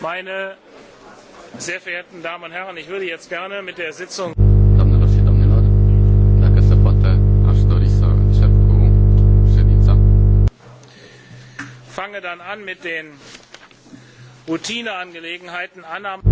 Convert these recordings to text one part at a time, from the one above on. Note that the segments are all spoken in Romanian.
Meine sehr verehrten Damen und Herren, ich würde jetzt gerne mit der Sitzung fange dann an mit den Routineangelegenheiten. Annahme.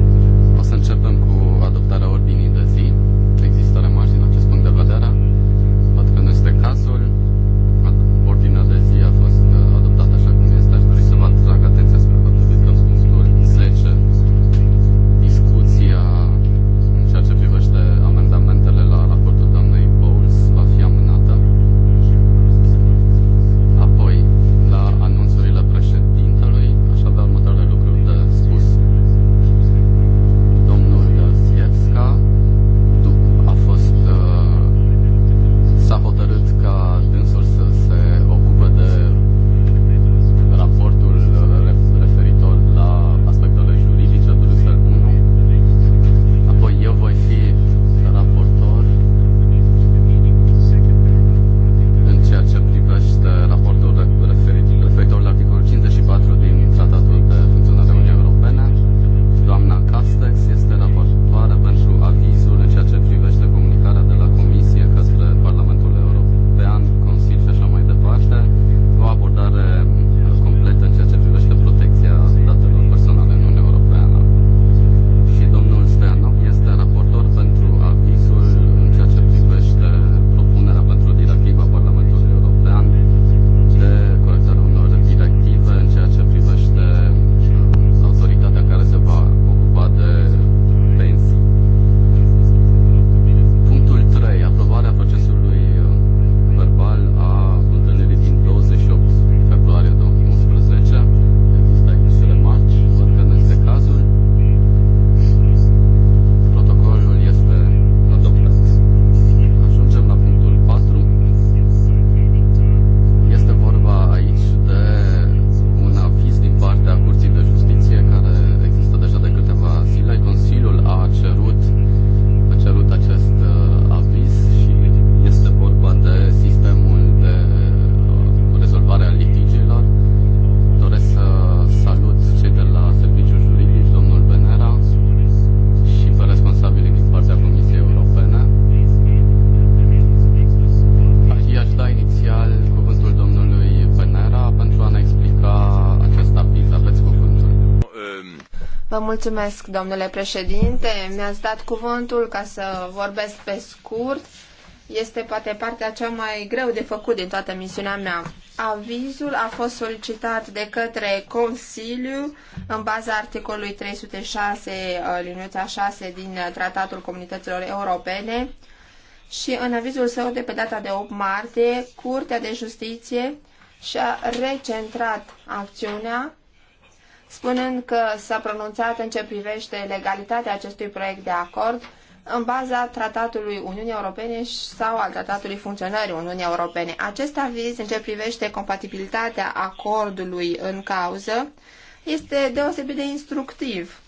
Mulțumesc, domnule președinte. Mi-ați dat cuvântul ca să vorbesc pe scurt. Este poate partea cea mai greu de făcut din toată misiunea mea. Avizul a fost solicitat de către Consiliu în baza articolului 306 uh, liniuța 6 din Tratatul Comunităților Europene și în avizul său de pe data de 8 martie, Curtea de Justiție și-a recentrat acțiunea spunând că s-a pronunțat în ce privește legalitatea acestui proiect de acord în baza Tratatului Uniunii Europene sau al Tratatului Funcționării Uniunii Europene. Acest aviz în ce privește compatibilitatea acordului în cauză este deosebit de instructiv,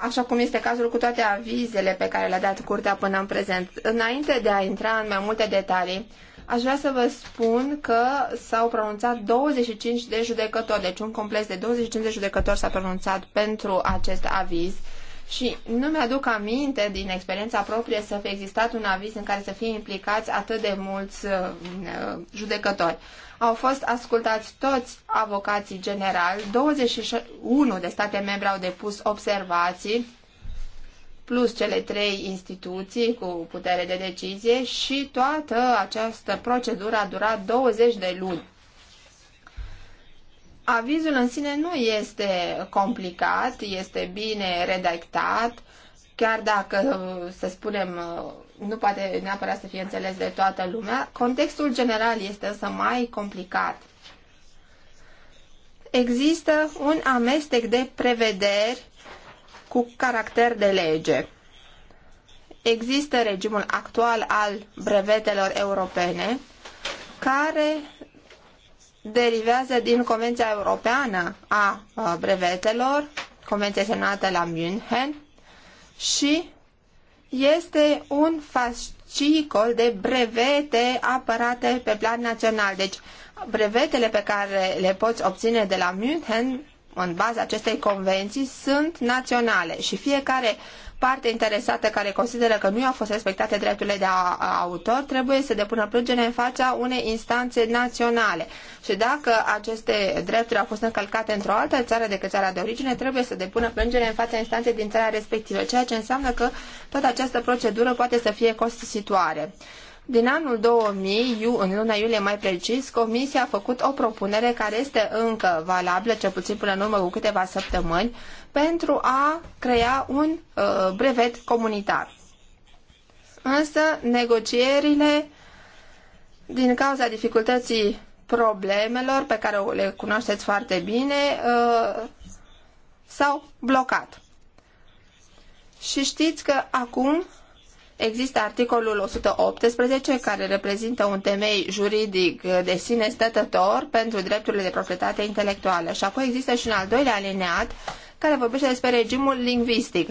așa cum este cazul cu toate avizele pe care le-a dat Curtea până în prezent. Înainte de a intra în mai multe detalii, Aș vrea să vă spun că s-au pronunțat 25 de judecători, deci un complex de 25 de judecători s-a pronunțat pentru acest aviz și nu mi-aduc aminte din experiența proprie să fi existat un aviz în care să fie implicați atât de mulți uh, uh judecători. Au fost ascultați toți avocații generali, 21 de state membre au depus observații, plus cele trei instituții cu putere de decizie și toată această procedură a durat 20 de luni. Avizul în sine nu este complicat, este bine redactat, chiar dacă, să spunem, nu poate neapărat să fie înțeles de toată lumea, contextul general este însă mai complicat. Există un amestec de prevederi cu caracter de lege. Există regimul actual al brevetelor europene care derivează din Convenția Europeană a Brevetelor, convenție semnată la München și este un fascicol de brevete apărate pe plan național. Deci brevetele pe care le poți obține de la München în baza acestei convenții sunt naționale și fiecare parte interesată care consideră că nu i-au fost respectate drepturile de autor trebuie să depună plângere în fața unei instanțe naționale. Și dacă aceste drepturi au fost încălcate într-o altă țară decât țara de origine, trebuie să depună plângere în fața instanței din țara respectivă, ceea ce înseamnă că toată această procedură poate să fie costisitoare. Din anul 2000, în luna iulie mai precis, Comisia a făcut o propunere care este încă valabilă, cel puțin până în urmă cu câteva săptămâni, pentru a crea un uh, brevet comunitar. Însă, negocierile, din cauza dificultății problemelor pe care le cunoașteți foarte bine, uh, s-au blocat. Și știți că acum Există articolul 118 care reprezintă un temei juridic de sine stătător pentru drepturile de proprietate intelectuală și apoi există și un al doilea alineat care vorbește despre regimul lingvistic.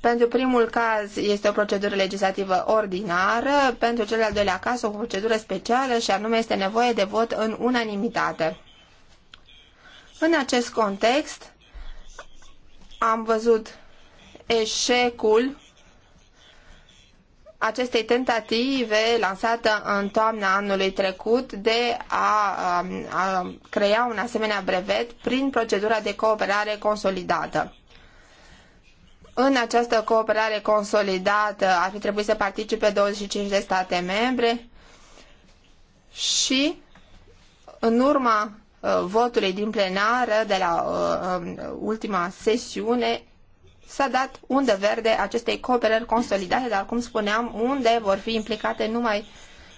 Pentru primul caz este o procedură legislativă ordinară, pentru cel al doilea caz o procedură specială și anume este nevoie de vot în unanimitate. În acest context am văzut eșecul acestei tentative lansată în toamna anului trecut de a, um, a, crea un asemenea brevet prin procedura de cooperare consolidată. În această cooperare consolidată ar fi trebuit să participe 25 de state membre și în urma uh, votului din plenară de la uh, um, ultima sesiune s-a dat undă verde acestei cooperări consolidate, dar cum spuneam, unde vor fi implicate numai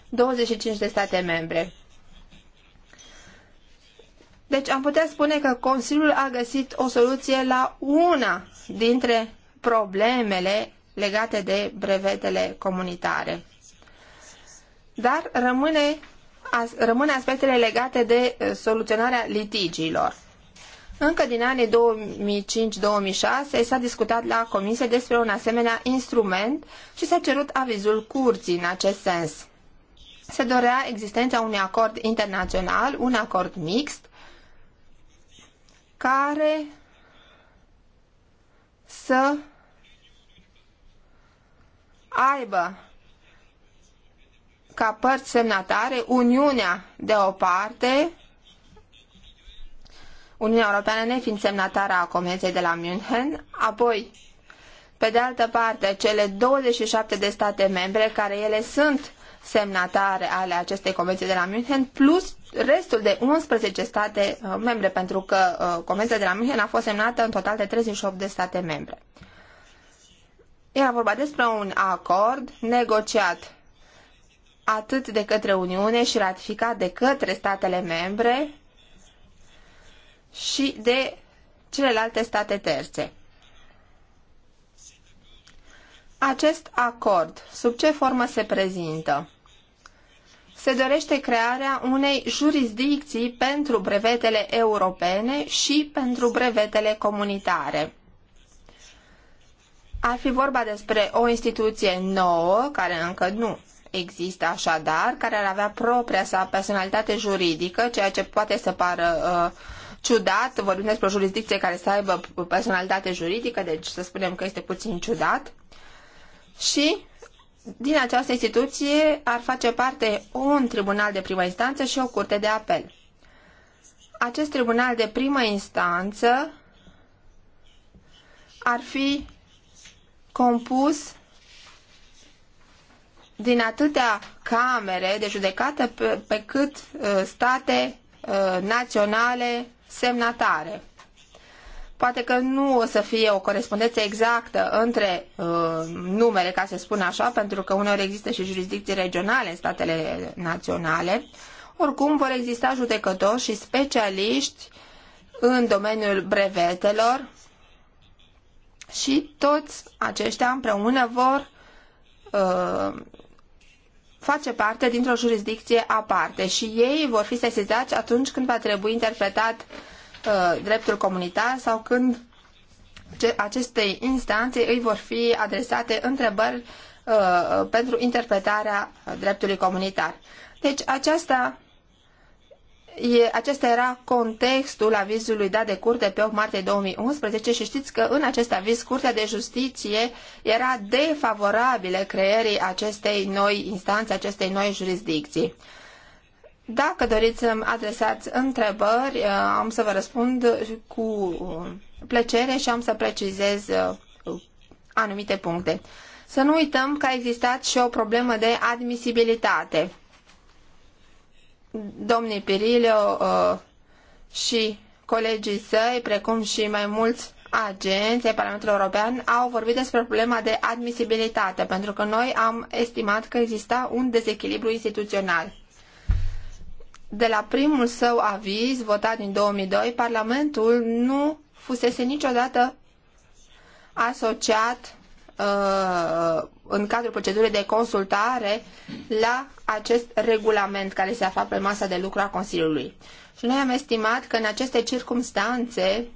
25 de state membre. Deci am putea spune că Consiliul a găsit o soluție la una dintre problemele legate de brevetele comunitare. Dar rămâne, rămâne aspectele legate de uh, soluționarea litigiilor. Încă din anii 2005-2006 s-a discutat la Comisie despre un asemenea instrument și s-a cerut avizul curții în acest sens. Se dorea existența unui acord internațional, un acord mixt, care să aibă ca părți semnatare Uniunea de o parte Uniunea Europeană nefiind semnatară a Convenției de la München, apoi, pe de altă parte, cele 27 de state membre care ele sunt semnatare ale acestei convenții de la München, plus restul de 11 state uh, membre, pentru că uh, convenția de la München a fost semnată în total de 38 de state membre. Era vorba despre un acord negociat atât de către Uniune și ratificat de către statele membre și de celelalte state terțe. Acest acord, sub ce formă se prezintă? Se dorește crearea unei jurisdicții pentru brevetele europene și pentru brevetele comunitare. Ar fi vorba despre o instituție nouă, care încă nu există așadar, care ar avea propria sa personalitate juridică, ceea ce poate să pară uh, ciudat, vorbim despre o jurisdicție care să aibă personalitate juridică, deci să spunem că este puțin ciudat. Și din această instituție ar face parte un tribunal de primă instanță și o curte de apel. Acest tribunal de primă instanță ar fi compus din atâtea camere de judecată pe, pe cât uh, state uh, naționale semnatare. Poate că nu o să fie o corespondență exactă între uh, numere, ca să spun așa, pentru că uneori există și jurisdicții regionale în statele naționale. Oricum vor exista judecători și specialiști în domeniul brevetelor și toți aceștia împreună vor uh, face parte dintr-o jurisdicție aparte și ei vor fi sesizați atunci când va trebui interpretat uh, dreptul comunitar sau când acestei instanțe îi vor fi adresate întrebări uh, pentru interpretarea dreptului comunitar. Deci aceasta acesta era contextul avizului dat de curte pe 8 martie 2011 și știți că în acest aviz Curtea de Justiție era defavorabilă creierii acestei noi instanțe, acestei noi jurisdicții. Dacă doriți să-mi adresați întrebări, uh, am să vă răspund cu plăcere și am să precizez uh, anumite puncte. Să nu uităm că a existat și o problemă de admisibilitate domnii Pirilio uh, și colegii săi, precum și mai mulți agenți ai Parlamentului European, au vorbit despre problema de admisibilitate, pentru că noi am estimat că exista un dezechilibru instituțional. De la primul său aviz, votat din 2002, Parlamentul nu fusese niciodată asociat uh, în cadrul procedurii de consultare la acest regulament care se afla pe masa de lucru a Consiliului. Și noi am estimat că în aceste circumstanțe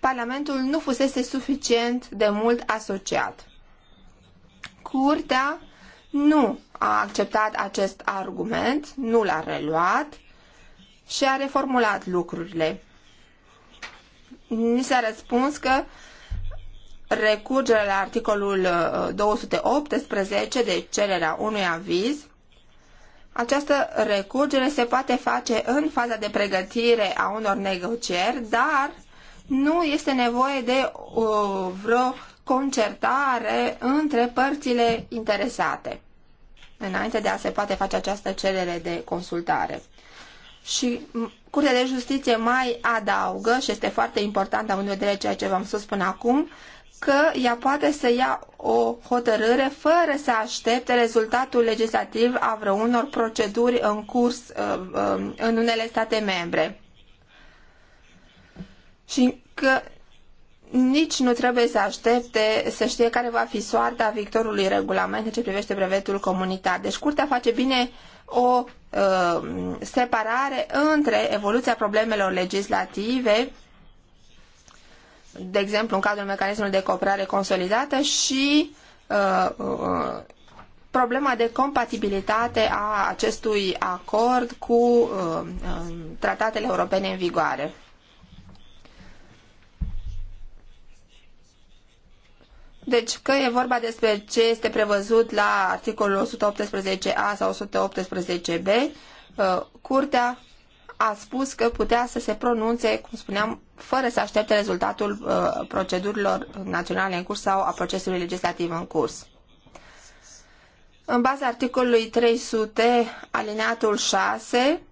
Parlamentul nu fusese suficient de mult asociat. Curtea nu a acceptat acest argument, nu l-a reluat și a reformulat lucrurile. Ni s-a răspuns că recurgere la articolul 218 uh, de cererea unui aviz. Această recurgere se poate face în faza de pregătire a unor negocieri, dar nu este nevoie de o, uh, vreo concertare între părțile interesate înainte de a se poate face această cerere de consultare. Și Curtea de Justiție mai adaugă, și este foarte important, am în vedere ceea ce v-am spus până acum, că ea poate să ia o hotărâre fără să aștepte rezultatul legislativ a vreunor proceduri în curs uh, uh, în unele state membre. Și că nici nu trebuie să aștepte să știe care va fi soarta victorului regulament în ce privește brevetul comunitar. Deci curtea face bine o uh, separare între evoluția problemelor legislative de exemplu, în cadrul mecanismului de cooperare consolidată și uh, uh, problema de compatibilitate a acestui acord cu uh, um, tratatele europene în vigoare. Deci că e vorba despre ce este prevăzut la articolul 118a sau 118b, uh, Curtea a spus că putea să se pronunțe, cum spuneam, fără să aștepte rezultatul uh, procedurilor naționale în curs sau a procesului legislativ în curs. În baza articolului 300, alineatul 6,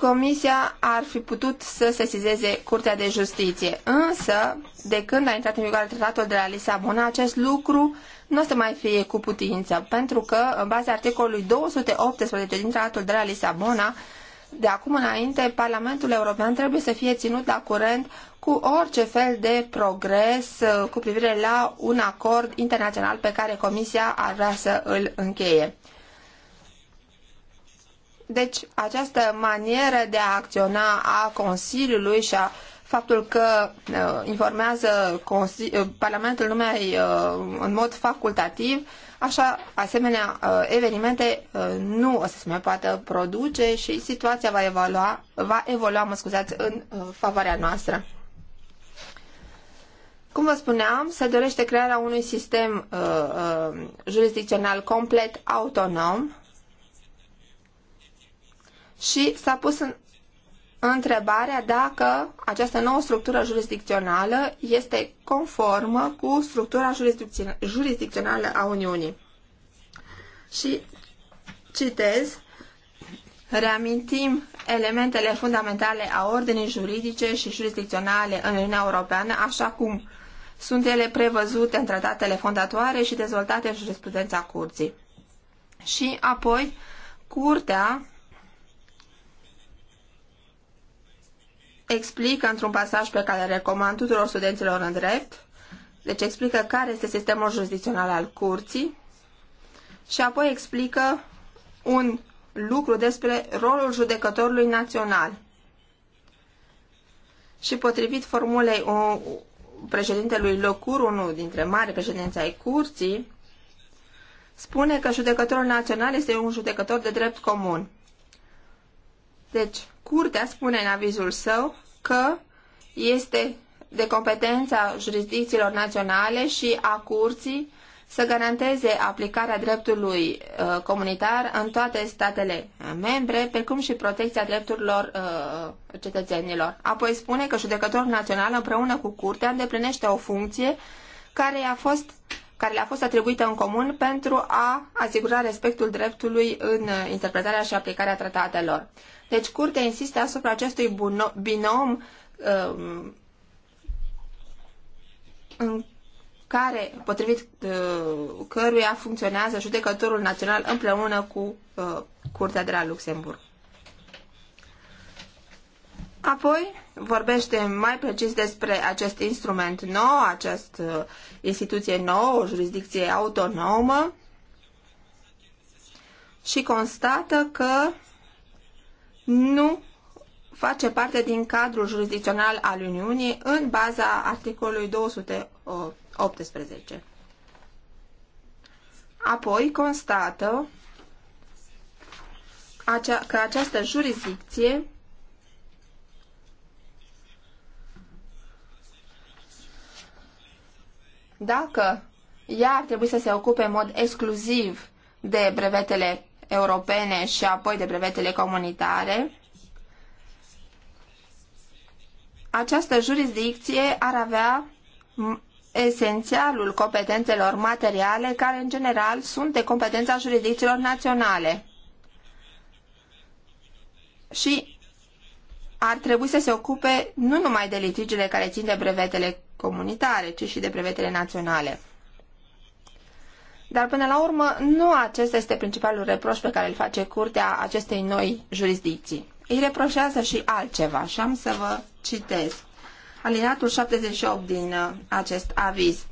Comisia ar fi putut să sesizeze Curtea de Justiție, însă, de când a intrat în vigoare tratatul de la Lisabona, acest lucru nu o să mai fie cu putință, pentru că, în baza articolului 218 din tratatul de la Lisabona, de acum înainte, Parlamentul European trebuie să fie ținut la curent cu orice fel de progres uh, cu privire la un acord internațional pe care Comisia ar vrea să îl încheie. Deci, această manieră de a acționa a Consiliului și a faptul că uh, informează uh, Parlamentul numai uh, în mod facultativ, așa, asemenea evenimente nu o să se mai poată produce și situația va evolua, va evolua mă scuzați, în favoarea noastră. Cum vă spuneam, se dorește crearea unui sistem uh, uh, jurisdicțional complet autonom și s-a pus în întrebarea dacă această nouă structură jurisdicțională este conformă cu structura jurisdicțională a Uniunii. Și citez, reamintim elementele fundamentale a ordinii juridice și jurisdicționale în Uniunea Europeană, așa cum sunt ele prevăzute în tratatele fondatoare și dezvoltate în jurisprudența curții. Și apoi, curtea explică într-un pasaj pe care recomand tuturor studenților în drept, deci explică care este sistemul jurisdicțional al curții și apoi explică un lucru despre rolul judecătorului național. Și potrivit formulei o, președintelui Locur, unul dintre mari președinți ai curții, spune că judecătorul național este un judecător de drept comun. Deci, Curtea spune în avizul său că este de competența jurisdicțiilor naționale și a curții să garanteze aplicarea dreptului uh, comunitar în toate statele membre, precum și protecția drepturilor uh, cetățenilor. Apoi spune că judecătorul național împreună cu curtea îndeplinește o funcție care a fost care le-a fost atribuită în comun pentru a asigura respectul dreptului în uh, interpretarea și aplicarea tratatelor. Deci curtea insistă asupra acestui binom um, în care, potrivit uh, căruia funcționează judecătorul național împreună cu uh, Curtea de la Luxemburg. Apoi vorbește mai precis despre acest instrument nou, această instituție nouă, o jurisdicție autonomă și constată că nu face parte din cadrul jurisdicțional al Uniunii în baza articolului 218. Apoi constată că această jurisdicție dacă ea ar trebui să se ocupe în mod exclusiv de brevetele europene și apoi de brevetele comunitare, această jurisdicție ar avea esențialul competențelor materiale care în general sunt de competența jurisdicțiilor naționale și ar trebui să se ocupe nu numai de litigiile care țin de brevetele comunitare, ci și de brevetele naționale. Dar până la urmă, nu acesta este principalul reproș pe care îl face curtea acestei noi jurisdicții. Îi reproșează și altceva și am să vă citesc. Alinatul 78 din uh, acest aviz.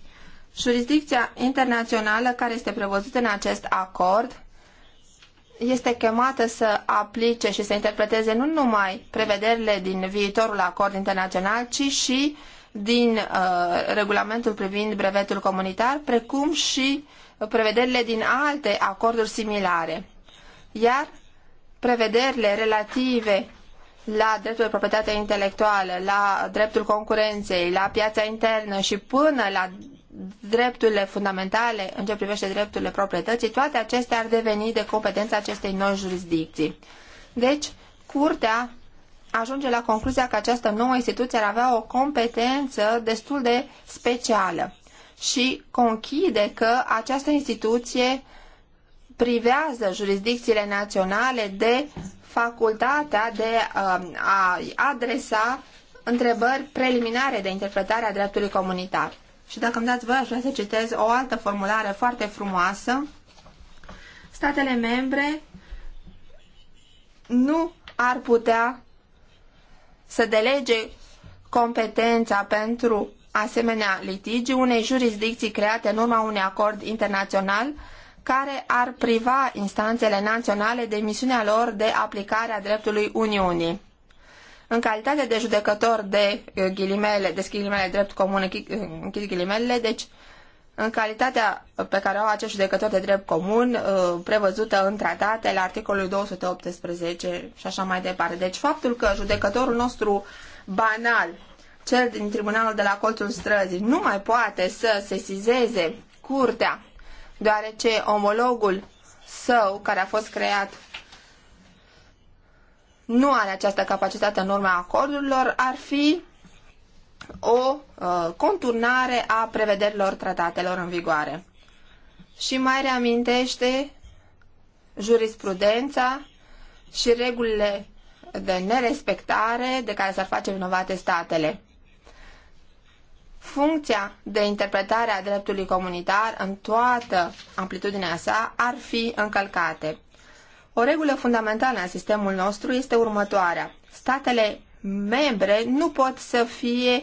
Jurisdicția internațională care este prevăzută în acest acord este chemată să aplice și să interpreteze nu numai prevederile din viitorul acord internațional, ci și din uh, regulamentul privind brevetul comunitar, precum și uh, prevederile din alte acorduri similare. Iar prevederile relative la dreptul de proprietate intelectuală, la dreptul concurenței, la piața internă și până la drepturile fundamentale în ce privește drepturile proprietății, toate acestea ar deveni de competența acestei noi jurisdicții. Deci, curtea ajunge la concluzia că această nouă instituție ar avea o competență destul de specială și conchide că această instituție privează jurisdicțiile naționale de facultatea de um, a adresa întrebări preliminare de interpretare a dreptului comunitar. Și dacă îmi dați voi, aș vrea să citez o altă formulare foarte frumoasă. Statele membre nu ar putea să delege competența pentru asemenea litigi unei jurisdicții create în urma unui acord internațional care ar priva instanțele naționale de misiunea lor de aplicare a dreptului Uniunii. În calitate de judecător de uh, ghilimele, deschid ghilimele drept comun, uh, închid ghilimele, deci în calitatea pe care o au acești judecători de drept comun, uh, prevăzută în tratate, la articolul 218 și așa mai departe. Deci faptul că judecătorul nostru banal cel din tribunalul de la colțul străzii nu mai poate să sesizeze curtea, deoarece omologul său, care a fost creat, nu are această capacitate în urma acordurilor, ar fi o uh, conturnare a prevederilor tratatelor în vigoare. Și mai reamintește jurisprudența și regulile de nerespectare de care s-ar face vinovate statele funcția de interpretare a dreptului comunitar în toată amplitudinea sa ar fi încălcate. O regulă fundamentală a sistemului nostru este următoarea. Statele membre nu pot să fie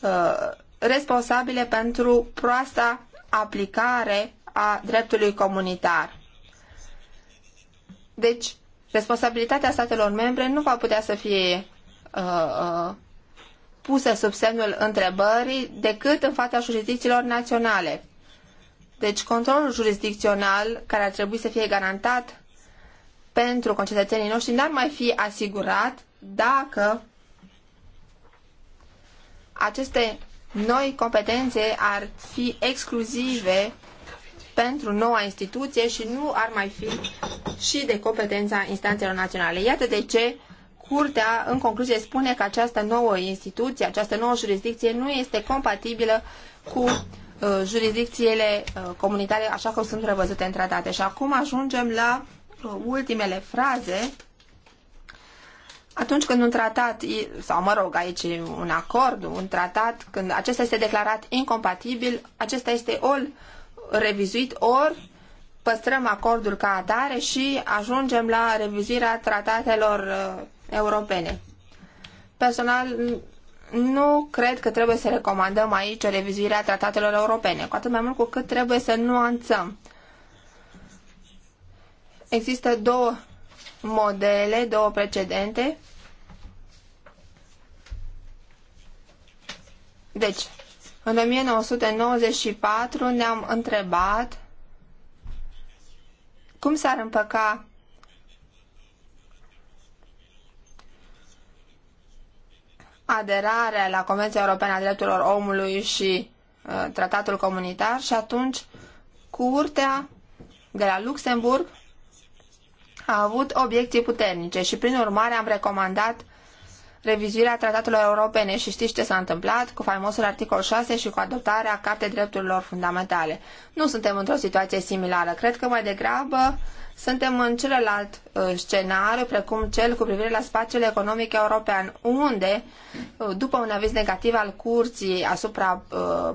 uh, responsabile pentru proasta aplicare a dreptului comunitar. Deci, responsabilitatea statelor membre nu va putea să fie uh, uh, puse sub semnul întrebării decât în fața jurisdicțiilor naționale. Deci controlul jurisdicțional care ar trebui să fie garantat pentru concetățenii noștri n-ar mai fi asigurat dacă aceste noi competențe ar fi exclusive pentru noua instituție și nu ar mai fi și de competența instanțelor naționale. Iată de ce Curtea, în concluzie, spune că această nouă instituție, această nouă jurisdicție nu este compatibilă cu uh, jurisdicțiile uh, comunitare așa cum sunt prevăzute în tratate. Și acum ajungem la uh, ultimele fraze. Atunci când un tratat, sau mă rog, aici un acord, un tratat, când acesta este declarat incompatibil, acesta este ori revizuit, ori păstrăm acordul ca atare și ajungem la revizuirea tratatelor uh, europene. Personal, nu cred că trebuie să recomandăm aici o revizuire a tratatelor europene, cu atât mai mult cu cât trebuie să nuanțăm. Există două modele, două precedente. Deci, în 1994 ne-am întrebat cum s-ar împăca aderarea la Convenția Europeană a Drepturilor Omului și uh, Tratatul Comunitar și atunci Curtea de la Luxemburg a avut obiecții puternice și prin urmare am recomandat revizuirea tratatelor europene și știți ce s-a întâmplat cu faimosul articol 6 și cu adoptarea Cartei Drepturilor Fundamentale. Nu suntem într-o situație similară. Cred că mai degrabă suntem în celălalt uh, scenariu, precum cel cu privire la spațiul economic european, unde, uh, după un aviz negativ al curții asupra uh,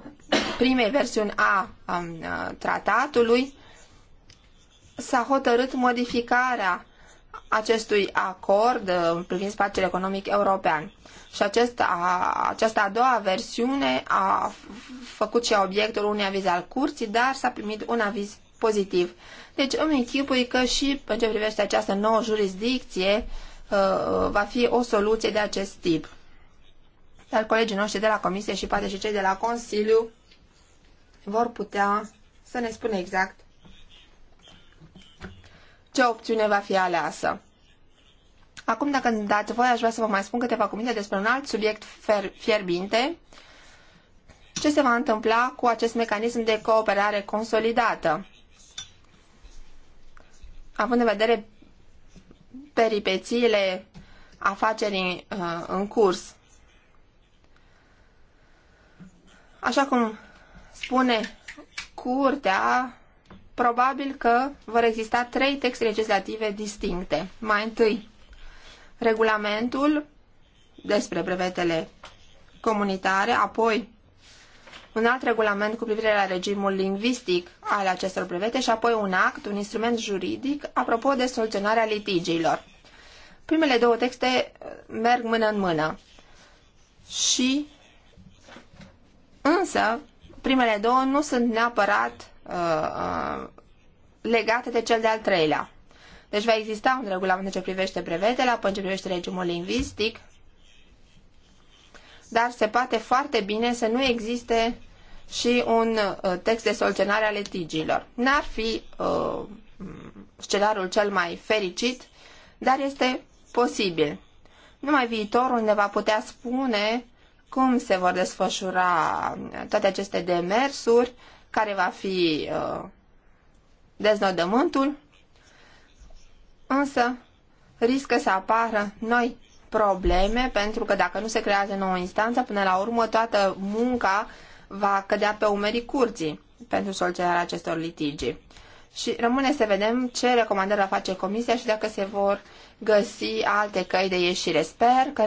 primei versiuni a um, uh, tratatului, s-a hotărât modificarea acestui acord uh, privind spațiul economic european. Și acesta, aceasta această a doua versiune a făcut și obiectul unui aviz al curții, dar s-a primit un aviz pozitiv. Deci îmi închipui că și în ce privește această nouă jurisdicție uh, va fi o soluție de acest tip. Dar colegii noștri de la Comisie și poate și cei de la Consiliu vor putea să ne spună exact ce opțiune va fi aleasă. Acum, dacă îmi dați voi, aș vrea să vă mai spun câteva cuvinte despre un alt subiect fierbinte. Ce se va întâmpla cu acest mecanism de cooperare consolidată? Având în vedere peripețiile afacerii uh, în curs. Așa cum spune curtea, probabil că vor exista trei texte legislative distincte. Mai întâi, regulamentul despre brevetele comunitare, apoi un alt regulament cu privire la regimul lingvistic al acestor brevete și apoi un act, un instrument juridic, apropo de soluționarea litigiilor. Primele două texte eh, merg mână în mână și însă primele două nu sunt neapărat Uh, uh, legate de cel de-al treilea. Deci va exista un regulament ce privește brevetele, apoi în ce privește regimul lingvistic, dar se poate foarte bine să nu existe și un uh, text de soluționare a litigiilor. N-ar fi uh, scenariul cel mai fericit, dar este posibil. Numai viitorul ne va putea spune cum se vor desfășura toate aceste demersuri care va fi uh, deznodământul, însă riscă să apară noi probleme, pentru că dacă nu se creează nouă instanță, până la urmă toată munca va cădea pe umerii curții pentru soluționarea acestor litigi. Și rămâne să vedem ce recomandări va face Comisia și dacă se vor găsi alte căi de ieșire. Sper că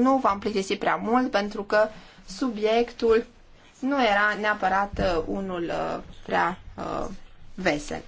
nu v-am plictisit prea mult, pentru că subiectul nu era neapărat uh, unul uh, prea uh, vesel.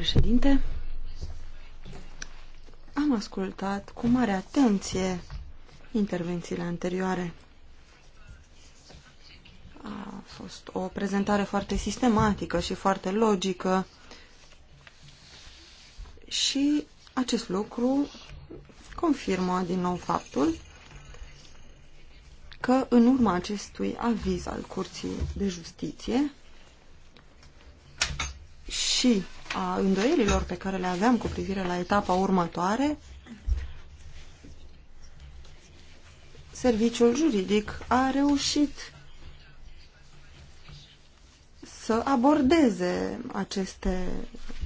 președinte. Am ascultat cu mare atenție intervențiile anterioare. A fost o prezentare foarte sistematică și foarte logică și acest lucru confirmă din nou faptul că în urma acestui aviz al Curții de Justiție și a îndoielilor pe care le aveam cu privire la etapa următoare, serviciul juridic a reușit să abordeze aceste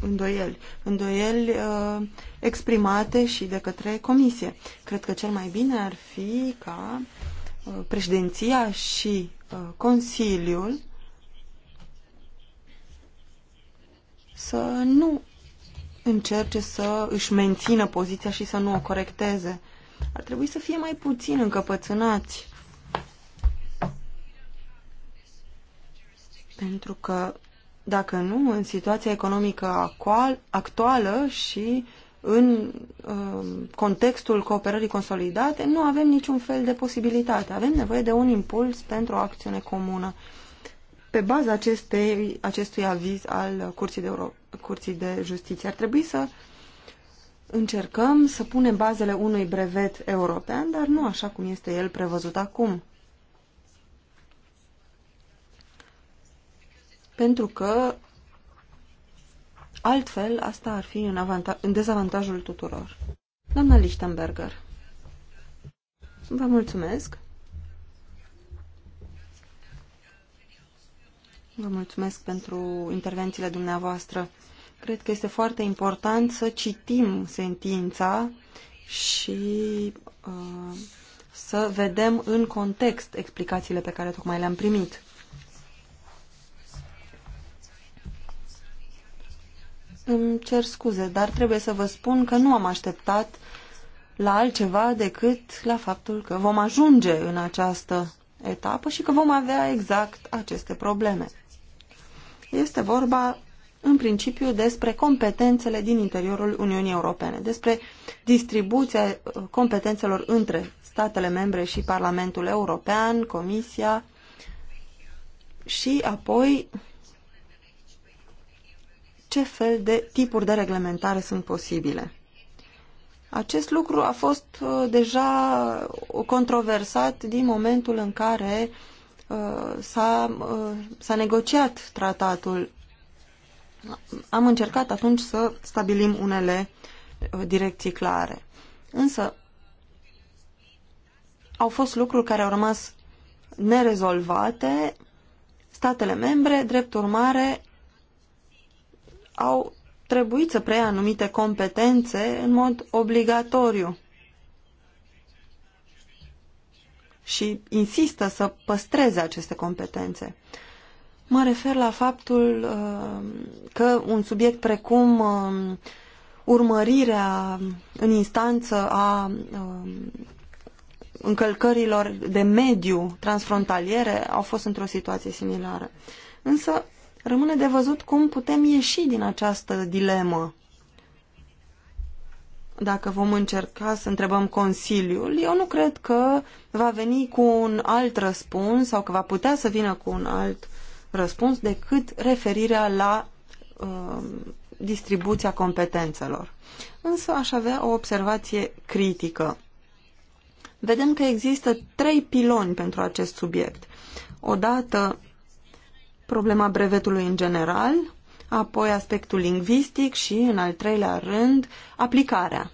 îndoieli, îndoieli uh, exprimate și de către comisie. Cred că cel mai bine ar fi ca uh, președinția și uh, Consiliul să nu încerce să își mențină poziția și să nu o corecteze. Ar trebui să fie mai puțin încăpățânați. Pentru că, dacă nu, în situația economică actuală și în uh, contextul cooperării consolidate, nu avem niciun fel de posibilitate. Avem nevoie de un impuls pentru o acțiune comună pe baza acestei, acestui aviz al Curții de, Euro Curții de Justiție. Ar trebui să încercăm să punem bazele unui brevet european, dar nu așa cum este el prevăzut acum. Pentru că altfel asta ar fi în, în dezavantajul tuturor. Doamna Lichtenberger, vă mulțumesc. Vă mulțumesc pentru intervențiile dumneavoastră. Cred că este foarte important să citim sentința și uh, să vedem în context explicațiile pe care tocmai le-am primit. Îmi cer scuze, dar trebuie să vă spun că nu am așteptat la altceva decât la faptul că vom ajunge în această etapă și că vom avea exact aceste probleme. Este vorba în principiu despre competențele din interiorul Uniunii Europene, despre distribuția uh, competențelor între statele membre și Parlamentul European, Comisia și apoi ce fel de tipuri de reglementare sunt posibile. Acest lucru a fost uh, deja controversat din momentul în care Uh, s-a, uh, s negociat tratatul. Am încercat atunci să stabilim unele uh, direcții clare. Însă au fost lucruri care au rămas nerezolvate. Statele membre, drept urmare, au trebuit să preia anumite competențe în mod obligatoriu. și insistă să păstreze aceste competențe. Mă refer la faptul uh, că un subiect precum uh, urmărirea în instanță a uh, încălcărilor de mediu transfrontaliere au fost într-o situație similară. Însă rămâne de văzut cum putem ieși din această dilemă dacă vom încerca să întrebăm Consiliul, eu nu cred că va veni cu un alt răspuns sau că va putea să vină cu un alt răspuns decât referirea la uh, distribuția competențelor. Însă aș avea o observație critică. Vedem că există trei piloni pentru acest subiect. Odată problema brevetului în general, apoi aspectul lingvistic și, în al treilea rând, aplicarea.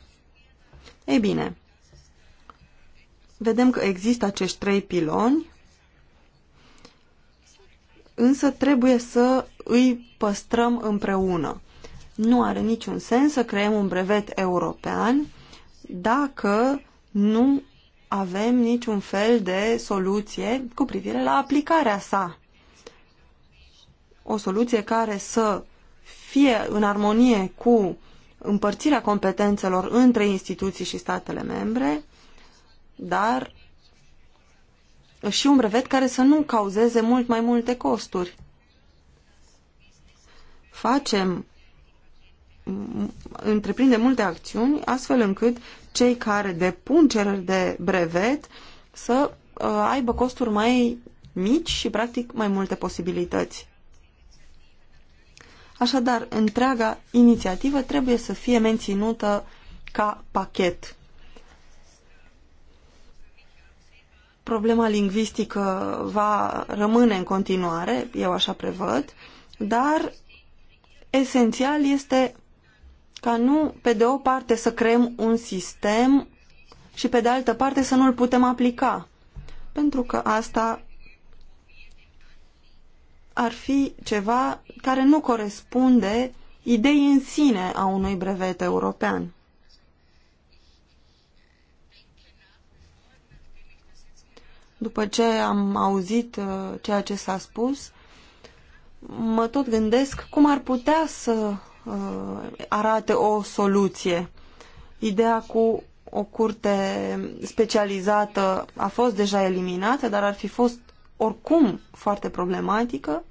Ei bine, vedem că există acești trei piloni, însă trebuie să îi păstrăm împreună. Nu are niciun sens să creăm un brevet european dacă nu avem niciun fel de soluție cu privire la aplicarea sa. O soluție care să fie în armonie cu împărțirea competențelor între instituții și statele membre, dar și un brevet care să nu cauzeze mult mai multe costuri. Facem, întreprinde multe acțiuni astfel încât cei care depun cereri de brevet să uh, aibă costuri mai mici și practic mai multe posibilități. Așadar, întreaga inițiativă trebuie să fie menținută ca pachet. Problema lingvistică va rămâne în continuare, eu așa prevăd, dar esențial este ca nu, pe de o parte, să creăm un sistem și, pe de altă parte, să nu-l putem aplica. Pentru că asta ar fi ceva care nu corespunde ideii în sine a unui brevet european. După ce am auzit uh, ceea ce s-a spus, mă tot gândesc cum ar putea să uh, arate o soluție. Ideea cu o curte specializată a fost deja eliminată, dar ar fi fost oricum foarte problematică.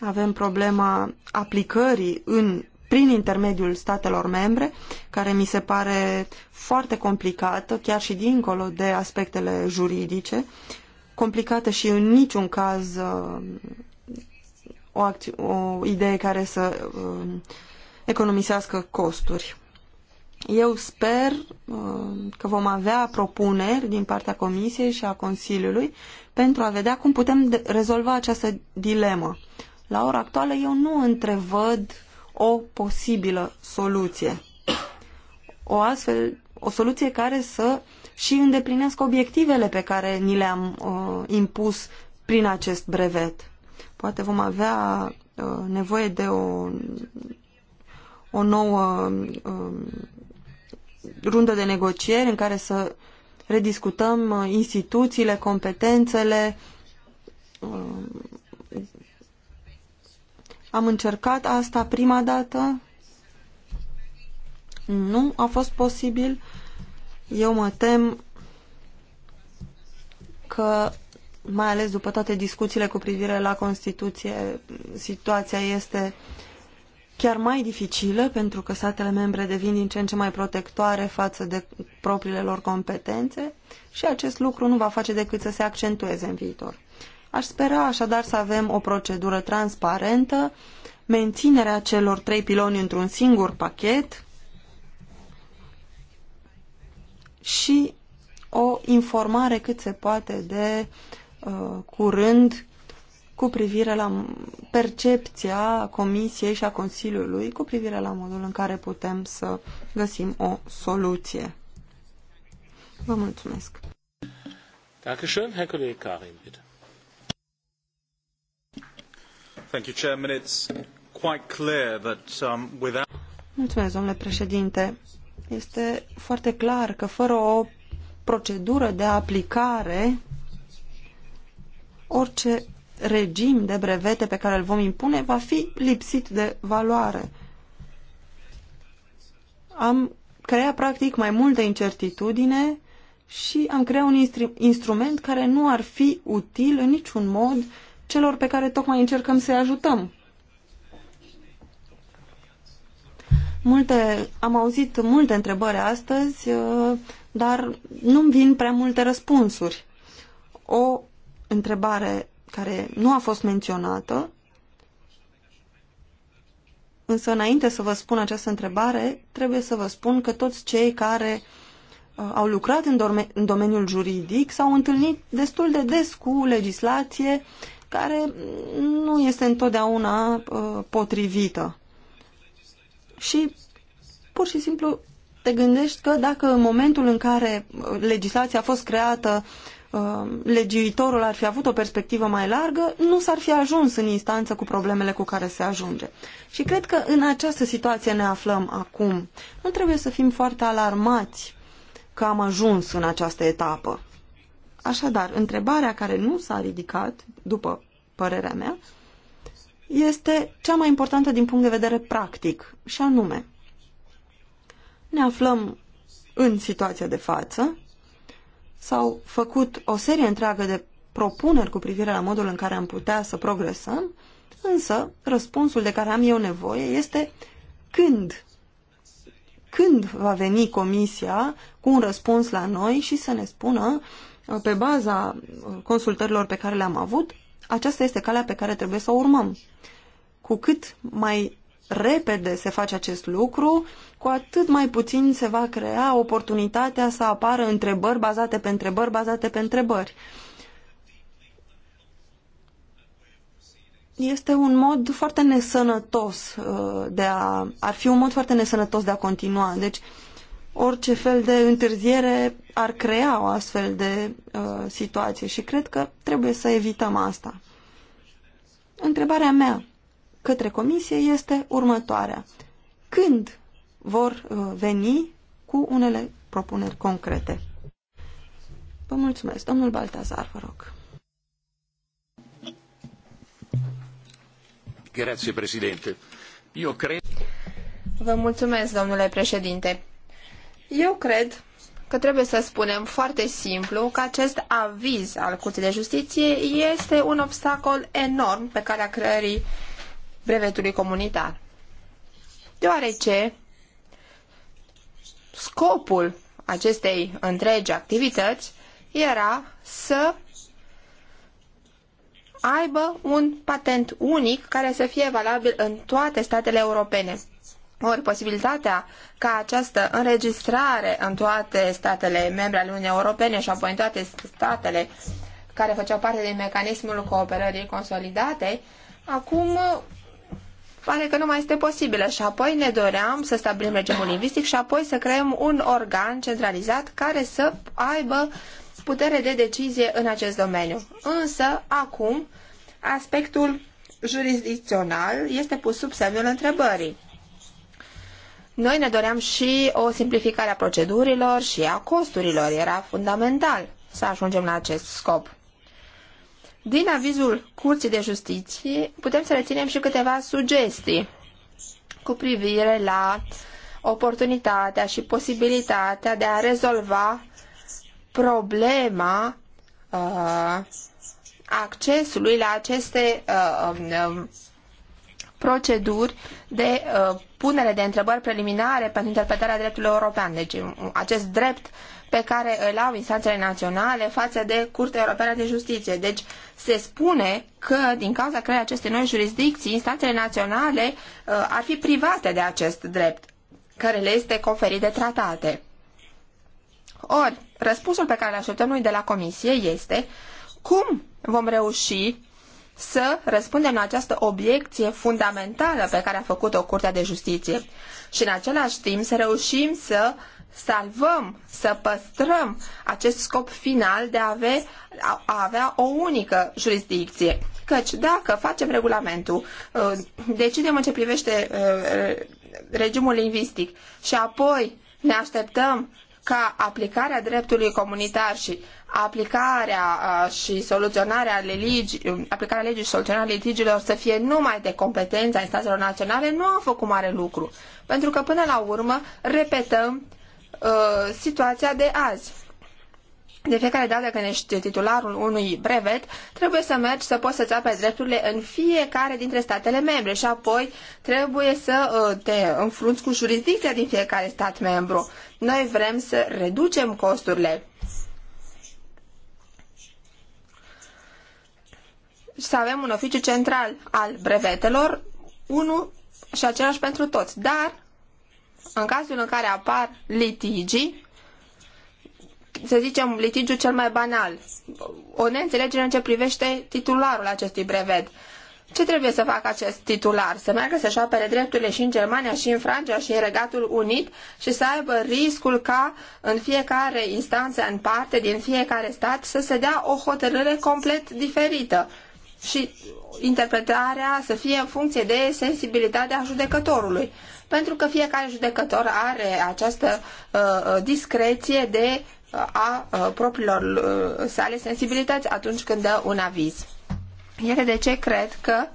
Avem problema aplicării în, prin intermediul statelor membre, care mi se pare foarte complicată, chiar și dincolo de aspectele juridice, complicată și în niciun caz uh, o, o idee care să uh, economisească costuri. Eu sper uh, că vom avea propuneri din partea Comisiei și a Consiliului pentru a vedea cum putem rezolva această dilemă. La ora actuală eu nu întrevăd o posibilă soluție. O astfel, o soluție care să și îndeplinească obiectivele pe care ni le-am uh, impus prin acest brevet. Poate vom avea uh, nevoie de o, o nouă uh, rundă de negocieri în care să rediscutăm uh, instituțiile, competențele. Uh, am încercat asta prima dată. Nu a fost posibil. Eu mă tem că, mai ales după toate discuțiile cu privire la Constituție, situația este uh, chiar mai dificilă, pentru că statele membre devin din ce în ce mai protectoare față de propriile lor competențe și acest lucru nu va face decât să se accentueze în viitor. Aș spera așadar să avem o procedură transparentă, menținerea celor trei piloni într-un singur pachet și o informare cât se poate de uh, curând cu privire la percepția Comisiei și a Consiliului cu privire la modul în care putem să găsim o soluție. Vă mulțumesc. Dankeschön, Herr Kollege Karim, bitte. Thank you, Chairman. It's quite clear that um, without Mulțumesc, domnule președinte. Este foarte clar că fără o procedură de aplicare, orice regim de brevete pe care îl vom impune va fi lipsit de valoare. Am creat practic mai multă incertitudine și am creat un instrument care nu ar fi util în niciun mod celor pe care tocmai încercăm să-i ajutăm. Multe, am auzit multe întrebări astăzi, uh, dar nu-mi vin prea multe răspunsuri. O întrebare care nu a fost menționată, însă înainte să vă spun această întrebare, trebuie să vă spun că toți cei care uh, au lucrat în, în domeniul juridic s-au întâlnit destul de des cu legislație care nu este întotdeauna uh, potrivită. Și pur și simplu te gândești că dacă în momentul în care uh, legislația a fost creată Um, legiuitorul ar fi avut o perspectivă mai largă, nu s-ar fi ajuns în instanță cu problemele cu care se ajunge. Și cred că în această situație ne aflăm acum. Nu trebuie să fim foarte alarmați că am ajuns în această etapă. Așadar, întrebarea care nu s-a ridicat, după părerea mea, este cea mai importantă din punct de vedere practic, și anume, ne aflăm în situația de față, s-au făcut o serie întreagă de propuneri cu privire la modul în care am putea să progresăm, însă răspunsul de care am eu nevoie este când când va veni comisia cu un răspuns la noi și să ne spună, uh, pe baza uh, consultărilor pe care le-am avut, aceasta este calea pe care trebuie să o urmăm. Cu cât mai repede se face acest lucru, cu atât mai puțin se va crea oportunitatea să apară întrebări bazate pe întrebări bazate pe întrebări. Este un mod foarte nesănătos uh, de a... ar fi un mod foarte nesănătos de a continua. Deci, orice fel de întârziere ar crea o astfel de uh, situație și cred că trebuie să evităm asta. Întrebarea mea către comisie este următoarea. Când vor uh, veni cu unele propuneri concrete? Vă mulțumesc. Domnul Baltazar, vă rog. Grazie, președinte. Eu cred... Vă mulțumesc, domnule președinte. Eu cred că trebuie să spunem foarte simplu că acest aviz al Curții de Justiție este un obstacol enorm pe a creării brevetului comunitar. Deoarece scopul acestei întregi activități era să aibă un patent unic care să fie valabil în toate statele europene. Ori posibilitatea ca această înregistrare în toate statele membre ale Uniunii Europene și apoi în toate statele care făceau parte din mecanismul cooperării consolidate, acum pare că nu mai este posibilă și apoi ne doream să stabilim regimul lingvistic și apoi să creăm un organ centralizat care să aibă putere de decizie în acest domeniu. Însă, acum, aspectul jurisdicțional este pus sub semnul întrebării. Noi ne doream și o simplificare a procedurilor și a costurilor. Era fundamental să ajungem la acest scop. Din avizul Curții de Justiție putem să reținem și câteva sugestii cu privire la oportunitatea și posibilitatea de a rezolva problema uh, accesului la aceste uh, uh, proceduri de uh, punere de întrebări preliminare pentru interpretarea dreptului european. Deci um, acest drept pe care îl au instanțele naționale față de Curtea Europeană de Justiție. Deci se spune că din cauza creării acestei noi jurisdicții, instanțele naționale uh, ar fi private de acest drept care le este conferit de tratate. Ori, răspunsul pe care îl așteptăm noi de la Comisie este cum vom reuși să răspundem la această obiecție fundamentală pe care a făcut-o Curtea de Justiție și în același timp să reușim să uh, salvăm, să păstrăm acest scop final de a avea, a avea o unică jurisdicție. Căci dacă facem regulamentul, uh, decidem în ce privește uh, regimul lingvistic și apoi ne așteptăm ca aplicarea dreptului comunitar și aplicarea uh, și soluționarea legii, um, aplicarea legii și soluționarea litigiilor să fie numai de competența instanțelor naționale, nu am făcut mare lucru. Pentru că până la urmă repetăm Uh, situația de azi. De fiecare dată când ești titularul unui brevet, trebuie să mergi să poți să-ți apere drepturile în fiecare dintre statele membre și apoi trebuie să uh, te înfrunți cu jurisdicția din fiecare stat membru. Noi vrem să reducem costurile. Să avem un oficiu central al brevetelor, unul și același pentru toți, dar în cazul în care apar litigii, să zicem, litigiul cel mai banal, o neînțelegere în ce privește titularul acestui brevet. Ce trebuie să facă acest titular? Să meargă să-și apere drepturile și în Germania, și în Franța, și în Regatul Unit și să aibă riscul ca în fiecare instanță, în parte, din fiecare stat, să se dea o hotărâre complet diferită și interpretarea să fie în funcție de sensibilitatea judecătorului pentru că fiecare judecător are această uh, uh discreție de uh, a uh, propriilor uh, sale sensibilități atunci când dă un aviz. Iată de ce cred că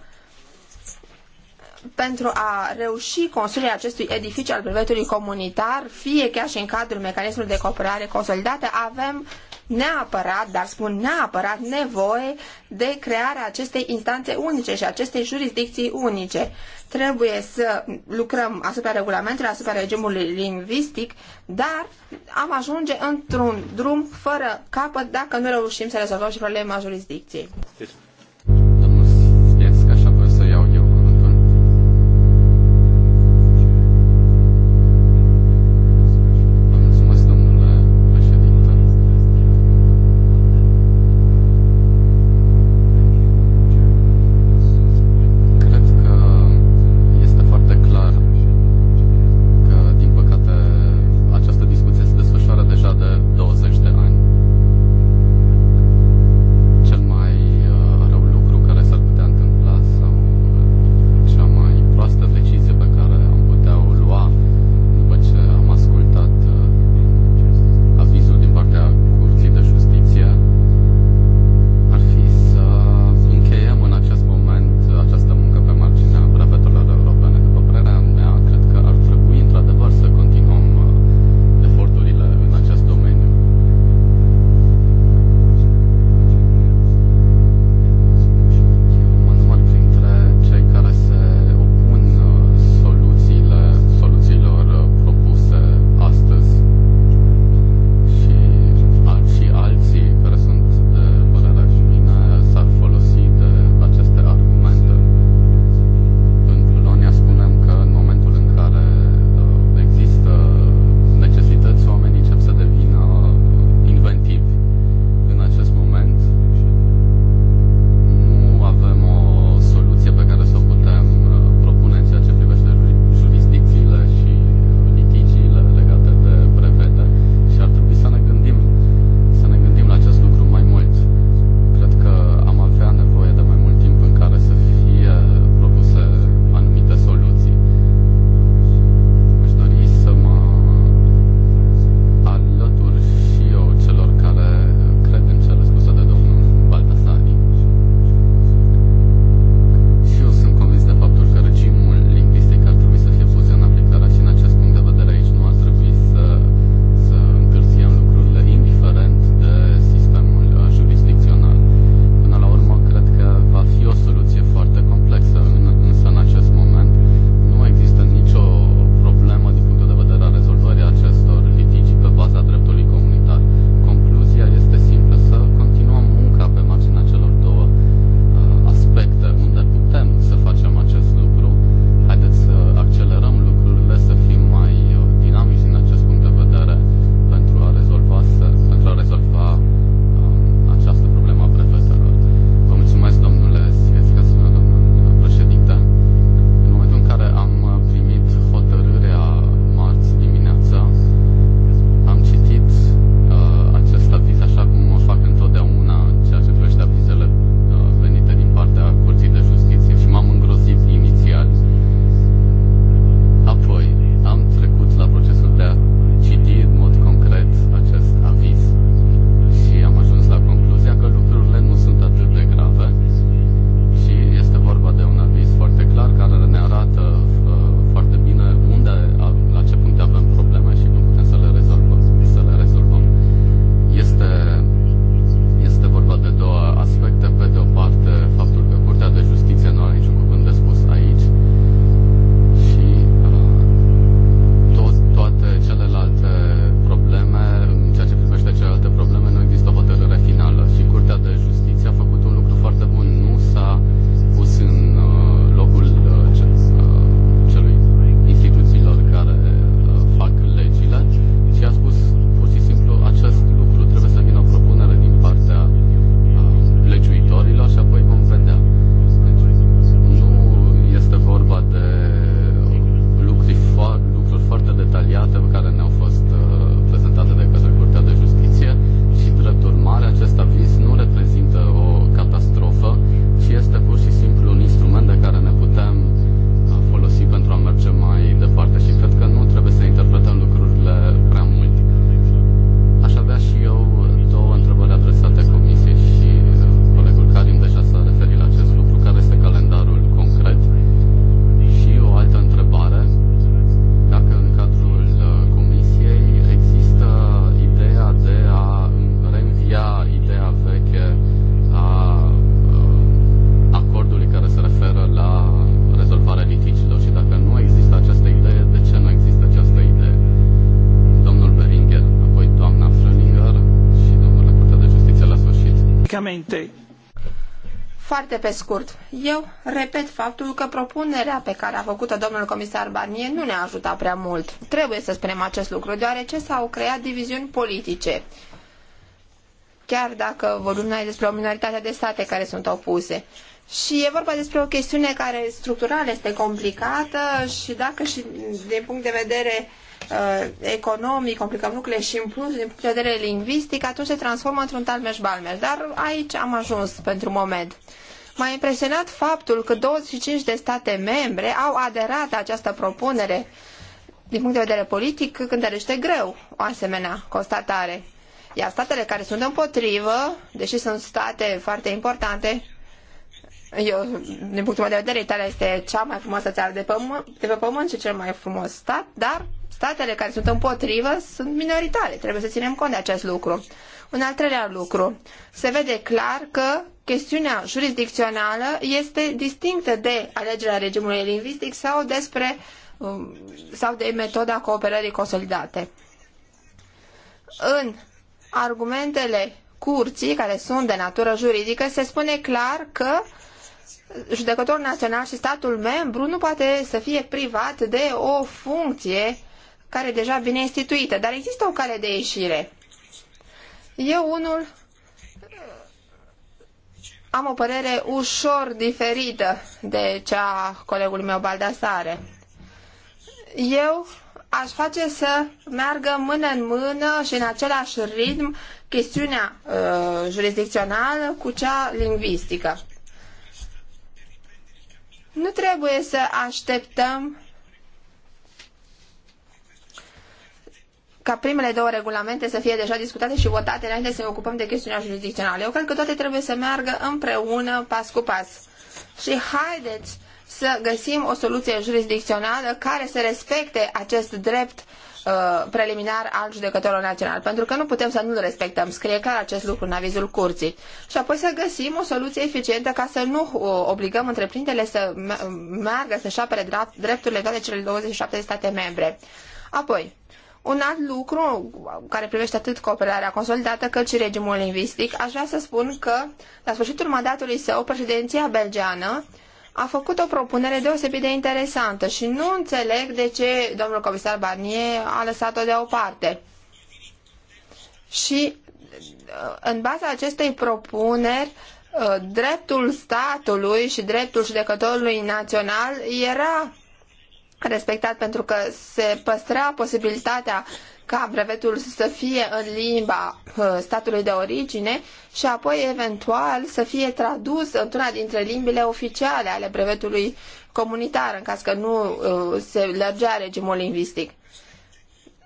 pentru a reuși construirea acestui edificiu al brevetului comunitar, fie chiar și în cadrul mecanismului de cooperare consolidată, avem neapărat, dar spun neapărat, nevoie de crearea acestei instanțe unice și acestei jurisdicții unice. Trebuie să lucrăm asupra regulamentului, asupra regimului lingvistic, dar am ajunge într-un drum fără capăt dacă nu reușim să rezolvăm și problema jurisdicției. Deci, foarte pe scurt. Eu repet faptul că propunerea pe care a făcut-o domnul comisar Barnier nu ne-a ajutat prea mult. Trebuie să spunem acest lucru, deoarece s-au creat diviziuni politice. Chiar dacă vorbim noi despre o minoritate de state care sunt opuse. Și e vorba despre o chestiune care structural este complicată și dacă și din punct de vedere uh, economic complicăm lucrurile și în plus din punct de vedere lingvistic, atunci se transformă într-un talmeș-balmeș. Dar aici am ajuns pentru moment. M-a impresionat faptul că 25 de state membre au aderat la această propunere din punct de vedere politic cântărește greu o asemenea constatare. Iar statele care sunt împotrivă, deși sunt state foarte importante, eu, din punctul meu de vedere, Italia este cea mai frumoasă țară de, pământ, de pe pământ și cel mai frumos stat, dar statele care sunt împotrivă sunt minoritare. Trebuie să ținem cont de acest lucru. Un al treilea lucru, se vede clar că chestiunea jurisdicțională este distinctă de alegerea regimului lingvistic sau despre um, sau de metoda cooperării consolidate. În argumentele curții, care sunt de natură juridică, se spune clar că judecătorul național și statul membru nu poate să fie privat de o funcție care deja vine instituită, dar există o cale de ieșire. Eu unul am o părere ușor diferită de cea a colegului meu Baldasare. Eu aș face să meargă mână în mână și în același ritm chestiunea uh, jurisdicțională cu cea lingvistică. Nu trebuie să așteptăm ca primele două regulamente să fie deja discutate și votate înainte să ne ocupăm de chestiunea jurisdicțională. Eu cred că toate trebuie să meargă împreună, pas cu pas. Și haideți să găsim o soluție jurisdicțională care să respecte acest drept uh, preliminar al judecătorului național, pentru că nu putem să nu-l respectăm. Scrie clar acest lucru în avizul curții. Și apoi să găsim o soluție eficientă ca să nu uh, obligăm întreprinderile să meargă, să-și apere drepturile toate cele 27 de state membre. Apoi, un alt lucru care privește atât cooperarea consolidată cât și regimul lingvistic, aș vrea să spun că la sfârșitul mandatului său, președinția belgeană a făcut o propunere deosebit de interesantă și nu înțeleg de ce domnul comisar Barnier a lăsat-o deoparte. Și uh, în baza acestei propuneri, uh, dreptul statului și dreptul judecătorului național era respectat pentru că se păstra posibilitatea ca brevetul să fie în limba uh, statului de origine și apoi eventual să fie tradus într-una dintre limbile oficiale ale brevetului comunitar, în caz că nu uh, se lărgea regimul lingvistic.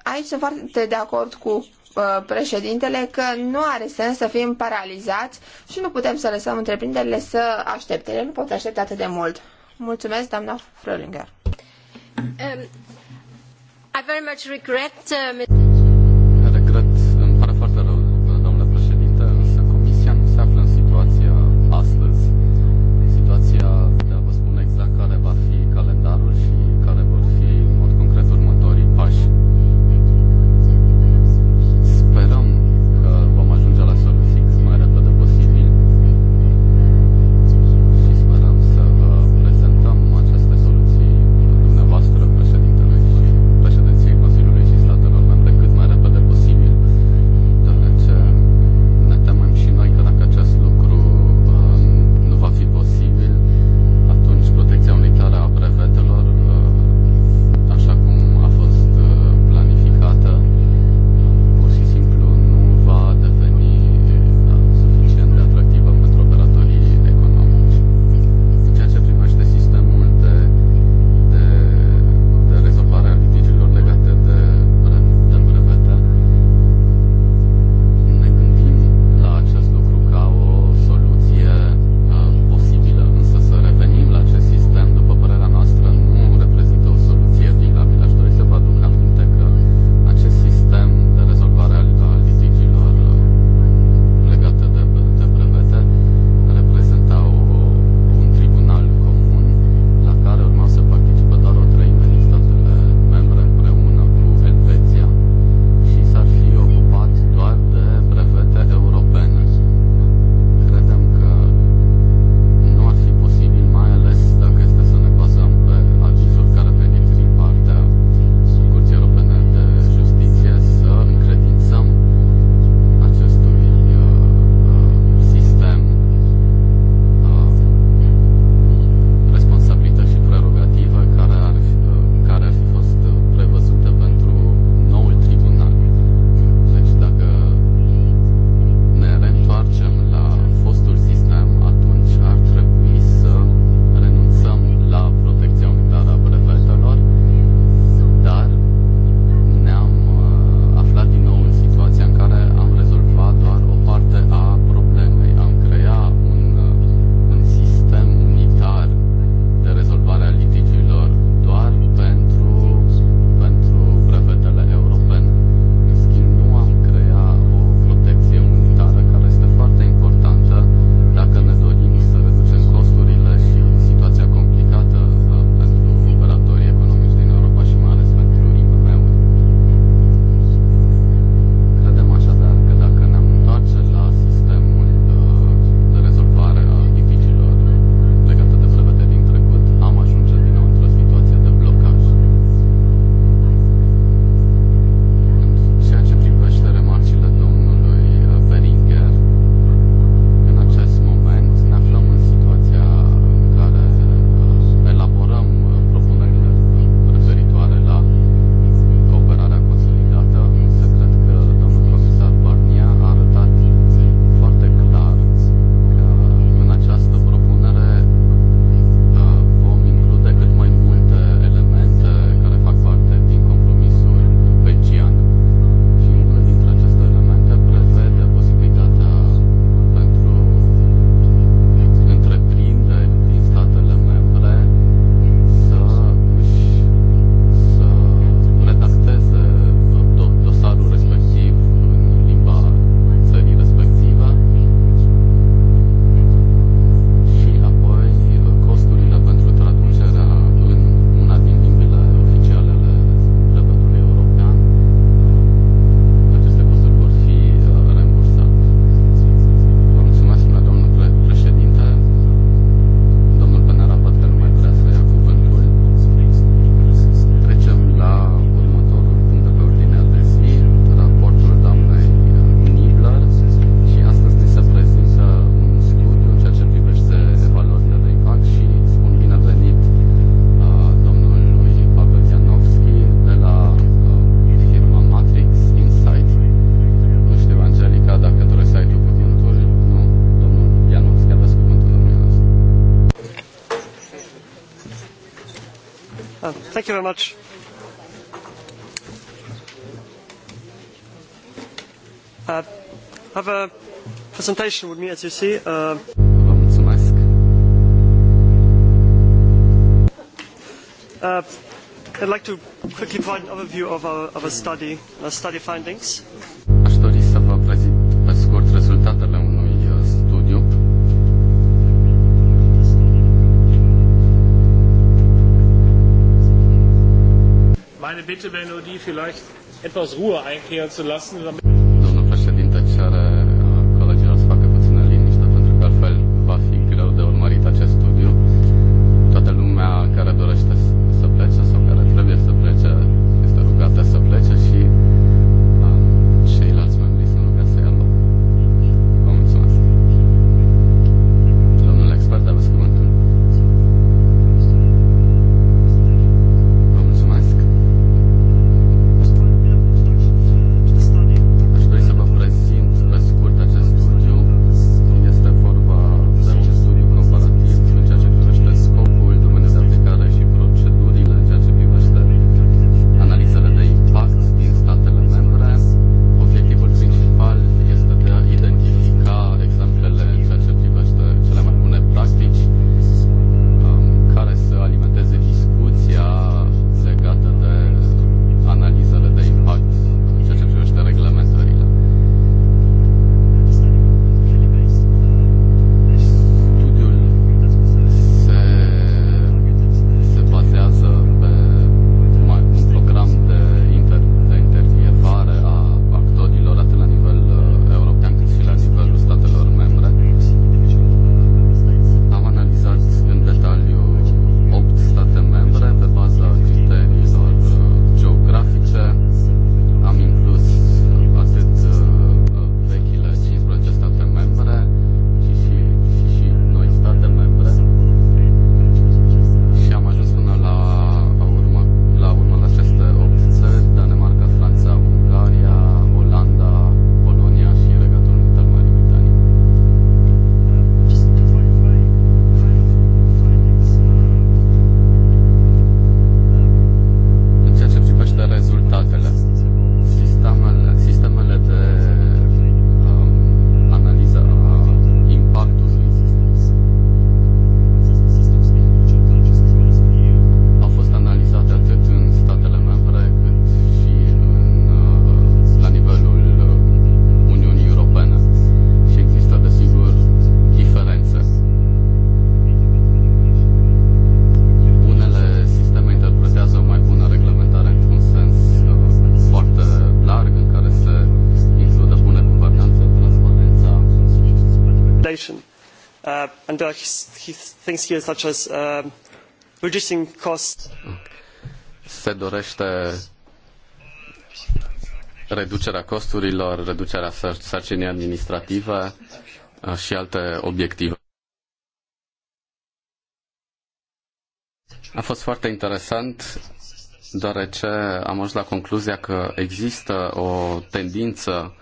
Aici sunt foarte de acord cu uh, președintele că nu are sens să fim paralizați și nu putem să lăsăm întreprinderile să aștepte. Ele nu pot aștepta atât de mult. Mulțumesc, doamna Frölinger. Um, I very much regret, uh, Thank you very much. Uh, have a presentation with me, as you see. Uh, Uh, I'd like to quickly provide an overview of our, of our study, our study findings. bitte, wenn Benno, die vielleicht etwas Ruhe einkehren zu lassen. and there uh, are things here such as uh, reducing costs. Se dorește reducerea costurilor, reducerea sarcinii administrative uh, și alte obiective. A fost foarte interesant, deoarece am ajuns la concluzia că există o tendință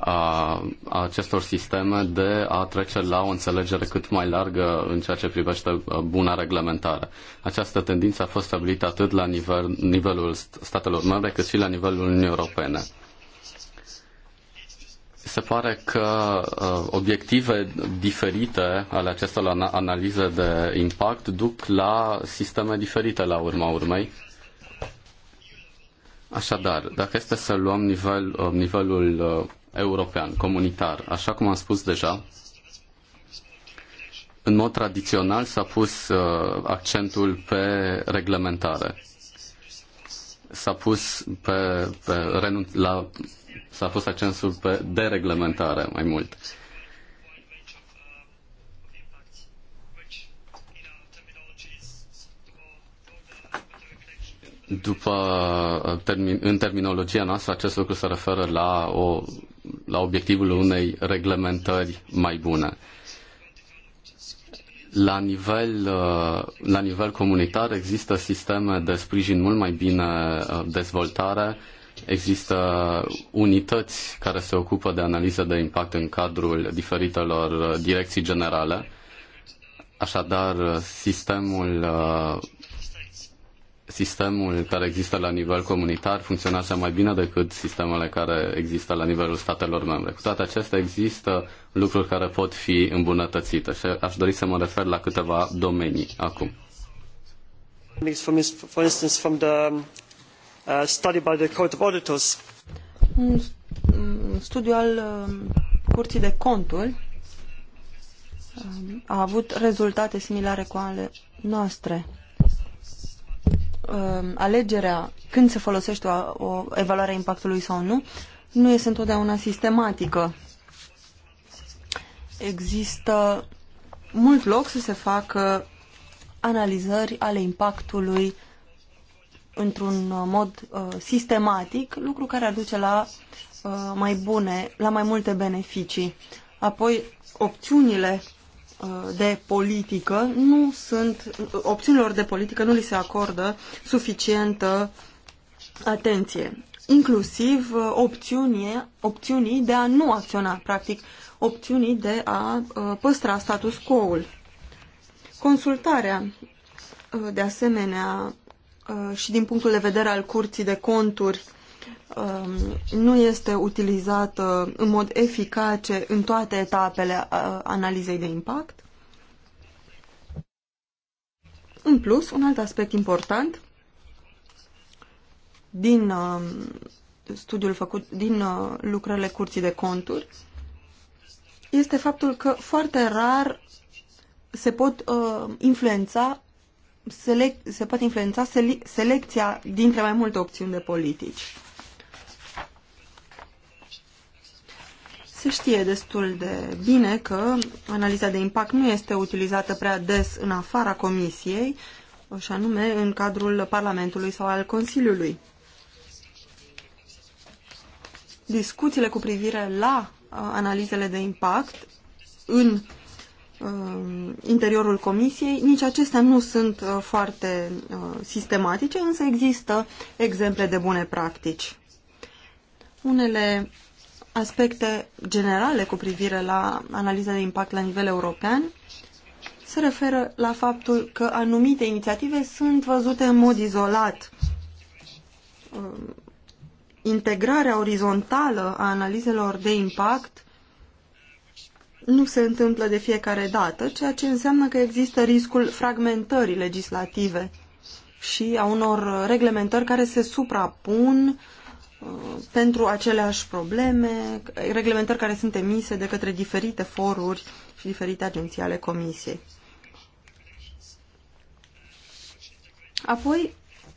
a, a acestor sisteme de a trece la o înțelegere cât mai largă în ceea ce privește buna reglementare. Această tendință a fost stabilită atât la nivel, nivelul statelor membre cât și la nivelul Uniunii Europene. Se pare că uh, obiective diferite ale acestor analize de impact duc la sisteme diferite la urma urmei. Așadar, dacă este să luăm nivel, nivelul european, comunitar. Așa cum am spus deja, în mod tradițional s-a pus uh, accentul pe reglementare. S-a pus pe, pe la s-a pus accentul pe dereglementare mai mult. După, uh, în terminologia noastră, acest lucru se referă la o la obiectivul unei reglementări mai bune. La nivel, uh, la nivel comunitar există sisteme de sprijin mult mai bine uh, dezvoltare, există unități care se ocupă de analiză de impact în cadrul diferitelor uh, direcții generale. Așadar, sistemul sistemul care există la nivel comunitar funcționează mai bine decât sistemele care există la nivelul statelor membre. Cu toate acestea există lucruri care pot fi îmbunătățite și aș dori să mă refer la câteva domenii acum. For instance, from the uh, study by the Court of Auditors. Un studiu al um, Curții de Conturi um, a avut rezultate similare cu ale noastre uh, alegerea când se folosește o, o evaluare a impactului sau nu, nu este întotdeauna sistematică. Există mult loc să se facă analizări ale impactului într-un uh, mod uh, sistematic, lucru care aduce la uh, mai bune, la mai multe beneficii. Apoi, opțiunile Uh, de politică nu sunt, opțiunilor de politică nu li se acordă suficientă atenție, inclusiv uh, opțiunie, opțiunii de a nu acționa, practic, opțiunii de a uh, păstra status quo-ul. Consultarea, de asemenea, și din punctul de vedere al curții de conturi, Um, nu este utilizată în mod eficace în toate etapele uh, analizei de impact. În plus, un alt aspect important din um, studiul făcut, din uh, lucrările Curții de Conturi, este faptul că foarte rar se pot uh, influența selec se poate influența sele selecția dintre mai multe opțiuni de politici. Se știe destul de bine că analiza de impact nu este utilizată prea des în afara comisiei, și anume în cadrul Parlamentului sau al Consiliului. Discuțiile cu privire la analizele de impact în interiorul comisiei, nici acestea nu sunt foarte sistematice, însă există exemple de bune practici. Unele aspecte generale cu privire la analiza de impact la nivel european se referă la faptul că anumite inițiative sunt văzute în mod izolat. Um, integrarea orizontală a analizelor de impact nu se întâmplă de fiecare dată, ceea ce înseamnă că există riscul fragmentării legislative și a unor reglementări care se suprapun Uh, pentru aceleași probleme, reglementări care sunt emise de către diferite foruri și diferite agenții ale Comisiei. Apoi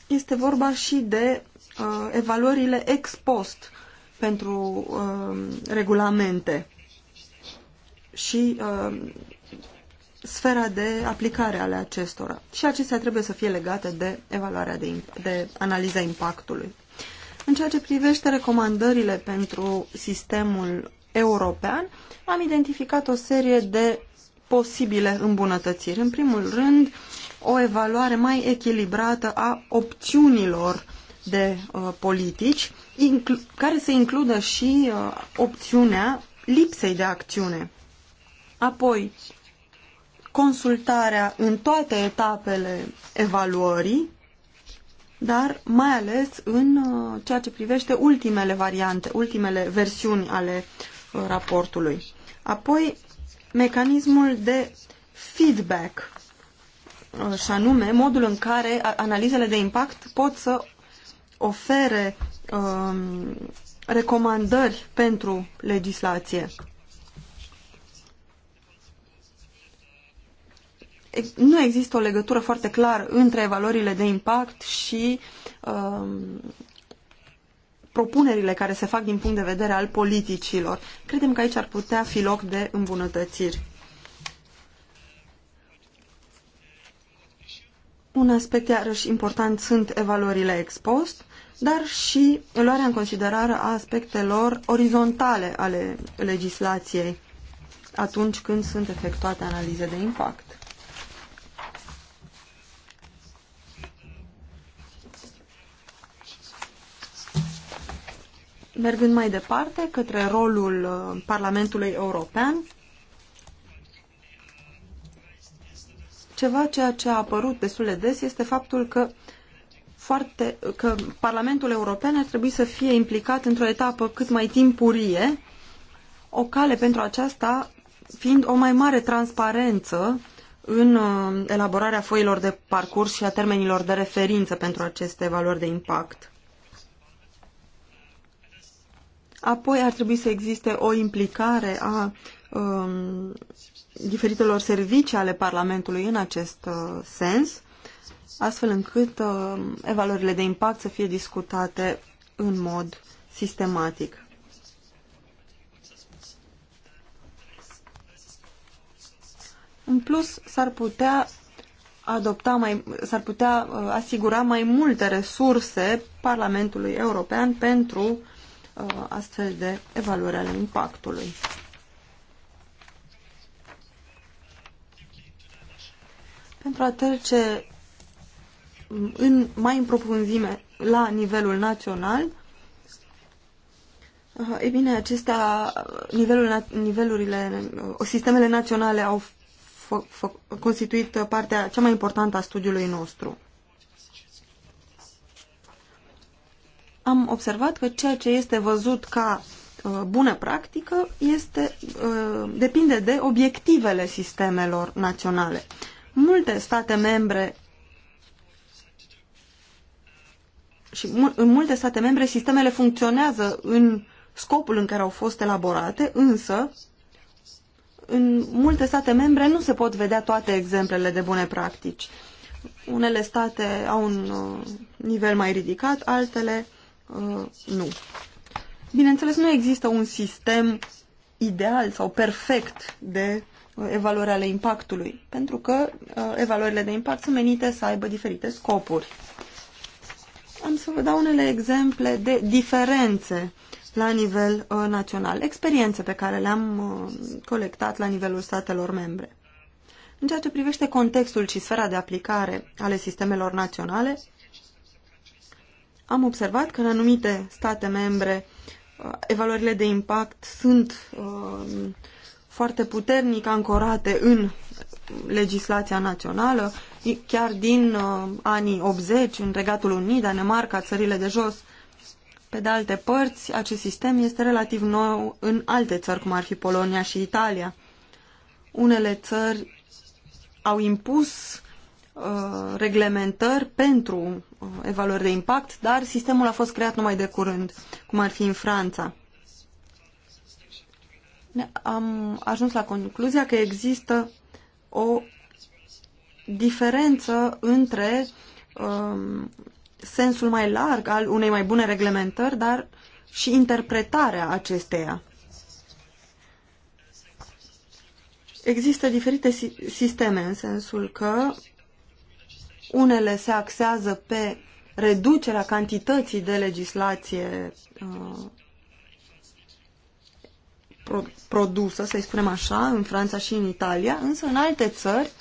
este vorba și de uh, evaluările ex post pentru uh, regulamente și uh, sfera de aplicare ale acestora. Și acestea trebuie să fie legate de evaluarea de, de analiza impactului. În ceea ce privește recomandările pentru sistemul european, am identificat o serie de posibile îmbunătățiri. În primul rând, o evaluare mai echilibrată a opțiunilor de uh, politici, care să includă și uh, opțiunea lipsei de acțiune. Apoi, consultarea în toate etapele evaluării, dar mai ales în uh, ceea ce privește ultimele variante, ultimele versiuni ale uh, raportului. Apoi, mecanismul de feedback, uh, și anume modul în care analizele de impact pot să ofere um, recomandări pentru legislație. nu există o legătură foarte clară între valorile de impact și um, propunerile care se fac din punct de vedere al politicilor. Credem că aici ar putea fi loc de îmbunătățiri. Un aspect iarăși important sunt evaluările ex post, dar și luarea în considerare a aspectelor orizontale ale legislației atunci când sunt efectuate analize de impact. mergând mai departe către rolul uh, Parlamentului European, ceva ceea ce a apărut destul de des este faptul că foarte, că Parlamentul European ar trebui să fie implicat într-o etapă cât mai timpurie, o cale pentru aceasta fiind o mai mare transparență în uh, elaborarea foilor de parcurs și a termenilor de referință pentru aceste valori de impact. Apoi ar trebui să existe o implicare a um, diferitelor servicii ale Parlamentului în acest uh, sens, astfel încât uh, evaluările de impact să fie discutate în mod sistematic. În plus, s-ar putea adopta mai, s-ar putea uh, asigura mai multe resurse Parlamentului European pentru Uh, astfel de evaluări ale impactului. Pentru a trece în, mai în profunzime la nivelul național, uh, e bine, acestea, nivelul, nivelurile, uh, sistemele naționale au constituit partea cea mai importantă a studiului nostru. am observat că ceea ce este văzut ca uh, bună practică este, uh, depinde de obiectivele sistemelor naționale. Multe state membre și în multe state membre sistemele funcționează în scopul în care au fost elaborate, însă în multe state membre nu se pot vedea toate exemplele de bune practici. Unele state au un uh, nivel mai ridicat, altele Uh, nu. Bineînțeles, nu există un sistem ideal sau perfect de uh, evaluare ale impactului, pentru că uh, evaluările de impact sunt menite să aibă diferite scopuri. Am să vă dau unele exemple de diferențe la nivel uh, național, experiențe pe care le-am uh, colectat la nivelul statelor membre. În ceea ce privește contextul și sfera de aplicare ale sistemelor naționale, am observat că în anumite state membre uh, evaluările de impact sunt uh, foarte puternic ancorate în legislația națională, chiar din uh, anii 80, în Regatul Unit, Danemarca, țările de jos. Pe de alte părți, acest sistem este relativ nou în alte țări, cum ar fi Polonia și Italia. Unele țări au impus uh, reglementări pentru Uh, evaluări de impact, dar sistemul a fost creat numai de curând, cum ar fi în Franța. Ne am ajuns la concluzia că există o diferență între um, sensul mai larg al unei mai bune reglementări, dar și interpretarea acesteia. Există diferite si sisteme în sensul că unele se axează pe reducerea cantității de legislație uh, produsă, să-i spunem așa, în Franța și în Italia, însă în alte țări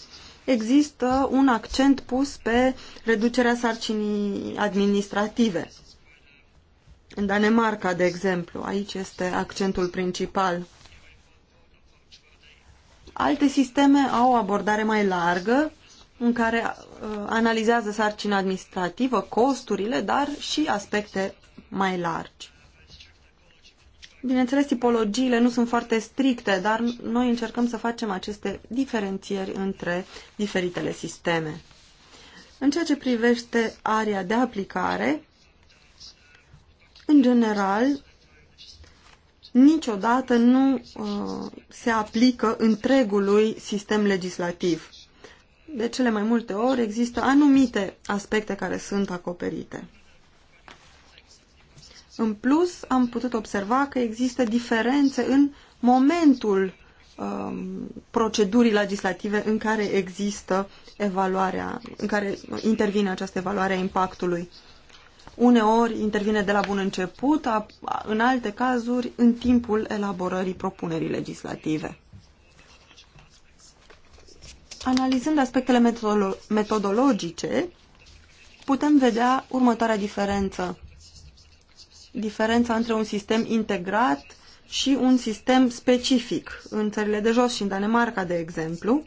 există un accent pus pe reducerea sarcinii administrative. În Danemarca, de exemplu, aici este accentul principal. Alte sisteme au o abordare mai largă în care uh, analizează sarcina administrativă, costurile, dar și aspecte mai largi. Bineînțeles, tipologiile nu sunt foarte stricte, dar noi încercăm să facem aceste diferențieri între diferitele sisteme. În ceea ce privește area de aplicare, în general, niciodată nu uh, se aplică întregului sistem legislativ de cele mai multe ori există anumite aspecte care sunt acoperite. În plus, am putut observa că există diferențe în momentul um, procedurii legislative în care există evaluarea, în care intervine această evaluare a impactului. Uneori intervine de la bun început, a, a, în alte cazuri în timpul elaborării propunerii legislative. Analizând aspectele metodologice, putem vedea următoarea diferență. Diferența între un sistem integrat și un sistem specific. În țările de jos și în Danemarca, de exemplu,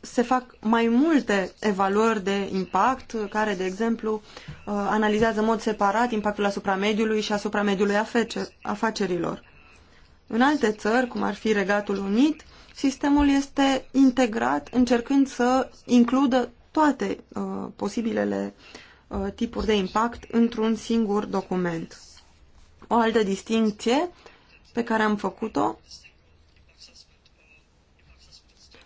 se fac mai multe evaluări de impact care, de exemplu, uh, analizează în mod separat impactul asupra mediului și asupra mediului afacerilor. În alte țări, cum ar fi Regatul Unit, Sistemul este integrat încercând să includă toate uh, posibilele uh, tipuri de impact într-un singur document. O altă distinție pe care am făcut-o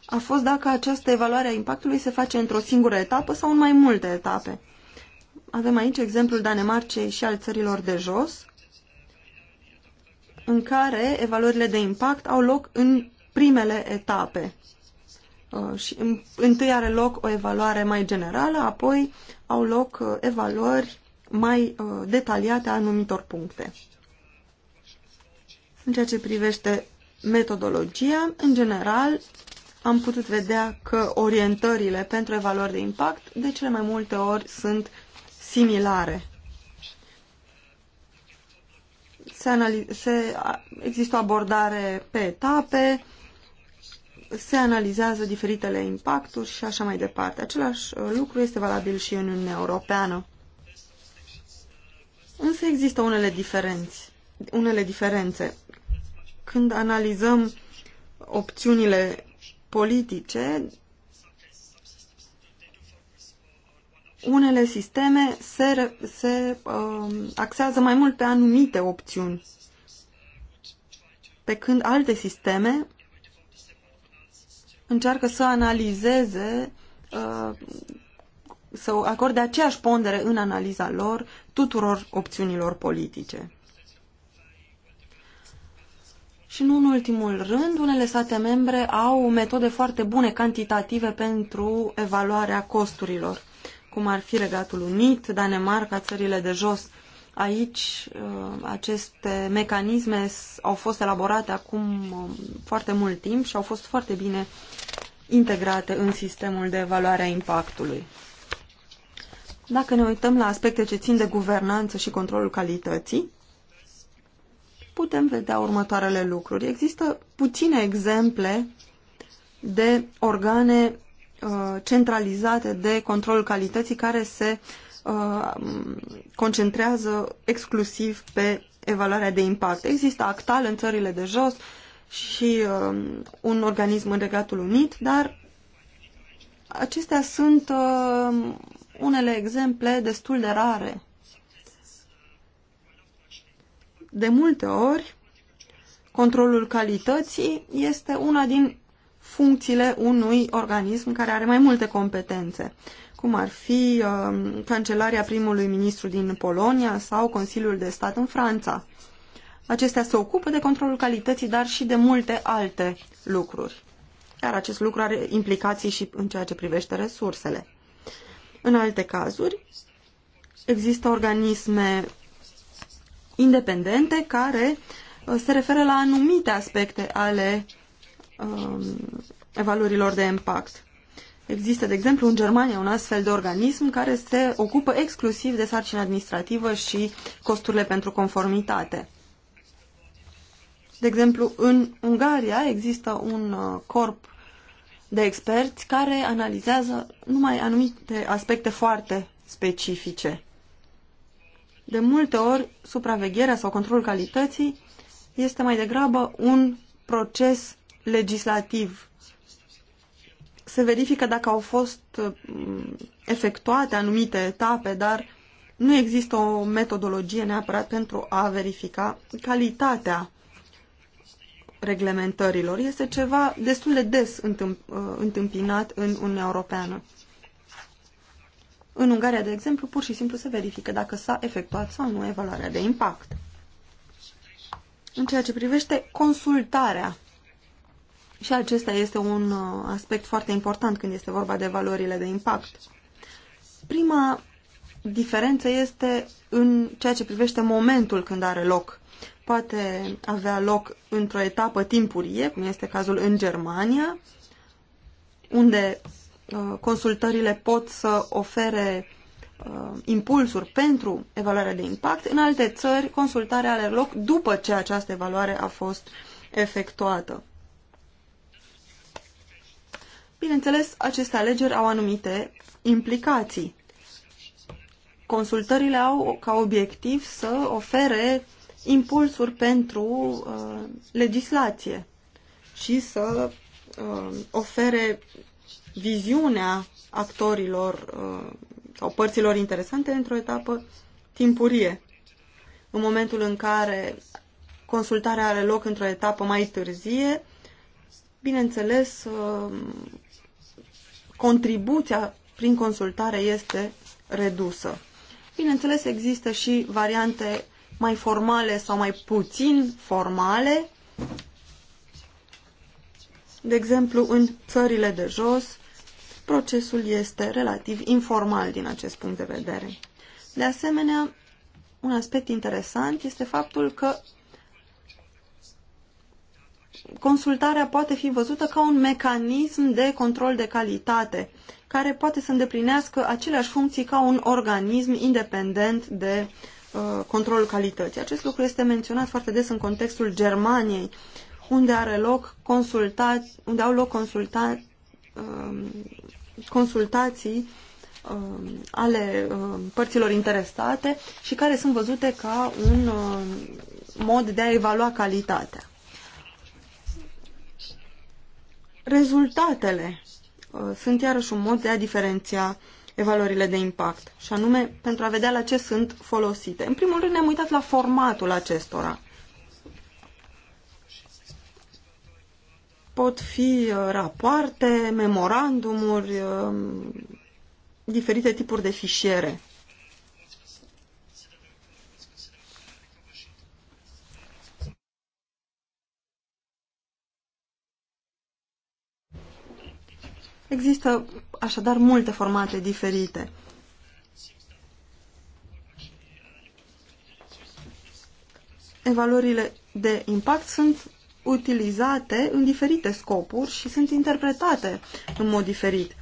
a fost dacă această evaluare a impactului se face într-o singură etapă sau în mai multe etape. Avem aici exemplul Danemarcei și al țărilor de jos, în care evaluările de impact au loc în primele etape. Uh, și întâi are loc o evaluare mai generală, apoi au loc uh, evaluări mai uh, detaliate a anumitor puncte. În ceea ce privește metodologia, în general, am putut vedea că orientările pentru evaluări de impact de cele mai multe ori sunt similare. Se, se există o abordare pe etape, se analizează diferitele impacturi și așa mai departe. Același uh, lucru este valabil și în Uniunea Europeană. Însă există unele, diferenți, unele diferențe. Când analizăm opțiunile politice, unele sisteme se, se uh, axează mai mult pe anumite opțiuni, pe când alte sisteme încearcă să analizeze, uh, să acorde aceeași pondere în analiza lor tuturor opțiunilor politice. Și nu în ultimul rând, unele state membre au metode foarte bune cantitative pentru evaluarea costurilor, cum ar fi Regatul Unit, Danemarca, țările de jos. Aici uh, aceste mecanisme au fost elaborate acum um, foarte mult timp și au fost foarte bine integrate în sistemul de evaluare a impactului. Dacă ne uităm la aspecte ce țin de guvernanță și controlul calității, putem vedea următoarele lucruri. Există puține exemple de organe uh, centralizate de controlul calității care se uh, concentrează exclusiv pe evaluarea de impact. Există actal în țările de jos, și uh, un organism în Regatul Unit, dar acestea sunt uh, unele exemple destul de rare. De multe ori, controlul calității este una din funcțiile unui organism care are mai multe competențe, cum ar fi uh, um, Cancelarea primului ministru din Polonia sau Consiliul de stat în Franța. Acestea se ocupă de controlul calității, dar și de multe alte lucruri. Iar acest lucru are implicații și în ceea ce privește resursele. În alte cazuri, există organisme independente care uh, se referă la anumite aspecte ale um, evaluărilor de impact. Există, de exemplu, în Germania un astfel de organism care se ocupă exclusiv de sarcină administrativă și costurile pentru conformitate. De exemplu, în Ungaria există un uh, corp de experți care analizează numai anumite aspecte foarte specifice. De multe ori, supravegherea sau controlul calității este mai degrabă un proces legislativ. Se verifică dacă au fost uh, efectuate anumite etape, dar nu există o metodologie neapărat pentru a verifica calitatea reglementărilor. Este ceva destul de des uh, întâmpinat în Uniunea Europeană. În Ungaria, de exemplu, pur și simplu se verifică dacă s-a efectuat sau nu evaluarea de impact. În ceea ce privește consultarea, și acesta este un uh, aspect foarte important când este vorba de valorile de impact. Prima diferență este în ceea ce privește momentul când are loc poate avea loc într-o etapă timpurie, cum este cazul în Germania, unde uh, consultările pot să ofere uh, impulsuri pentru evaluarea de impact. În alte țări, consultarea are loc după ce această evaluare a fost efectuată. Bineînțeles, aceste alegeri au anumite implicații. Consultările au ca obiectiv să ofere impulsuri pentru uh, legislație și să uh, ofere viziunea actorilor uh, sau părților interesante într-o etapă timpurie. În momentul în care consultarea are loc într-o etapă mai târzie, bineînțeles, uh, contribuția prin consultare este redusă. Bineînțeles, există și variante mai formale sau mai puțin formale. De exemplu, în țările de jos, procesul este relativ informal din acest punct de vedere. De asemenea, un aspect interesant este faptul că consultarea poate fi văzută ca un mecanism de control de calitate, care poate să îndeplinească aceleași funcții ca un organism independent de Uh, controlul calității. Acest lucru este menționat foarte des în contextul Germaniei, unde, are loc consultați, unde au loc consulta, um, consultații um, ale um, părților interesate și care sunt văzute ca un mod de a evalua calitatea. Rezultatele uh, sunt iarăși un mod de a diferenția evaluările de impact, și anume pentru a vedea la ce sunt folosite. În primul rând ne-am uitat la formatul acestora. Pot fi uh, rapoarte, memorandumuri, um, diferite tipuri de fișiere. Există așadar multe formate diferite. Evaluările de impact sunt utilizate în diferite scopuri și sunt interpretate în mod diferit.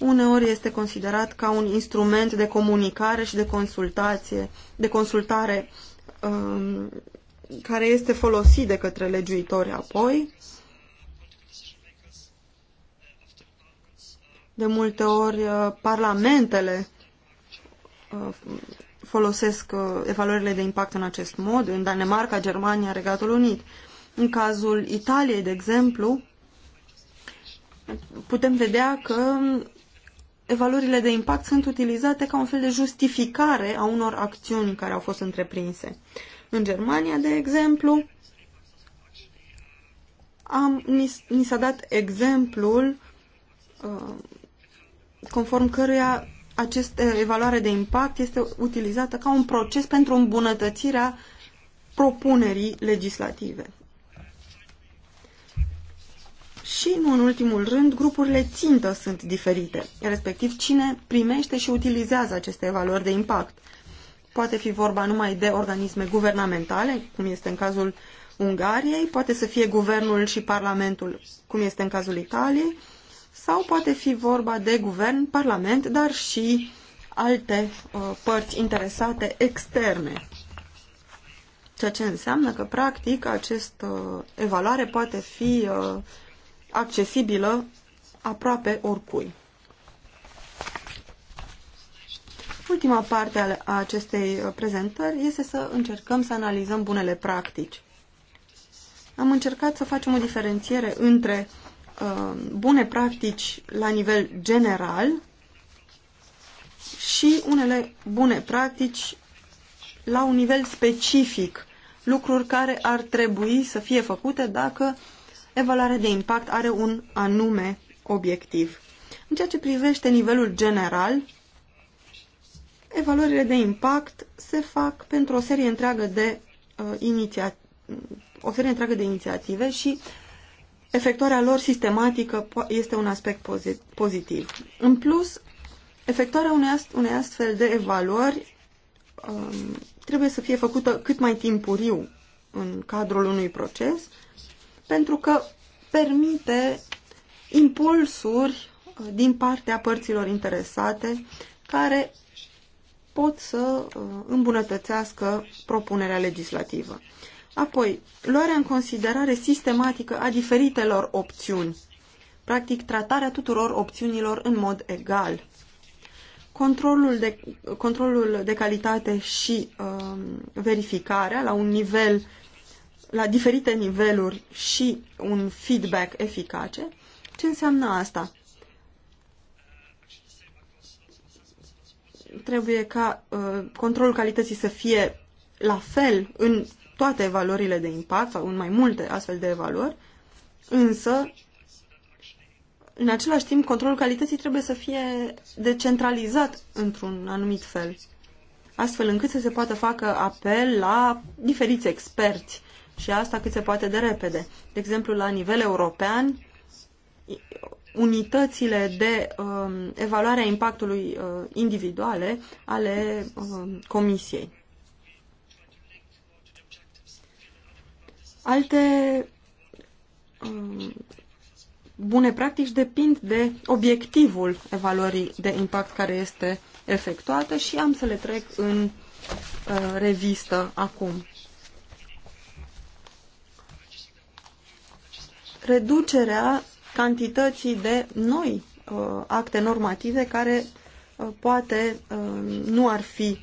Uneori este considerat ca un instrument de comunicare și de consultație, de consultare um, care este folosit de către legiuitori apoi. Uh, De multe ori, uh, parlamentele uh, folosesc uh, evaluările de impact în acest mod, în Danemarca, Germania, Regatul Unit. În cazul Italiei, de exemplu, putem vedea că evaluările de impact sunt utilizate ca un fel de justificare a unor acțiuni care au fost întreprinse. În Germania, de exemplu, am, ni, ni s-a dat exemplul uh, conform căruia această eh, evaluare de impact este utilizată ca un proces pentru îmbunătățirea propunerii legislative. Și, nu în ultimul rând, grupurile țintă sunt diferite, respectiv cine primește și utilizează aceste valori de impact. Poate fi vorba numai de organisme guvernamentale, cum este în cazul Ungariei, poate să fie guvernul și parlamentul, cum este în cazul Italiei, sau poate fi vorba de guvern, parlament, dar și alte uh, părți interesate externe. Ceea ce înseamnă că, practic, această uh, evaluare poate fi uh, accesibilă aproape oricui. Ultima parte a acestei uh, prezentări este să încercăm să analizăm bunele practici. Am încercat să facem o diferențiere între uh, Uh, bune practici la nivel general și unele bune practici la un nivel specific, lucruri care ar trebui să fie făcute dacă evaluarea de impact are un anume obiectiv. În ceea ce privește nivelul general, evaluările de impact se fac pentru o serie întreagă de, uh, iniția- o serie întreagă de inițiative și efectuarea lor sistematică este un aspect pozitiv. În plus, efectuarea unei, ast unei astfel de evaluări um, trebuie să fie făcută cât mai timpuriu în cadrul unui proces, pentru că permite impulsuri uh, din partea părților interesate care pot să uh, îmbunătățească propunerea legislativă. Apoi, luarea în considerare sistematică a diferitelor opțiuni. Practic, tratarea tuturor opțiunilor în mod egal. Controlul de, controlul de calitate și um, verificarea la un nivel, la diferite niveluri și un feedback eficace. Ce înseamnă asta? Trebuie ca uh, controlul calității să fie la fel în toate evaluările de impact sau în mai multe astfel de valori, însă în același timp controlul calității trebuie să fie decentralizat într-un anumit fel, astfel încât să se poată facă apel la diferiți experți și asta cât se poate de repede. De exemplu, la nivel european, unitățile de um, evaluare a impactului uh, individuale ale uh, comisiei. Alte um, bune practici depind de obiectivul evaluării de impact care este efectuată și am să le trec în uh, revistă acum. Reducerea cantității de noi uh, acte normative care uh, poate uh, nu ar fi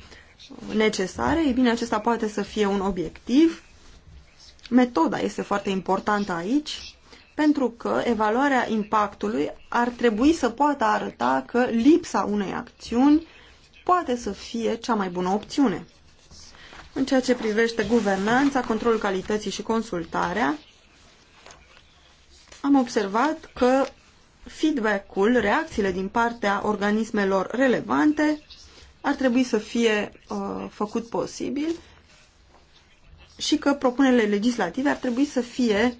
necesare, ei bine, acesta poate să fie un obiectiv Metoda este foarte importantă aici, pentru că evaluarea impactului ar trebui să poată arăta că lipsa unei acțiuni poate să fie cea mai bună opțiune. În ceea ce privește guvernanța, controlul calității și consultarea, am observat că feedback-ul, reacțiile din partea organismelor relevante ar trebui să fie uh, făcut posibil și că propunerile legislative ar trebui să fie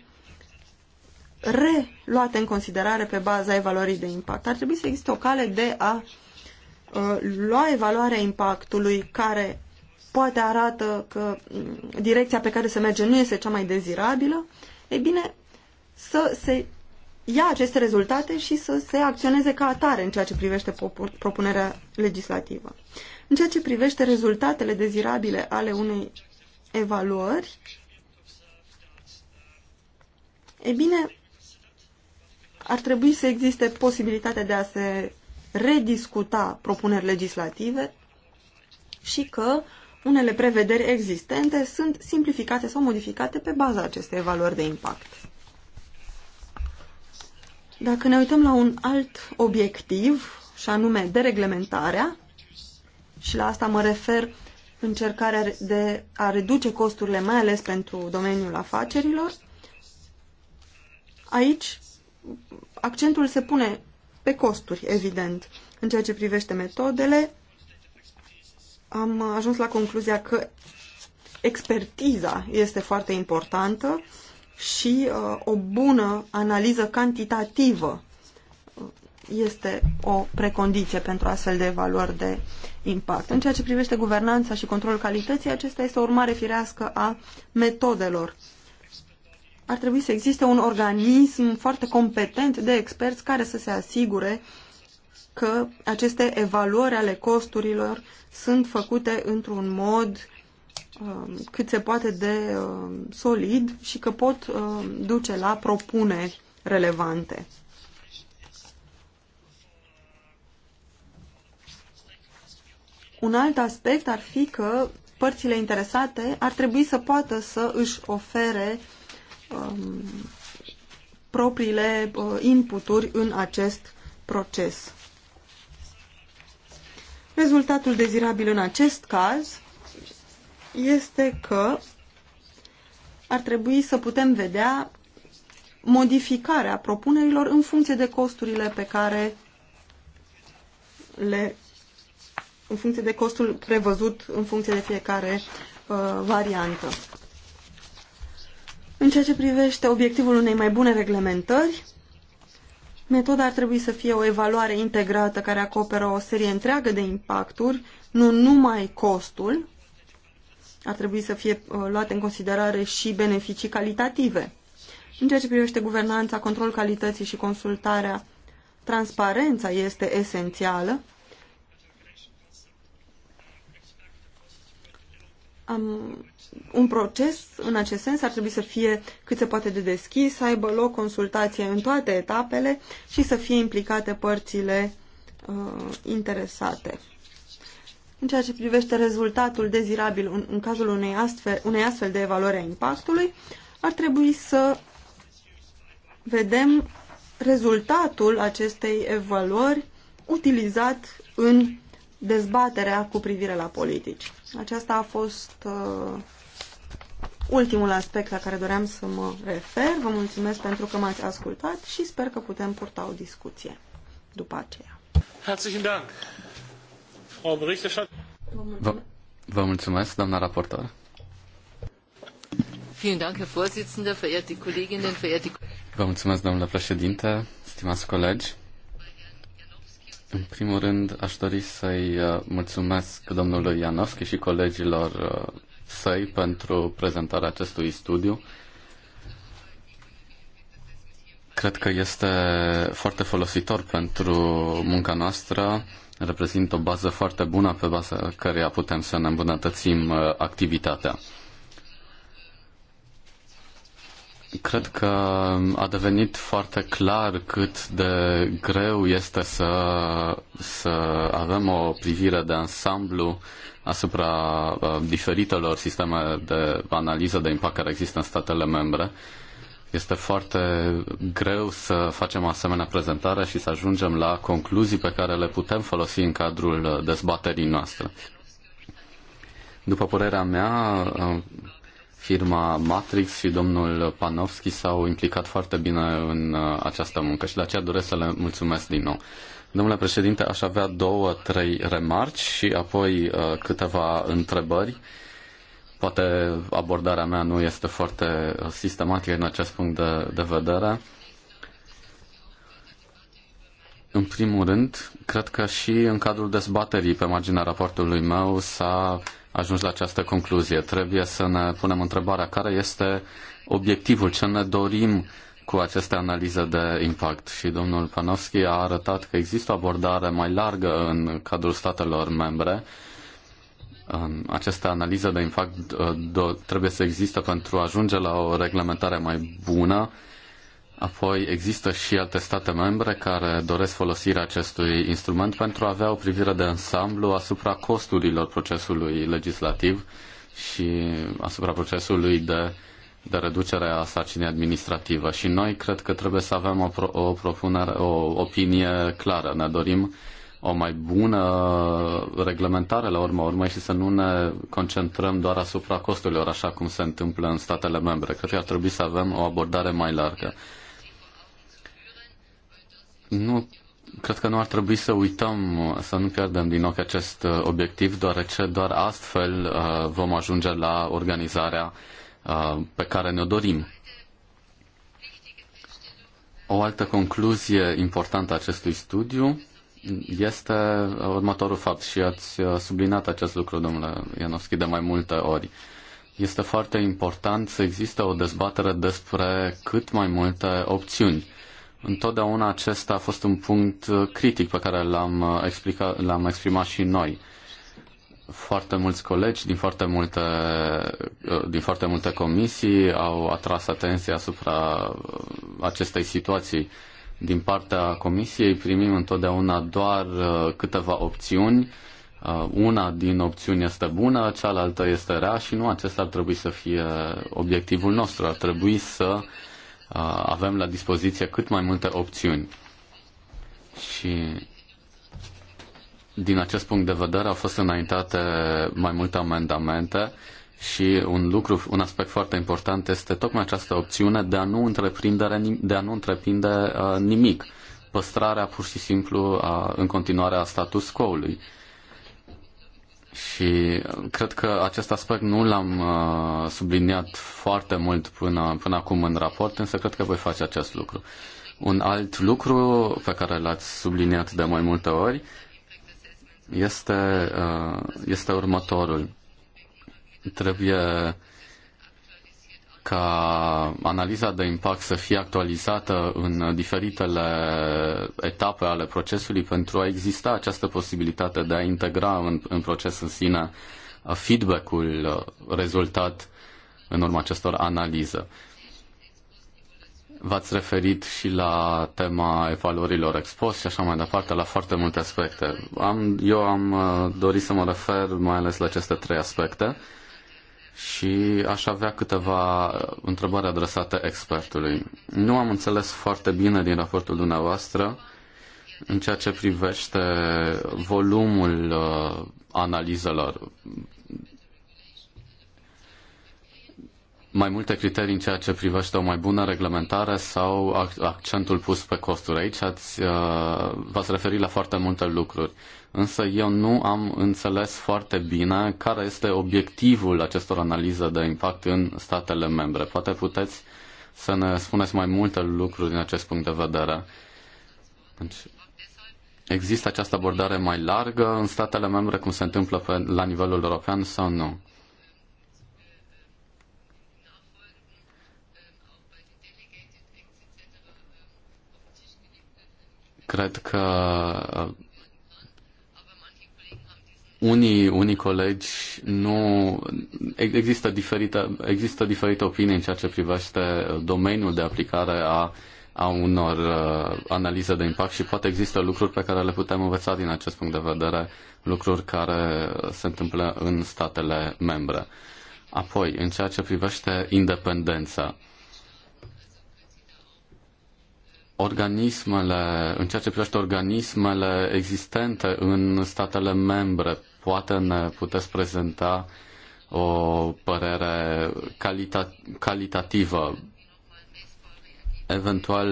reluate în considerare pe baza evaluării de impact. Ar trebui să existe o cale de a uh, lua evaluarea impactului care poate arată că mm, direcția pe care se merge nu este cea mai dezirabilă, e bine să se ia aceste rezultate și să se acționeze ca atare în ceea ce privește propunerea legislativă. În ceea ce privește rezultatele dezirabile ale unei evaluări, e bine, ar trebui să existe posibilitatea de a se rediscuta propuneri legislative și că unele prevederi existente sunt simplificate sau modificate pe baza acestei evaluări de impact. Dacă ne uităm la un alt obiectiv, și anume dereglementarea, și la asta mă refer încercarea de a reduce costurile, mai ales pentru domeniul afacerilor. Aici accentul se pune pe costuri, evident. În ceea ce privește metodele, am ajuns la concluzia că expertiza este foarte importantă și uh, o bună analiză cantitativă este o precondiție pentru astfel de evaluări de impact. În ceea ce privește guvernanța și controlul calității, acesta este o urmare firească a metodelor. Ar trebui să existe un organism foarte competent de experți care să se asigure că aceste evaluări ale costurilor sunt făcute într-un mod um, cât se poate de um, solid și că pot um, duce la propuneri relevante. Un alt aspect ar fi că părțile interesate ar trebui să poată să își ofere um, propriile uh, inputuri în acest proces. Rezultatul dezirabil în acest caz este că ar trebui să putem vedea modificarea propunerilor în funcție de costurile pe care le în funcție de costul prevăzut în funcție de fiecare uh, variantă. În ceea ce privește obiectivul unei mai bune reglementări, metoda ar trebui să fie o evaluare integrată care acoperă o serie întreagă de impacturi, nu numai costul, ar trebui să fie uh, luate în considerare și beneficii calitative. În ceea ce privește guvernanța, controlul calității și consultarea, transparența este esențială am, un proces în acest sens ar trebui să fie cât se poate de deschis, să aibă loc consultație în toate etapele și să fie implicate părțile uh, interesate. În ceea ce privește rezultatul dezirabil în, în cazul unei astfel, unei astfel de evaluare a impactului, ar trebui să vedem rezultatul acestei evaluări utilizat în dezbaterea cu privire la politici. Aceasta a fost uh, ultimul aspect la care doream să mă refer. Vă mulțumesc pentru că m-ați ascultat și sper că putem purta o discuție după aceea. Vă, vă mulțumesc, doamna raportor. Vă mulțumesc, domnule președinte, stimați colegi. În primul rând, aș dori să-i uh, mulțumesc domnului Ianovski și colegilor uh, săi pentru prezentarea acestui studiu. Cred că este foarte folositor pentru munca noastră, reprezintă o bază foarte bună pe baza căreia putem să ne îmbunătățim uh, activitatea. Cred că a devenit foarte clar cât de greu este să, să avem o privire de ansamblu asupra uh, diferitelor sisteme de analiză de impact care există în statele membre. Este foarte greu să facem asemenea prezentare și să ajungem la concluzii pe care le putem folosi în cadrul dezbaterii noastre. După părerea mea, uh, firma Matrix și domnul Panovski s-au implicat foarte bine în uh, această muncă și de aceea doresc să le mulțumesc din nou. Domnule președinte, aș avea două, trei remarci și apoi uh, câteva întrebări. Poate abordarea mea nu este foarte uh, sistematică în acest punct de, de vedere. În primul rând, cred că și în cadrul dezbaterii pe marginea raportului meu s-a ajuns la această concluzie. Trebuie să ne punem întrebarea care este obiectivul, ce ne dorim cu aceste analize de impact. Și domnul Panovski a arătat că există o abordare mai largă în cadrul statelor membre. Aceste analize de impact uh, trebuie să existe pentru a ajunge la o reglementare mai bună Apoi există și alte state membre care doresc folosirea acestui instrument pentru a avea o privire de ansamblu asupra costurilor procesului legislativ și asupra procesului de, de reducere a sarcinii administrative. Și noi cred că trebuie să avem o, pro, o propunere, o opinie clară. Ne dorim o mai bună reglementare la urma urmei și să nu ne concentrăm doar asupra costurilor, așa cum se întâmplă în statele membre. Cred că ar trebui să avem o abordare mai largă nu cred că nu ar trebui să uităm, să nu pierdem din ochi acest uh, obiectiv, deoarece doar astfel uh, vom ajunge la organizarea uh, pe care ne-o dorim. O altă concluzie importantă a acestui studiu este următorul fapt și ați subliniat acest lucru, domnule Ianovski, de mai multe ori. Este foarte important să existe o dezbatere despre cât mai multe opțiuni Întotdeauna acesta a fost un punct uh, critic pe care l-am, uh, explicat, l-am exprimat și noi. Foarte mulți colegi din foarte multe, uh, din foarte multe comisii au atras atenția asupra acestei situații. Din partea comisiei primim întotdeauna doar câteva opțiuni. Una din opțiuni este bună, cealaltă este rea și nu acesta ar trebui să fie obiectivul nostru. Ar trebui să Uh, avem la dispoziție cât mai multe opțiuni. Și din acest punct de vedere au fost înaintate mai multe amendamente și un lucru, un aspect foarte important este tocmai această opțiune de a nu întreprinde, de a nu întreprinde uh, nimic. Păstrarea pur și simplu uh, în continuare a status quo-ului. Uh, și cred că acest aspect nu l-am uh, subliniat foarte mult până, până acum în raport, însă cred că voi face acest lucru. Un alt lucru pe care l-ați subliniat de mai multe ori este, uh, este următorul. Trebuie ca analiza de impact să fie actualizată în diferitele etape ale procesului pentru a exista această posibilitate de a integra în, în proces în sine uh, feedback-ul uh, rezultat în urma acestor analize. V-ați referit și la tema evaluărilor expus și așa mai departe, la foarte multe aspecte. Am, eu am uh, dorit să mă refer mai ales la aceste trei aspecte. Uh, și aș avea câteva întrebări adresate expertului. Nu am înțeles foarte bine din raportul dumneavoastră în ceea ce privește volumul uh, analizelor. Mai multe criterii în ceea ce privește o mai bună reglementare sau accentul pus pe costuri. Aici ați, uh, v-ați referit la foarte multe lucruri însă eu nu am înțeles foarte bine care este obiectivul acestor analize de impact în statele membre. Poate puteți să ne spuneți mai multe lucruri din acest punct de vedere. Deci, există această abordare mai largă în statele membre, cum se întâmplă pe, la nivelul european sau nu? Cred că unii, unii colegi nu există diferite, există diferite opinii în ceea ce privește domeniul de aplicare a, a unor uh, analize de impact și poate există lucruri pe care le putem învăța din acest punct de vedere, lucruri care se întâmplă în statele membre. Apoi, în ceea ce privește independența, organismele, în ceea ce privește organismele existente în statele membre poate ne puteți prezenta o părere calita- calitativă. Eventual,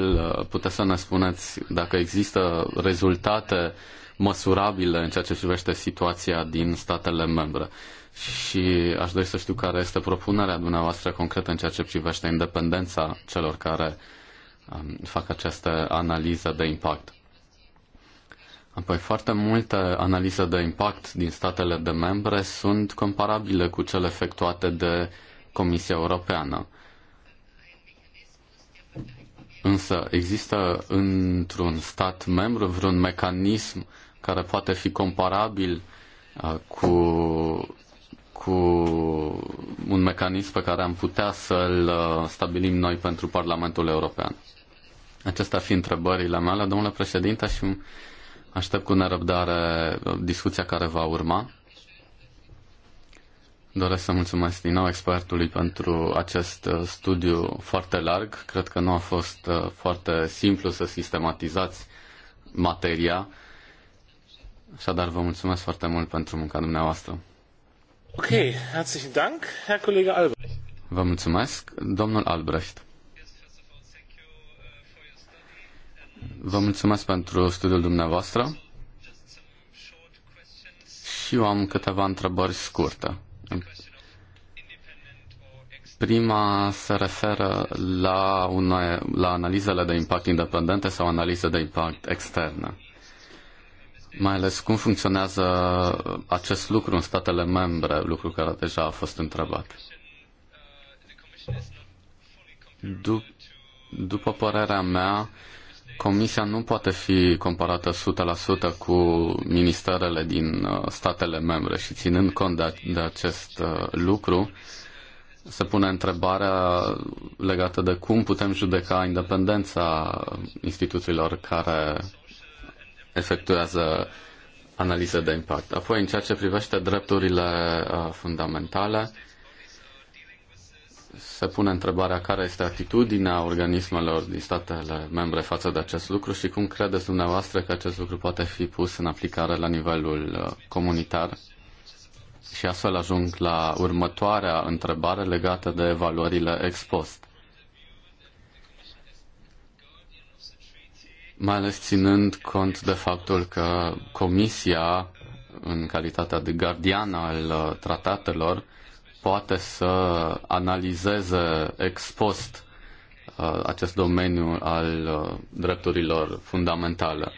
puteți să ne spuneți dacă există rezultate măsurabile în ceea ce privește situația din statele membre. Și aș dori să știu care este propunerea dumneavoastră concretă în ceea ce privește independența celor care um, fac aceste analize de impact. Apoi foarte multe analize de impact din statele de membre sunt comparabile cu cele efectuate de Comisia Europeană. Însă există într-un stat membru vreun mecanism care poate fi comparabil cu, cu un mecanism pe care am putea să-l stabilim noi pentru Parlamentul European. Acestea fi întrebările mele, domnule președinte, și Aștept cu nerăbdare uh, discuția care va urma. Doresc să mulțumesc din nou expertului pentru acest uh, studiu foarte larg. Cred că nu a fost uh, foarte simplu să sistematizați materia. Așadar, vă mulțumesc foarte mult pentru munca dumneavoastră. Ok, herzlichen Dank, Herr Kollege Albrecht. Vă mulțumesc, domnul Albrecht. Vă mulțumesc pentru studiul dumneavoastră. Și eu am câteva întrebări scurte. Prima se referă la, una, la analizele de impact independente sau analize de impact externe. Mai ales cum funcționează acest lucru în statele membre, lucru care deja a fost întrebat. după părerea mea, Comisia nu poate fi comparată 100% cu ministerele din uh, statele membre și ținând cont de, de acest uh, lucru, se pune întrebarea legată de cum putem judeca independența instituțiilor care efectuează analize de impact. Apoi, în ceea ce privește drepturile uh, fundamentale, se pune întrebarea care este atitudinea organismelor din statele membre față de acest lucru și cum credeți dumneavoastră că acest lucru poate fi pus în aplicare la nivelul uh, comunitar. Și astfel ajung la următoarea întrebare legată de valorile ex post. Mai ales ținând cont de faptul că Comisia, în calitatea de gardian al uh, tratatelor, poate să analizeze ex post uh, acest domeniu al uh, drepturilor fundamentale.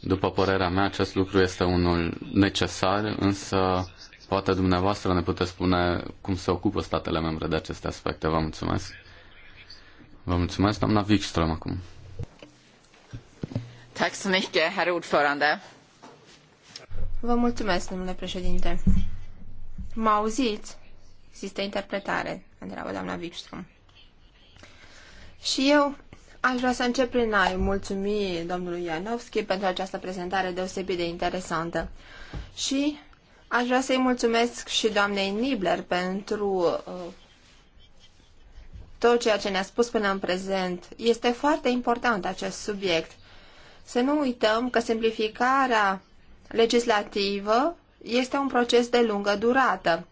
După părerea mea, acest lucru este unul necesar, însă poate dumneavoastră ne puteți spune cum se ocupă statele membre de aceste aspecte. Vă mulțumesc. Vă mulțumesc, doamna Wikström, acum. Tack så mycket, herr ordförande. Vă mulțumesc, domnule președinte. Mă auziți? Există interpretare, întreabă doamna Wikström. Și eu aș vrea să încep prin a mulțumi domnului Ianovski pentru această prezentare deosebit de interesantă. Și aș vrea să-i mulțumesc și doamnei Nibler pentru uh, tot ceea ce ne-a spus până în prezent. Este foarte important acest subiect. Să nu uităm că simplificarea legislativă este un proces de lungă durată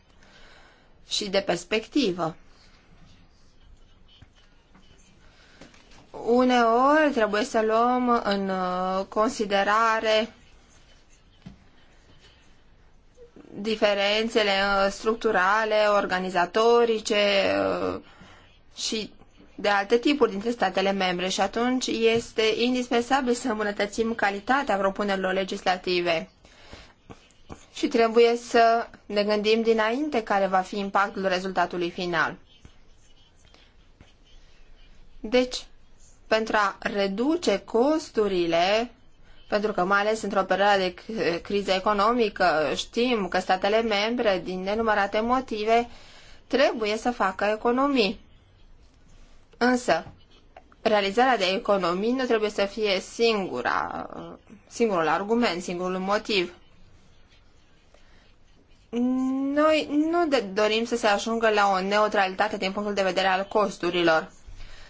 și de perspectivă. Uneori trebuie să luăm în uh, considerare diferențele uh, structurale, organizatorice uh, și de alte tipuri dintre statele membre și atunci este indispensabil să îmbunătățim calitatea propunerilor legislative și trebuie să ne gândim dinainte care va fi impactul rezultatului final. Deci, pentru a reduce costurile, pentru că mai ales într-o perioadă de criză economică știm că statele membre, din nenumărate motive, trebuie să facă economii. Însă, realizarea de economii nu trebuie să fie singura, singurul argument, singurul motiv. Noi nu de- dorim să se ajungă la o neutralitate din punctul de vedere al costurilor.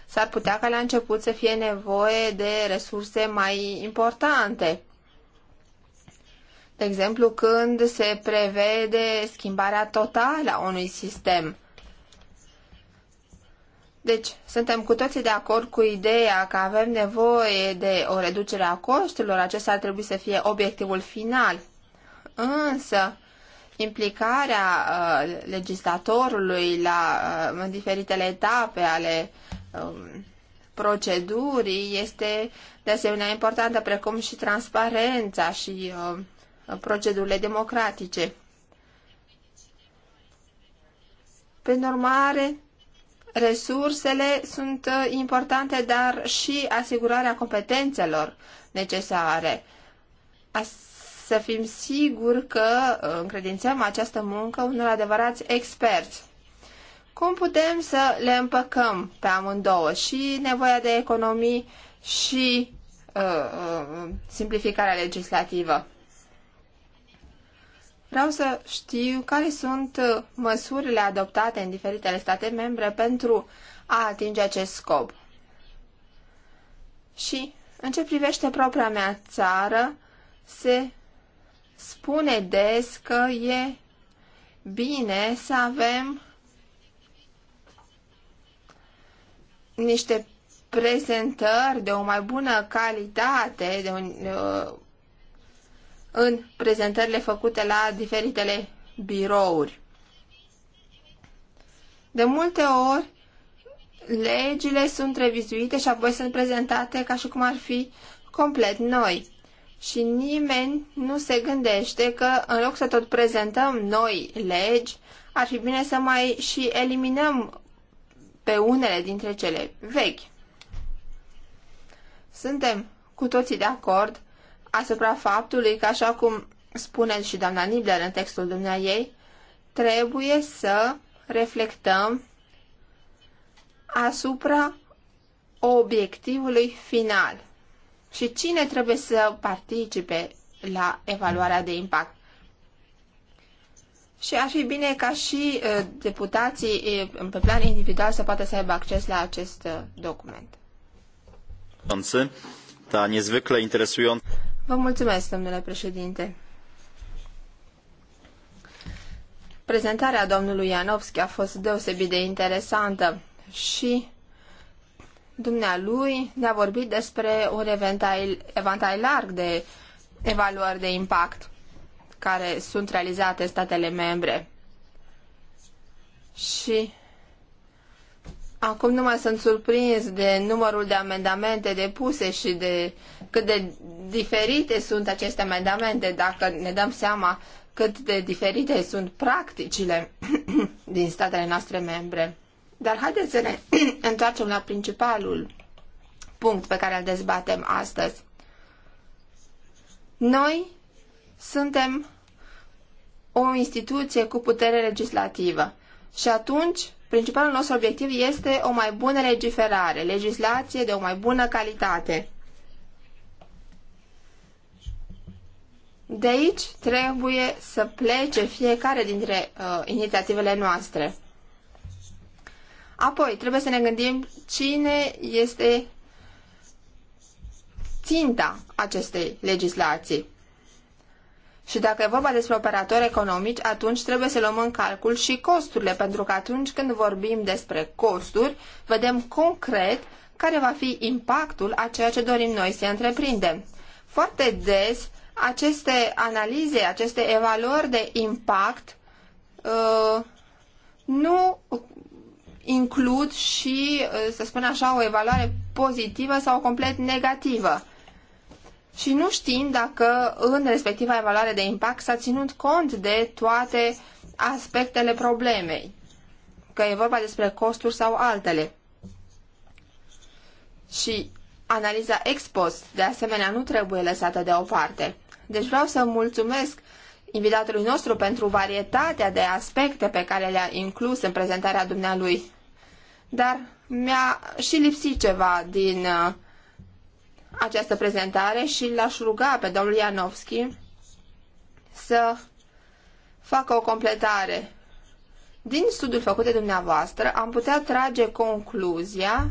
S-ar putea ca la început să fie nevoie de resurse mai importante. De exemplu, când se prevede schimbarea totală a unui sistem. Deci, suntem cu toții de acord cu ideea că avem nevoie de o reducere a costurilor, acesta ar trebui să fie obiectivul final. Însă, implicarea uh, legislatorului la, uh, în diferitele etape ale um, procedurii este de asemenea importantă, precum și transparența și uh, procedurile democratice. Prin urmare, resursele sunt uh, importante, dar și asigurarea competențelor necesare. As să fim siguri că uh, încredințăm această muncă unor adevărați experți. Cum putem să le împăcăm pe amândouă și nevoia de economii și uh, uh, simplificarea legislativă? Vreau să știu care sunt uh, măsurile adoptate în diferitele state membre pentru a atinge acest scop. Și în ce privește propria mea țară, se spune des că e bine să avem niște prezentări de o mai bună calitate de un, uh, în prezentările făcute la diferitele birouri. De multe ori, legile sunt revizuite și apoi sunt prezentate ca și cum ar fi complet noi și nimeni nu se gândește că în loc să tot prezentăm noi legi, ar fi bine să mai și eliminăm pe unele dintre cele vechi. Suntem cu toții de acord asupra faptului că, așa cum spune și doamna Nibler în textul dumneaei, trebuie să reflectăm asupra obiectivului final – și cine trebuie să participe la evaluarea de impact. Și ar fi bine ca și uh, deputații uh, pe plan individual să poată să aibă acces la acest uh, document. Vă mulțumesc, domnule președinte. Prezentarea domnului Ianovski a fost deosebit de interesantă și dumnealui ne-a vorbit despre un eventai, larg de evaluări de impact care sunt realizate în statele membre. Și acum nu mai sunt surprins de numărul de amendamente depuse și de cât de diferite sunt aceste amendamente, dacă ne dăm seama cât de diferite sunt practicile din statele noastre membre. Dar haideți să ne întoarcem la principalul punct pe care îl dezbatem astăzi. Noi suntem o instituție cu putere legislativă și atunci principalul nostru obiectiv este o mai bună legiferare, legislație de o mai bună calitate. De aici trebuie să plece fiecare dintre uh, inițiativele noastre. Apoi, trebuie să ne gândim cine este ținta acestei legislații. Și dacă e vorba despre operatori economici, atunci trebuie să luăm în calcul și costurile, pentru că atunci când vorbim despre costuri, vedem concret care va fi impactul a ceea ce dorim noi să întreprindem. Foarte des, aceste analize, aceste evaluări de impact uh, nu includ și, uh, să spun așa, o evaluare pozitivă sau complet negativă. Și nu știm dacă în respectiva evaluare de impact s-a ținut cont de toate aspectele problemei, că e vorba despre costuri sau altele. Și analiza ex post, de asemenea, nu trebuie lăsată deoparte. Deci vreau să mulțumesc invitatului nostru pentru varietatea de aspecte pe care le-a inclus în prezentarea dumnealui dar mi-a și lipsit ceva din uh, această prezentare și l-aș ruga pe domnul Ianovski să facă o completare. Din studiul făcut de dumneavoastră am putea trage concluzia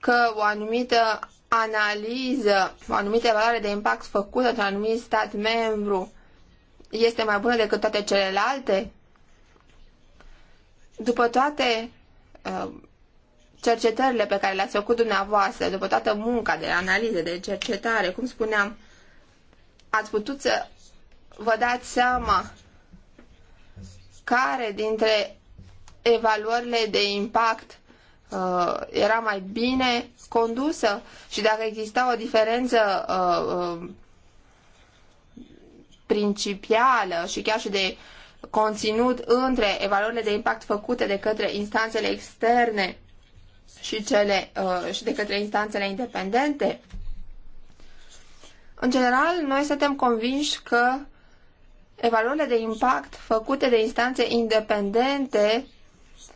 că o anumită analiză, o anumită evaluare de impact făcută într-un anumit stat membru este mai bună decât toate celelalte? După toate uh, cercetările pe care le-ați făcut dumneavoastră, după toată munca de analiză, de cercetare, cum spuneam, ați putut să vă dați seama care dintre evaluările de impact uh, era mai bine condusă și dacă exista o diferență uh, uh, principială și chiar și de conținut între evaluările de impact făcute de către instanțele externe și, cele, uh, și de către instanțele independente. În general, noi suntem convinși că evaluările de impact făcute de instanțe independente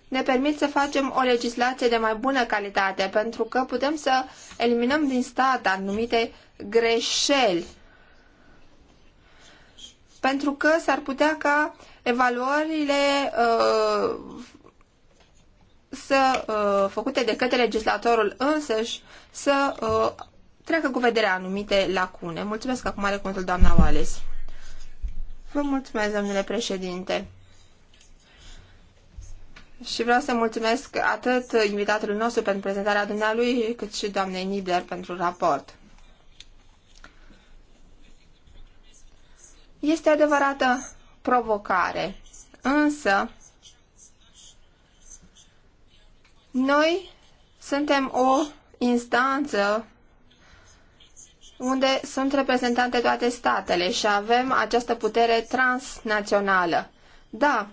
ne permit să facem o legislație de mai bună calitate, pentru că putem să eliminăm din stat anumite greșeli pentru că s-ar putea ca evaluările uh, să, uh, făcute de către legislatorul însăși să uh, treacă cu vederea anumite lacune. Mulțumesc acum are contul doamna Wallace. Vă mulțumesc, domnule președinte. Și vreau să mulțumesc atât invitatului nostru pentru prezentarea dumnealui, cât și doamnei Nibler pentru raport. Este adevărată provocare, însă noi suntem o instanță unde sunt reprezentante toate statele și avem această putere transnațională. Da,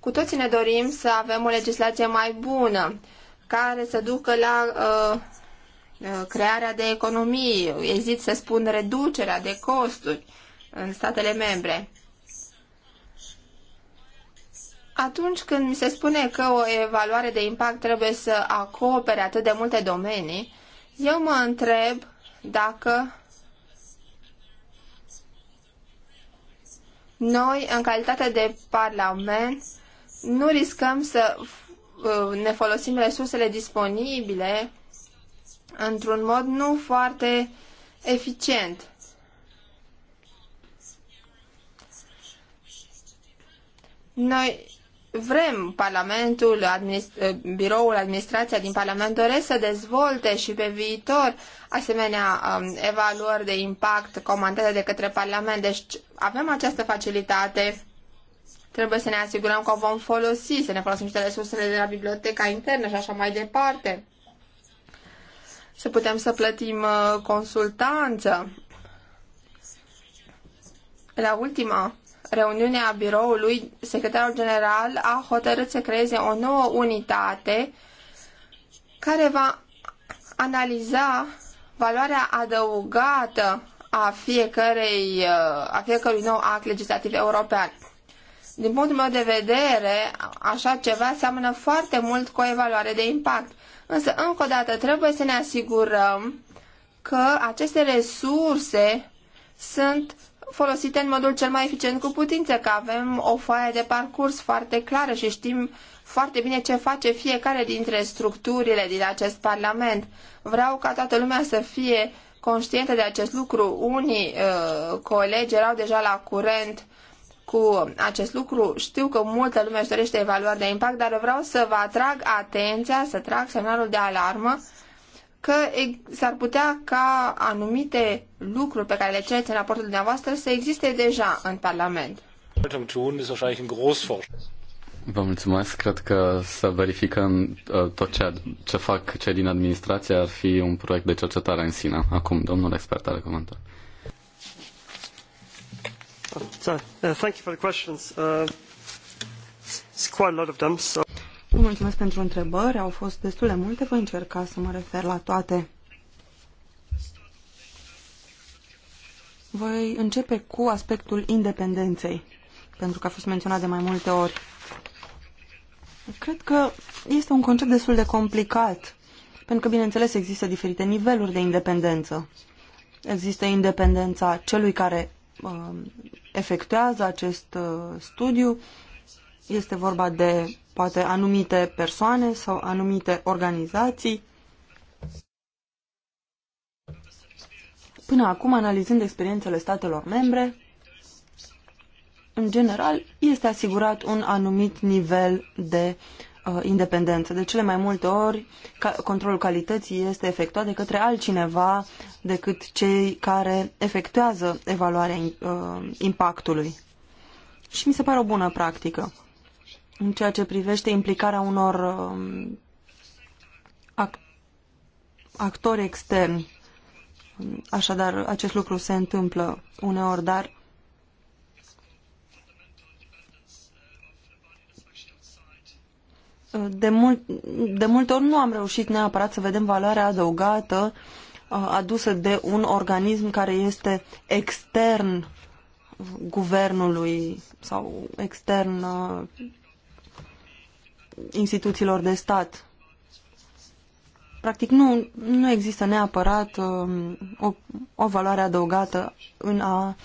cu toții ne dorim să avem o legislație mai bună, care să ducă la uh, uh crearea de economii, ezit să spun reducerea de costuri, în statele membre. Atunci când mi se spune că o evaluare de impact trebuie să acopere atât de multe domenii, eu mă întreb dacă noi, în calitate de Parlament, nu riscăm să uh, ne folosim resursele disponibile într-un mod nu foarte eficient. Noi vrem Parlamentul, administ- eh, biroul, administrația din Parlament doresc să dezvolte și pe viitor asemenea um, evaluări de impact comandate de către Parlament. Deci avem această facilitate. Trebuie să ne asigurăm că o vom folosi, să ne folosim și de resursele de la biblioteca internă și așa mai departe. Să putem să plătim uh, consultanță. La ultima reuniune a biroului, secretarul general a hotărât să creeze o nouă unitate care va analiza valoarea adăugată a, fiecărei, a fiecărui nou act legislativ european. Din punctul meu de vedere, așa ceva seamănă foarte mult cu o evaluare de impact. Însă, încă o dată, trebuie să ne asigurăm că aceste resurse sunt folosite în modul cel mai eficient cu putință, că avem o foaie de parcurs foarte clară și știm foarte bine ce face fiecare dintre structurile din acest Parlament. Vreau ca toată lumea să fie conștientă de acest lucru. Unii uh, colegi erau deja la curent cu acest lucru. Știu că multă lume își dorește evaluări de impact, dar vreau să vă atrag atenția, să trag semnalul de alarmă uh, că s-ar putea ca anumite lucruri pe care le cereți în raportul dumneavoastră să existe deja în Parlament. Vă mulțumesc. Cred că să verificăm uh, tot ce, ce fac cei din administrație ar fi un proiect de cercetare în sine. Acum, domnul expert are comentarii. Uh, uh, thank you for the questions. Uh, it's quite a lot of them, so Vă mulțumesc pentru întrebări, au fost destule multe, voi încerca să mă refer la toate. Voi începe cu aspectul independenței, pentru că a fost menționat de mai multe ori. Cred că este un concept destul de complicat, pentru că, bineînțeles, există diferite niveluri de independență. Există independența celui care uh, efectuează acest uh, studiu, este vorba de poate anumite persoane sau anumite organizații. Până acum, analizând experiențele statelor membre, în general, este asigurat un anumit nivel de uh, independență. De cele mai multe ori, ca, controlul calității este efectuat de către altcineva decât cei care efectuează evaluarea uh, impactului. Și mi se pare o bună practică în ceea ce privește implicarea unor um, ac actori externi. Așadar, acest lucru se întâmplă uneori, dar de, mult, de multe ori nu am reușit neapărat să vedem valoarea adăugată uh, adusă de un organism care este extern guvernului sau extern uh, instituțiilor de stat. Practic nu, nu există neapărat uh, o, o valoare adăugată în a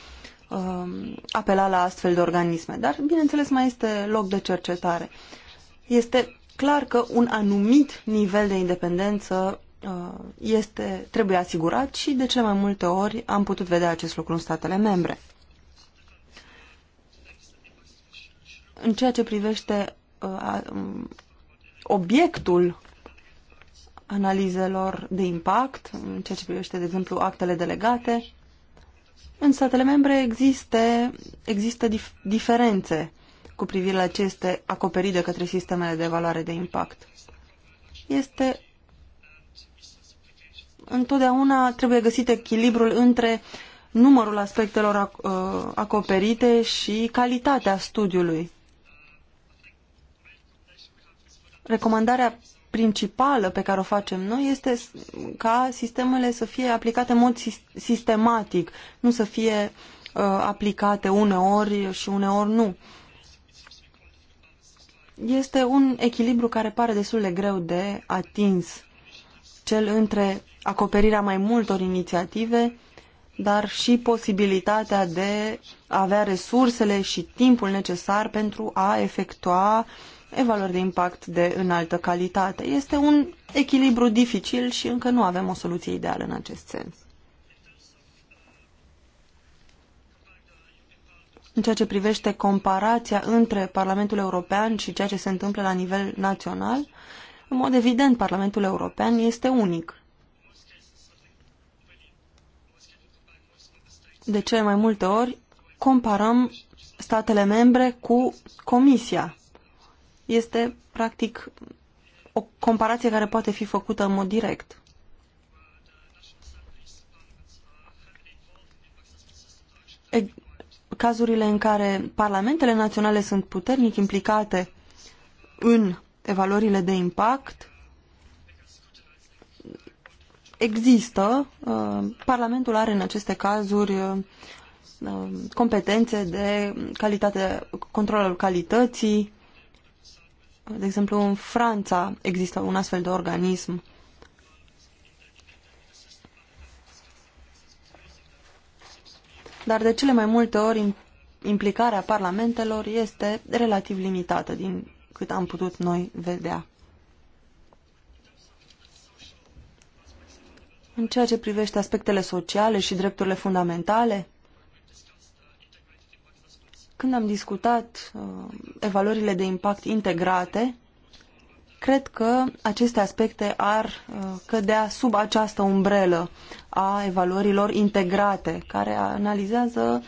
uh, apela la astfel de organisme, dar bineînțeles mai este loc de cercetare. Este clar că un anumit nivel de independență uh, este, trebuie asigurat și de cele mai multe ori am putut vedea acest lucru în statele membre. În ceea ce privește Um, obiectul analizelor de impact, în ceea ce privește, de exemplu, actele delegate. În statele membre existe, există dif diferențe cu privire la ce este acoperit de către sistemele de evaluare de impact. Este întotdeauna trebuie găsit echilibrul între numărul aspectelor uh, acoperite și calitatea studiului recomandarea principală pe care o facem noi este ca sistemele să fie aplicate în mod sistematic, nu să fie uh, aplicate uneori și uneori nu. Este un echilibru care pare destul de greu de atins, cel între acoperirea mai multor inițiative, dar și posibilitatea de a avea resursele și timpul necesar pentru a efectua uh, evaluări de impact de înaltă calitate. Este un echilibru dificil și încă nu avem o soluție ideală în acest sens. În ceea ce privește comparația între Parlamentul European și ceea ce se întâmplă la nivel național, în mod evident, Parlamentul European este unic. De cele mai multe ori, comparăm statele membre cu Comisia. Este, practic, o comparație care poate fi făcută în mod direct. E, cazurile în care parlamentele naționale sunt puternic implicate în evaluările de impact există. Uh, Parlamentul are în aceste cazuri uh, uh, competențe de calitate, controlul calității, de exemplu, în Franța există un astfel de organism. Dar de cele mai multe ori implicarea parlamentelor este relativ limitată din cât am putut noi vedea. În ceea ce privește aspectele sociale și drepturile fundamentale, când am discutat uh, evaluările de impact integrate, cred că aceste aspecte ar uh, cădea sub această umbrelă a evaluărilor integrate, care analizează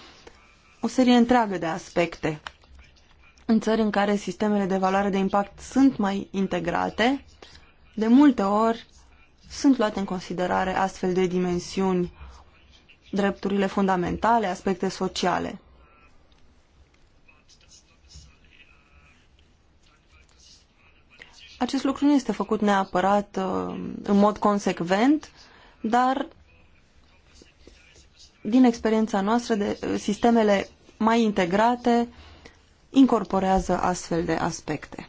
o serie întreagă de aspecte. În țări în care sistemele de evaluare de impact sunt mai integrate, de multe ori sunt luate în considerare astfel de dimensiuni, drepturile fundamentale, aspecte sociale. Acest lucru nu este făcut neapărat uh, în mod consecvent, dar din experiența noastră, de, uh, sistemele mai integrate incorporează astfel de aspecte.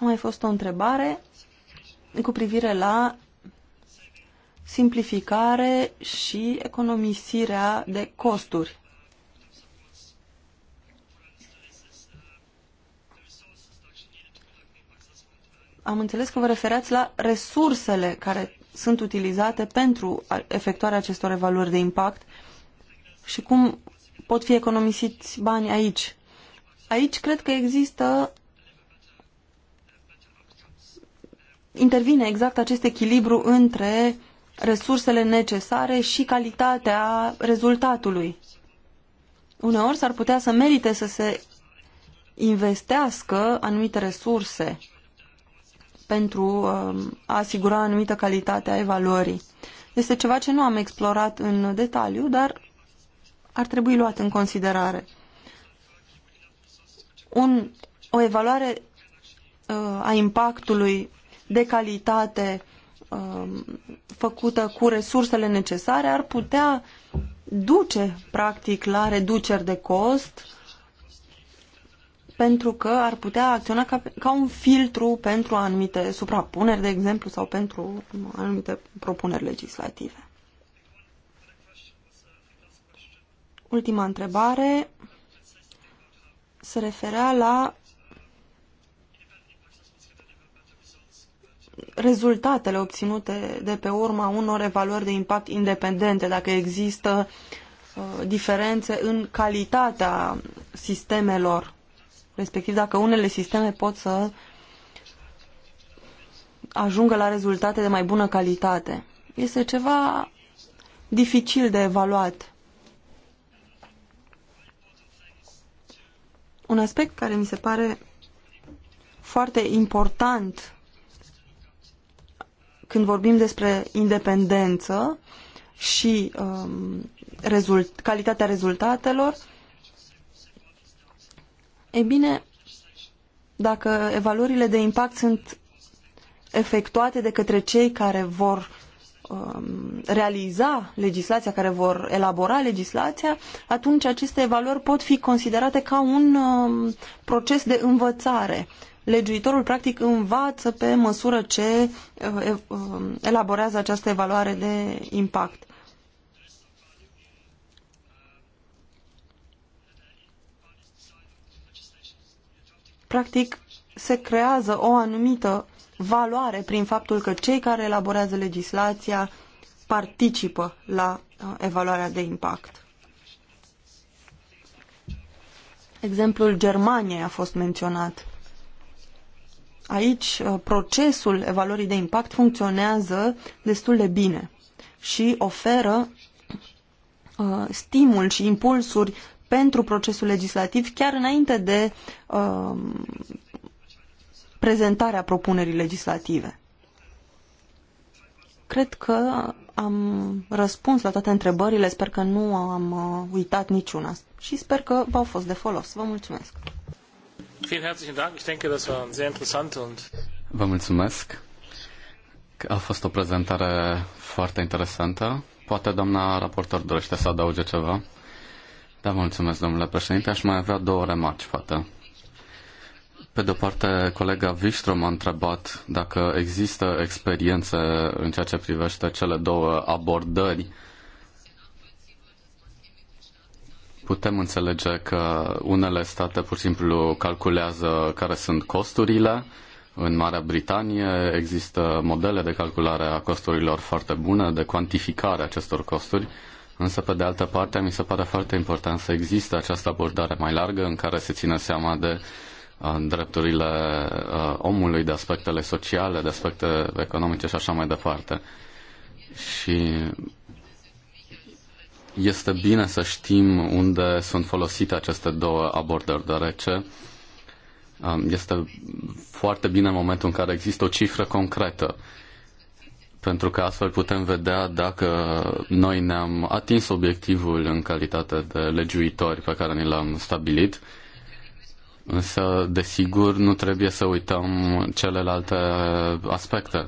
A mai fost o întrebare cu privire la simplificare și economisirea de costuri. am înțeles că vă referați la resursele care sunt utilizate pentru efectuarea acestor evaluări de impact și cum pot fi economisiți bani aici. Aici cred că există intervine exact acest echilibru între resursele necesare și calitatea rezultatului. Uneori s-ar putea să merite să se investească anumite resurse pentru um, a asigura anumită calitate a evaluării. Este ceva ce nu am explorat în detaliu, dar ar trebui luat în considerare. Un, o evaluare uh, a impactului de calitate uh, făcută cu resursele necesare ar putea duce, practic, la reduceri de cost, pentru că ar putea acționa ca, ca un filtru pentru anumite suprapuneri, de exemplu, sau pentru anumite propuneri legislative. Ultima întrebare se referea la rezultatele obținute de pe urma unor evaluări de impact independente, dacă există uh, diferențe în calitatea sistemelor respectiv dacă unele sisteme pot să ajungă la rezultate de mai bună calitate. Este ceva dificil de evaluat. Un aspect care mi se pare foarte important când vorbim despre independență și um, rezult, calitatea rezultatelor E bine, dacă evaluările de impact sunt efectuate de către cei care vor um, realiza legislația, care vor elabora legislația, atunci aceste evaluări pot fi considerate ca un um, proces de învățare. Legiuitorul practic învață pe măsură ce uh, um, elaborează această evaluare de impact. Practic, se creează o anumită valoare prin faptul că cei care elaborează legislația participă la uh, evaluarea de impact. Exemplul Germaniei a fost menționat. Aici uh, procesul evaluării de impact funcționează destul de bine și oferă uh, stimul și impulsuri pentru procesul legislativ chiar înainte de um, prezentarea propunerii legislative. Cred că am răspuns la toate întrebările, sper că nu am uh, uitat niciuna și sper că v-au fost de folos. Vă mulțumesc! Vă mulțumesc! A fost o prezentare foarte interesantă. Poate doamna raportor dorește să adauge ceva. Da, mulțumesc, domnule președinte. Aș mai avea două remarci fată. Pe de-o parte, colega Wistrom a întrebat dacă există experiențe în ceea ce privește cele două abordări. Putem înțelege că unele state pur și simplu calculează care sunt costurile. În Marea Britanie există modele de calculare a costurilor foarte bune, de cuantificare a acestor costuri. Însă, pe de altă parte, mi se pare foarte important să există această abordare mai largă în care se țină seama de uh, drepturile uh, omului, de aspectele sociale, de aspecte economice și așa mai departe. Și este bine să știm unde sunt folosite aceste două abordări, deoarece uh, este foarte bine în momentul în care există o cifră concretă pentru că astfel putem vedea dacă noi ne-am atins obiectivul în calitate de legiuitori pe care ni l-am stabilit, însă, desigur, nu trebuie să uităm celelalte aspecte.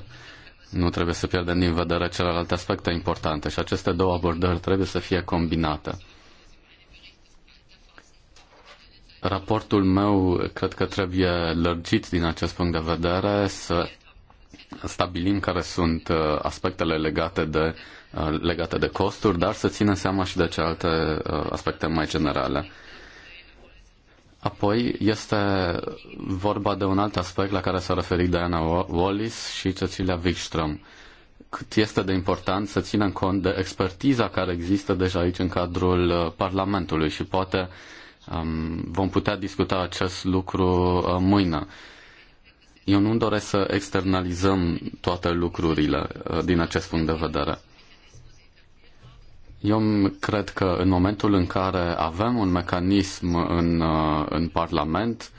Nu trebuie să pierdem din vedere celelalte aspecte importante și aceste două abordări trebuie să fie combinate. Raportul meu cred că trebuie lărgit din acest punct de vedere să stabilim care sunt uh, aspectele legate de, uh, legate de costuri, dar să ținem seama și de celelalte uh, aspecte mai generale. Apoi este vorba de un alt aspect la care s-a referit Diana Wallis și Cecilia Wikström. Cât este de important să ținem cont de expertiza care există deja aici în cadrul Parlamentului și poate um, vom putea discuta acest lucru uh, mâine. Eu nu doresc să externalizăm toate lucrurile uh, din acest punct de vedere. Eu cred că în momentul în care avem un mecanism în, uh, în Parlament,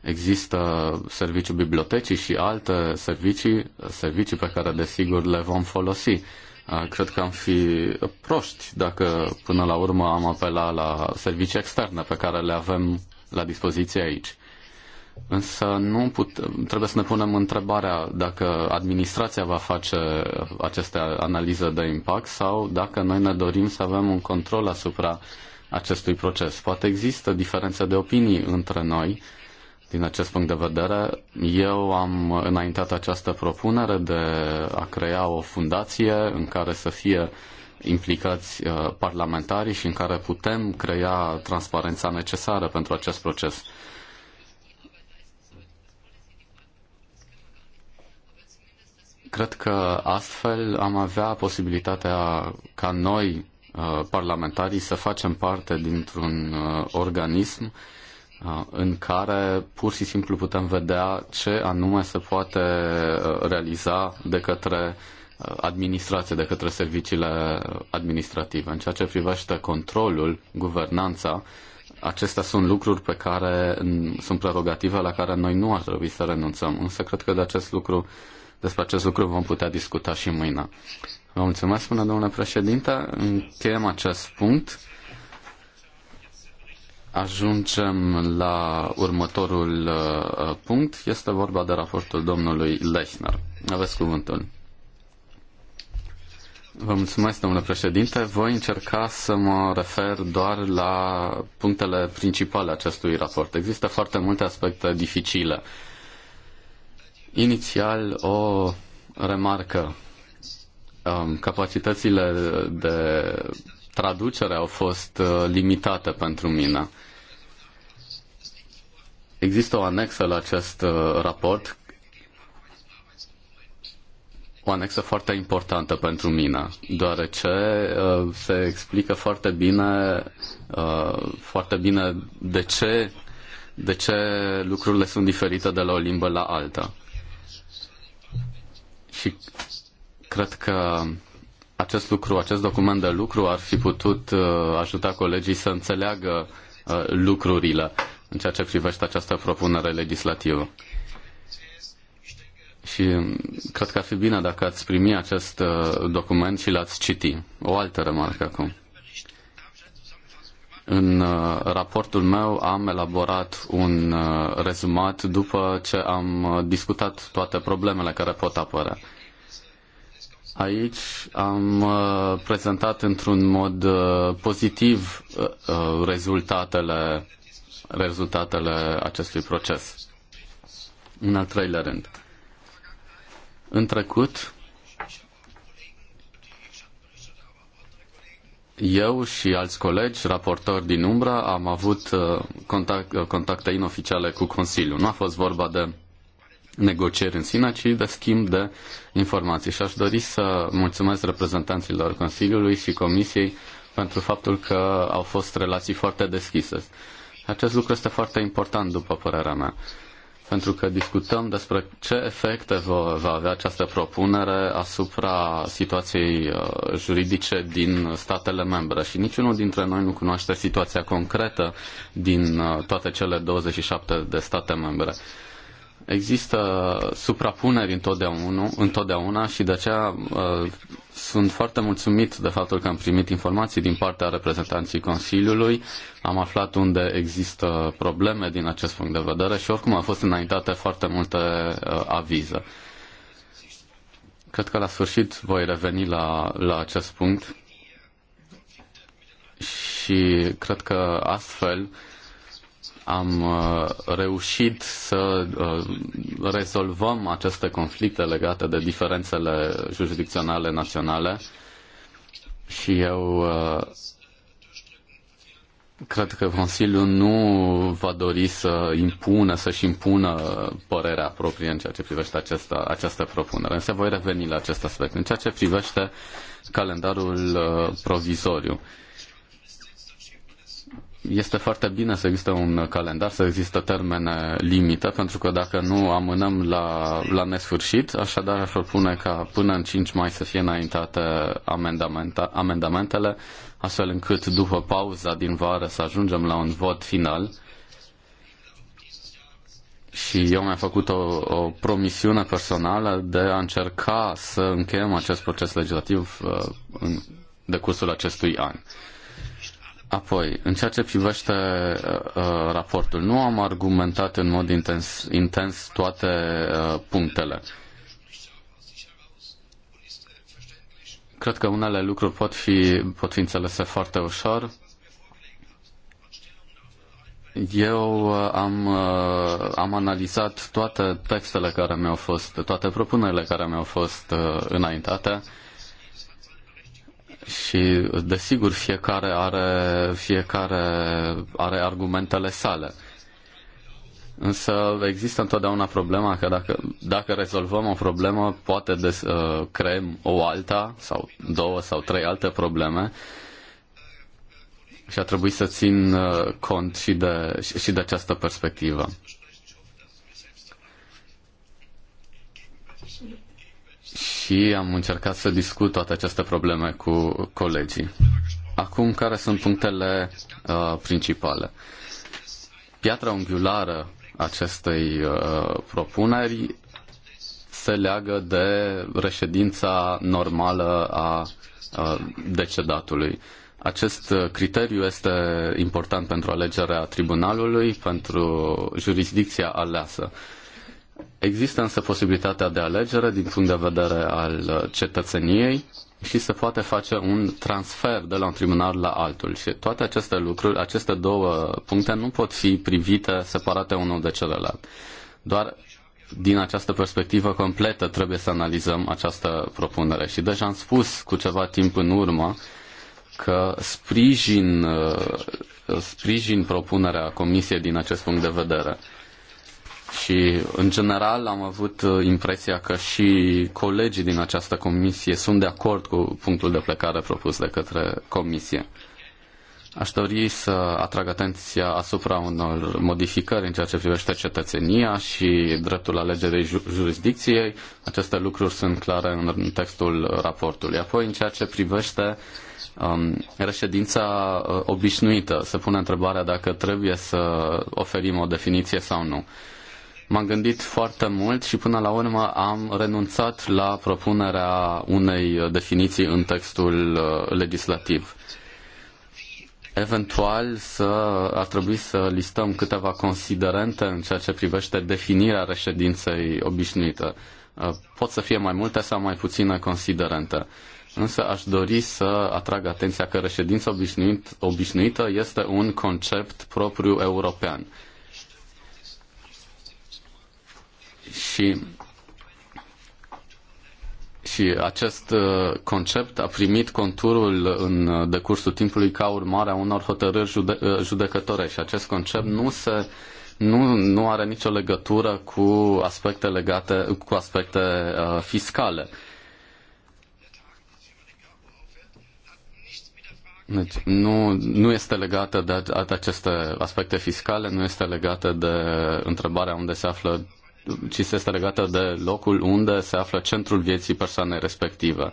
există serviciul bibliotecii și alte servicii, servicii pe care desigur le vom folosi. Uh, cred că am fi proști dacă până la urmă am apela la servicii externe pe care le avem la dispoziție aici. Însă nu put, trebuie să ne punem întrebarea dacă administrația va face aceste analize de impact sau dacă noi ne dorim să avem un control asupra acestui proces. Poate există diferențe de opinii între noi din acest punct de vedere. Eu am înaintat această propunere de a crea o fundație în care să fie implicați uh, parlamentarii și în care putem crea transparența necesară pentru acest proces. Cred că astfel am avea posibilitatea ca noi, uh, parlamentarii, să facem parte dintr-un uh, organism uh, în care pur și simplu putem vedea ce anume se poate realiza de către administrație, de către serviciile administrative. În ceea ce privește controlul, guvernanța, acestea sunt lucruri pe care mm, sunt prerogative la care noi nu ar trebui să renunțăm. Însă cred că de acest lucru despre acest lucru vom putea discuta și mâine. Vă mulțumesc, până domnule președinte. Încheiem acest punct. Ajungem la următorul uh, punct. Este vorba de raportul domnului Lechner. Aveți cuvântul. Vă mulțumesc, domnule președinte. Voi încerca să mă refer doar la punctele principale acestui raport. Există foarte multe aspecte dificile Inițial, o remarcă. Um, capacitățile de traducere au fost uh, limitate pentru mine. Există o anexă la acest uh, raport, o anexă foarte importantă pentru mine, deoarece uh, se explică foarte bine, foarte bine de ce, de ce lucrurile sunt diferite de la o limbă la alta. Și cred că acest lucru, acest document de lucru ar fi putut uh, ajuta colegii să înțeleagă uh, lucrurile în ceea ce privește această propunere legislativă. Și cred că ar fi bine dacă ați primi acest uh, document și l-ați citi. O altă remarcă acum. În uh, raportul meu am elaborat un uh, rezumat după ce am uh, discutat toate problemele care pot apărea. Aici am prezentat într-un mod pozitiv rezultatele, rezultatele acestui proces. În al treilea rând, în trecut, Eu și alți colegi, raportori din umbra, am avut uh, contact, uh, contacte inoficiale cu Consiliul. Nu a fost vorba de negocieri în sine, ci de schimb de informații. Și aș dori să mulțumesc reprezentanților Consiliului și Comisiei pentru faptul că au fost relații foarte deschise. Acest lucru este foarte important, după părerea mea pentru că discutăm despre ce efecte va avea această propunere asupra situației uh, juridice din statele membre și niciunul dintre noi nu cunoaște situația concretă din uh, toate cele 27 de state membre. Există suprapuneri întotdeauna, întotdeauna și de aceea uh, sunt foarte mulțumit de faptul că am primit informații din partea reprezentanții Consiliului, am aflat unde există probleme din acest punct de vedere și oricum au fost înaintate foarte multe uh, avize. Cred că la sfârșit voi reveni la, la acest punct și cred că astfel uh, am uh, reușit să uh, rezolvăm aceste conflicte legate de diferențele jurisdicționale naționale și eu uh, cred că Consiliul nu va dori să impună, să-și impună părerea proprie în ceea ce privește această, această propunere. Însă voi reveni la acest aspect. În ceea ce privește calendarul provizoriu. Uh, este foarte bine să există un calendar, să există termene limită, pentru că dacă nu amânăm la, la nesfârșit, așadar aș propune ca până în 5 mai să fie înaintate amendamentele, astfel încât după pauza din vară să ajungem la un vot final. Și eu mi-am făcut o, o promisiune personală de a încerca să încheiem acest proces legislativ uh, în decursul acestui an. Apoi, în ceea ce privește uh, uh, raportul, nu am argumentat în mod intens, intens toate uh, punctele. Cred că unele lucruri pot fi, pot fi înțelese foarte ușor. Eu uh, am, uh, am analizat toate textele care mi-au fost, toate propunerile care mi-au fost uh, înaintate. Uh, și, desigur, fiecare are, fiecare are argumentele sale. Însă există întotdeauna problema că dacă, dacă rezolvăm o problemă, poate des, uh, creăm o alta sau două sau trei alte probleme și a trebuit să țin uh, cont și de, și, și de această perspectivă. și am încercat să discut toate aceste probleme cu colegii. Acum, care sunt punctele uh, principale? Piatra unghiulară acestei uh, propuneri se leagă de reședința normală a uh, decedatului. Acest uh, criteriu este important pentru alegerea tribunalului, pentru jurisdicția aleasă. Uh, Există însă posibilitatea de alegere din punct de vedere al uh, cetățeniei și se poate face un transfer de la un tribunal la altul. Și toate aceste lucruri, aceste două puncte nu pot fi privite separate unul de celălalt. Doar din această perspectivă completă trebuie să analizăm această propunere. Și deja am spus cu ceva timp în urmă că sprijin, uh, sprijin propunerea Comisiei din acest punct de vedere. Și, în general, am avut uh, impresia că și colegii din această comisie sunt de acord cu punctul de plecare propus de către comisie. Aș dori să atrag atenția asupra unor modificări în ceea ce privește cetățenia și dreptul alegerii jurisdicției. Aceste lucruri sunt clare în textul raportului. Apoi, în ceea ce privește um, reședința uh, obișnuită, se pune întrebarea dacă trebuie să oferim o definiție sau nu. M-am gândit foarte mult și până la urmă am renunțat la propunerea unei definiții în textul uh, legislativ. Eventual să, ar trebui să listăm câteva considerente în ceea ce privește definirea reședinței obișnuite. Uh, pot să fie mai multe sau mai puține considerente. Însă aș dori să atrag atenția că reședința obișnuit, obișnuită este un concept propriu european Și și acest uh, concept a primit conturul în uh, decursul timpului ca urmare a unor hotărâri jude- uh, judecătore Și acest concept nu se nu, nu are nicio legătură cu aspecte legate cu aspecte uh, fiscale. Deci nu, nu este legată de, de aceste aspecte fiscale, nu este legată de întrebarea unde se află ci este legată de locul unde se află centrul vieții persoanei respective.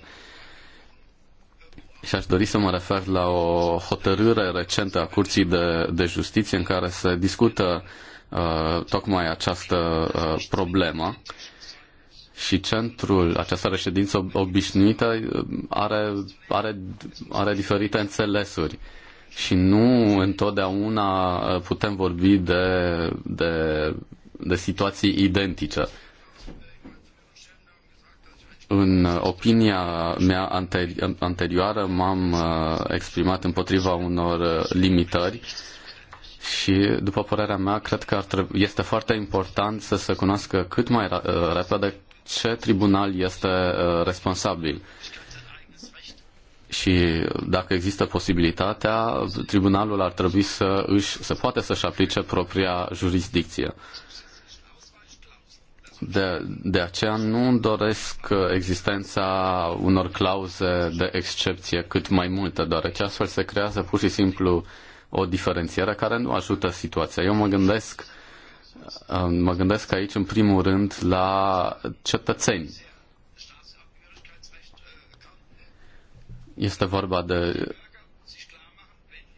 Și aș dori să mă refer la o hotărâre recentă a Curții de, de Justiție în care se discută uh, tocmai această uh, problemă și centrul, această reședință obișnuită, uh, are, are, are diferite înțelesuri. Și nu întotdeauna uh, putem vorbi de, de de situații identice. În opinia mea anteri- anterioară m-am uh, exprimat împotriva unor uh, limitări și, după părerea mea, cred că ar trebui, este foarte important să se cunoască cât mai ra- uh, repede ce tribunal este responsabil. Și dacă există posibilitatea, tribunalul ar trebui să își, să poate să-și aplice propria jurisdicție. De, de aceea nu doresc uh, existența unor clauze de excepție cât mai multe, deoarece astfel se creează pur și simplu o diferențiere care nu ajută situația. Eu mă gândesc, uh, mă gândesc aici în primul rând la cetățeni. Este vorba de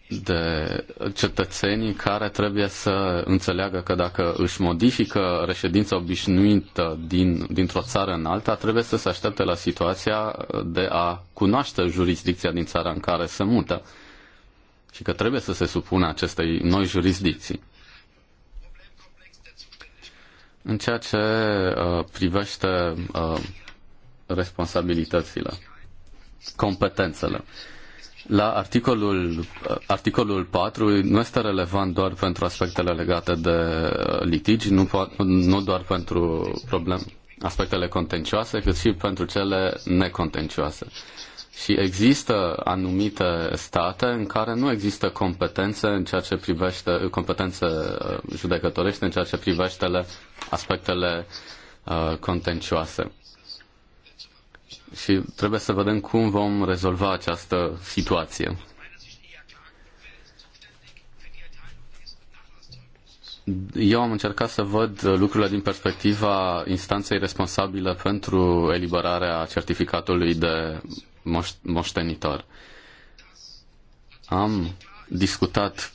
de cetățenii care trebuie să înțeleagă că dacă își modifică reședința obișnuită din, dintr-o țară în alta, trebuie să se aștepte la situația de a cunoaște jurisdicția din țara în care se mută și că trebuie să se supună acestei noi jurisdicții. În ceea ce uh, privește uh, responsabilitățile, competențele. Uh, la articolul, articolul 4 nu este relevant doar pentru aspectele legate de uh, litigi, nu, po- nu doar pentru problem, aspectele contencioase, cât și pentru cele necontencioase. Și există anumite state în care nu există competențe în ceea ce privește competențe uh, judecătorești în ceea ce privește aspectele uh, contencioase și trebuie să vedem cum vom rezolva această situație. Eu am încercat să văd lucrurile din perspectiva instanței responsabile pentru eliberarea certificatului de moștenitor. Am discutat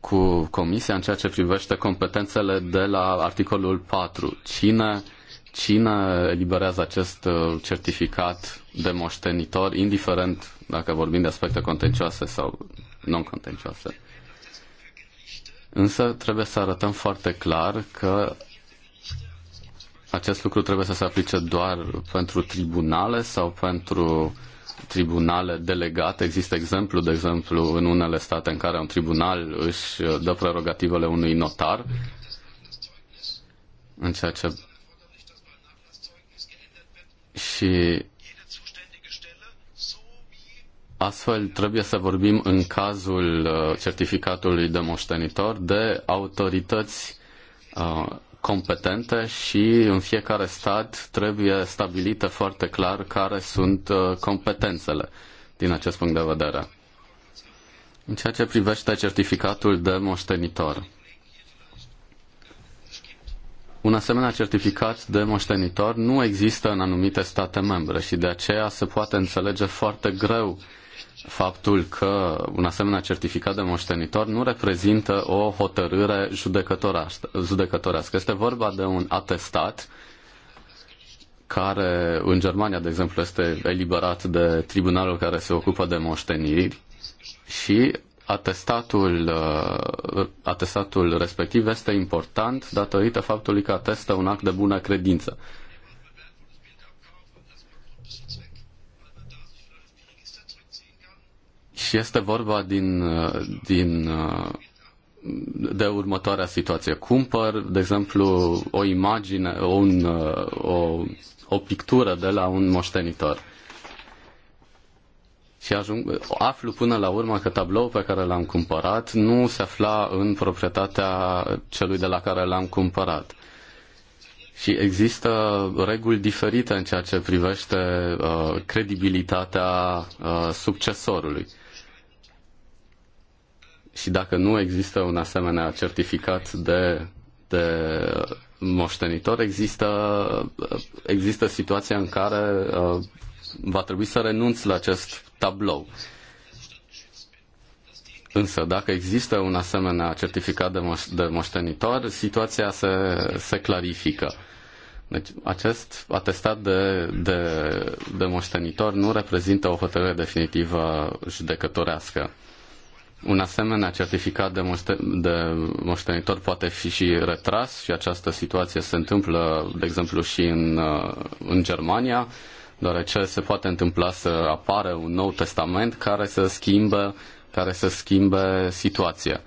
cu Comisia în ceea ce privește competențele de la articolul 4. Cine Cine eliberează acest uh, certificat de moștenitor, indiferent dacă vorbim de aspecte contencioase sau non-contencioase? Însă trebuie să arătăm foarte clar că acest lucru trebuie să se aplice doar pentru tribunale sau pentru tribunale delegate. Există exemplu, de exemplu, în unele state în care un tribunal își dă prerogativele unui notar în ceea ce și Astfel, trebuie să vorbim în cazul uh, certificatului de moștenitor de autorități uh, competente și în fiecare stat trebuie stabilită foarte clar care sunt uh, competențele din acest punct de vedere. În ceea ce privește certificatul de moștenitor, un asemenea certificat de moștenitor nu există în anumite state membre și de aceea se poate înțelege foarte greu faptul că un asemenea certificat de moștenitor nu reprezintă o hotărâre judecătorească. Este vorba de un atestat care în Germania, de exemplu, este eliberat de tribunalul care se ocupă de moșteniri și atestatul, uh, atestatul respectiv este important datorită faptului că atestă un act de bună credință. Și este vorba din, uh, din, uh, de următoarea situație. Cumpăr, de exemplu, o imagine, un, o, o pictură de la un moștenitor și ajung, aflu până la urmă că tabloul pe care l-am cumpărat nu se afla în proprietatea celui de la care l-am cumpărat. Și există reguli diferite în ceea ce privește uh, credibilitatea uh, succesorului. Și dacă nu există un asemenea certificat de, de moștenitor, există, uh, există situația în care uh, va trebui să renunți la acest tablou. Însă, dacă există un asemenea certificat de, moș- de moștenitor, situația se, se clarifică. Deci, acest atestat de, de, de moștenitor nu reprezintă o hotărâre definitivă judecătorească. Un asemenea certificat de, moște- de moștenitor poate fi și retras și această situație se întâmplă, de exemplu, și în, în Germania deoarece se poate întâmpla să apară un nou testament care să schimbe, care să schimbe situația.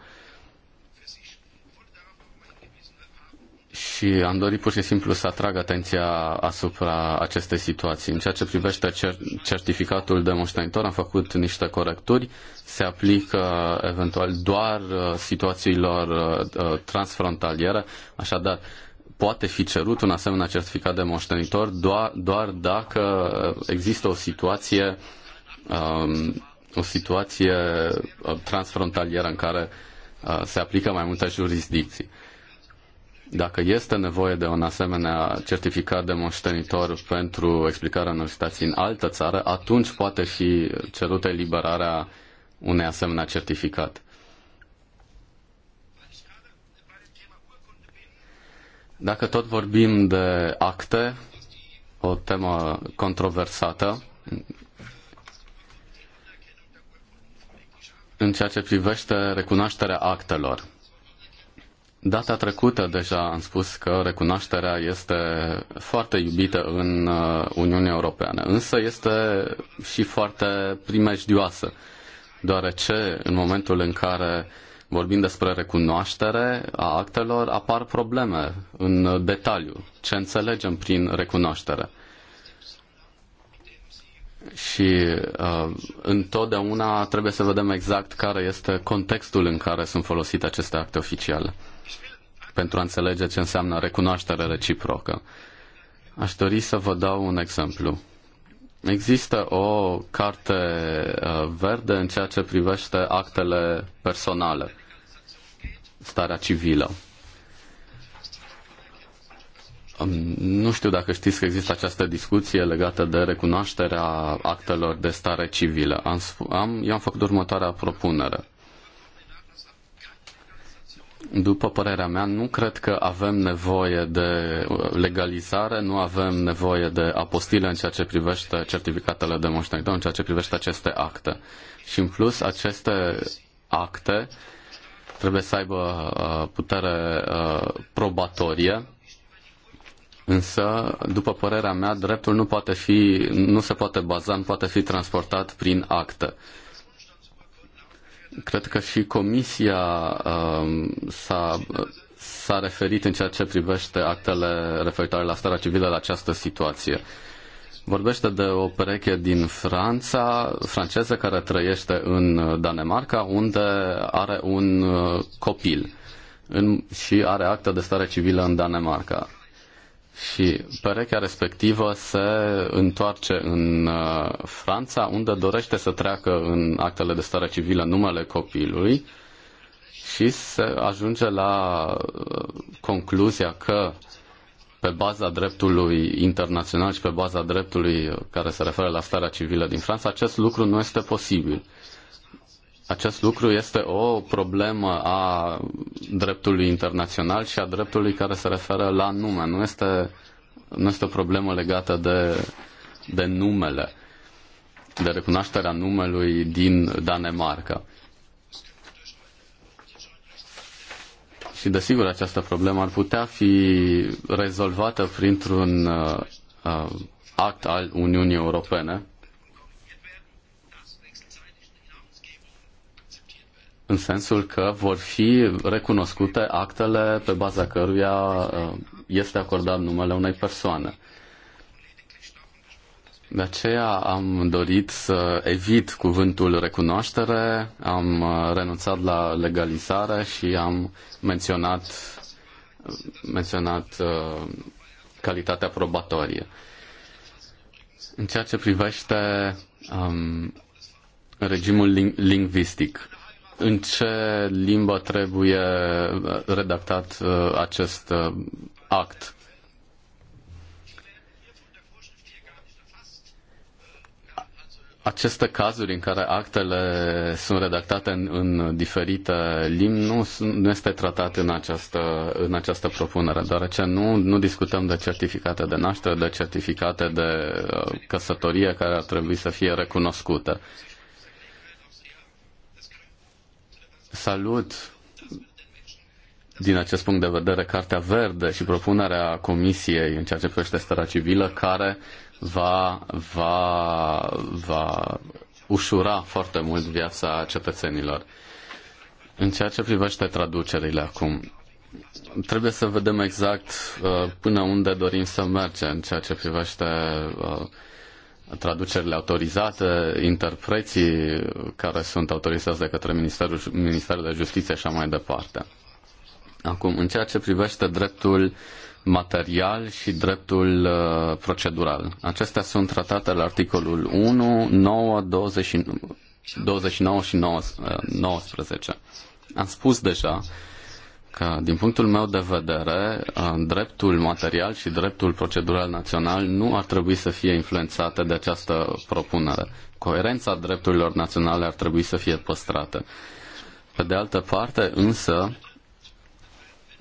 Și am dorit pur și simplu să atrag atenția asupra acestei situații. În ceea ce privește cer- certificatul de moștenitor, am făcut niște corecturi. Se aplică eventual doar uh, situațiilor uh, uh, transfrontaliere. Așadar, poate fi cerut un asemenea certificat de moștenitor doar, doar dacă există o situație um, o situație uh, transfrontalieră în care uh, se aplică mai multe jurisdicții. Dacă este nevoie de un asemenea certificat de moștenitor pentru explicarea unor situații în altă țară, atunci poate fi cerută eliberarea unei asemenea certificat. Dacă tot vorbim de acte, o temă controversată, în ceea ce privește recunoașterea actelor. Data trecută deja am spus că recunoașterea este foarte iubită în uh, Uniunea Europeană, însă este și foarte primejdioasă, deoarece în momentul în care uh, Vorbind despre recunoaștere a actelor, apar probleme în detaliu. Ce înțelegem prin recunoaștere? Și uh, întotdeauna trebuie să vedem exact care este contextul în care sunt folosite aceste acte oficiale pentru a înțelege ce înseamnă recunoaștere reciprocă. Aș dori să vă dau un exemplu. Există o carte uh, verde în ceea ce privește actele personale starea civilă. Nu știu dacă știți că există această discuție legată de recunoașterea actelor de stare civilă. Am, am, eu am făcut următoarea propunere. După părerea mea, nu cred că avem nevoie de uh, legalizare, nu avem nevoie de apostile în ceea ce privește certificatele de moștenitor, în ceea ce privește aceste acte. Și în plus, aceste acte uh, trebuie să aibă uh, putere uh, probatorie, însă, după părerea mea, dreptul nu, poate fi, nu se poate baza, nu poate fi transportat prin acte. Cred că și Comisia um, s-a s-a referit în ceea ce privește actele referitoare la starea civilă la această situație vorbește de o pereche din Franța, franceză, care trăiește în Danemarca, unde are un uh, copil în, și are acte de stare civilă în Danemarca. Și perechea respectivă se întoarce în uh, Franța, unde dorește să treacă în actele de stare civilă numele copilului și se ajunge la uh, concluzia că uh, pe baza dreptului internațional și pe baza dreptului care se referă la starea civilă din Franța, acest lucru nu este posibil. Acest lucru este o problemă a dreptului internațional și a dreptului care se referă la nume. Nu este, nu este o problemă legată de, de numele, de recunoașterea numelui din Danemarca. Și desigur, această problemă ar putea fi rezolvată printr-un uh, uh, act al Uniunii Europene. În sensul că vor fi recunoscute actele pe baza căruia uh, este acordat numele unei persoane. De aceea am dorit să evit cuvântul recunoaștere, am uh, renunțat la legalizare și am menționat, menționat uh, calitatea probatorie. În ceea ce privește um, regimul ling- lingvistic, în ce limbă trebuie uh, redactat uh, acest uh, act? aceste cazuri în care actele sunt redactate în, în diferite limbi nu, nu este tratat în această, în această propunere, deoarece nu, nu discutăm de certificate de naștere, de certificate de uh, căsătorie care ar trebui să fie recunoscute. Salut din acest punct de vedere Cartea Verde și propunerea Comisiei în ceea ce privește starea civilă care uh, va, va, va ușura foarte mult viața cetățenilor. În ceea ce privește traducerile acum, trebuie să vedem exact uh, până unde dorim să mergem în ceea ce privește uh, traducerile autorizate, interpreții care sunt autorizați de către Ministerul, Ministerul de Justiție și așa mai departe. Acum, în ceea ce privește dreptul material și dreptul uh, procedural. Acestea sunt tratate la articolul 1, 9, 20, 29 și 19. Uh, Am spus deja că, din punctul meu de vedere, uh, dreptul material și dreptul procedural național nu ar trebui să fie influențate de această propunere. Coerența drepturilor naționale ar trebui să fie păstrată. Pe de altă parte, însă,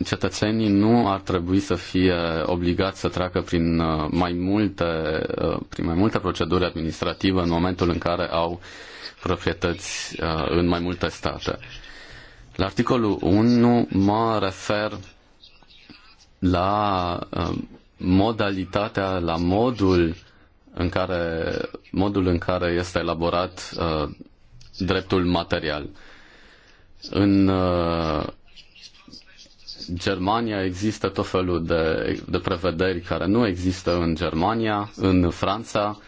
cetățenii nu ar trebui să fie obligați să treacă prin uh, mai multe, uh, prin mai multe proceduri administrative în momentul în care au proprietăți uh, în mai multe state. La articolul 1 mă refer la modalitatea, la modul în care, modul în care este elaborat dreptul material. În Germania există tot felul de, de prevederi care nu există în Germania, în Franța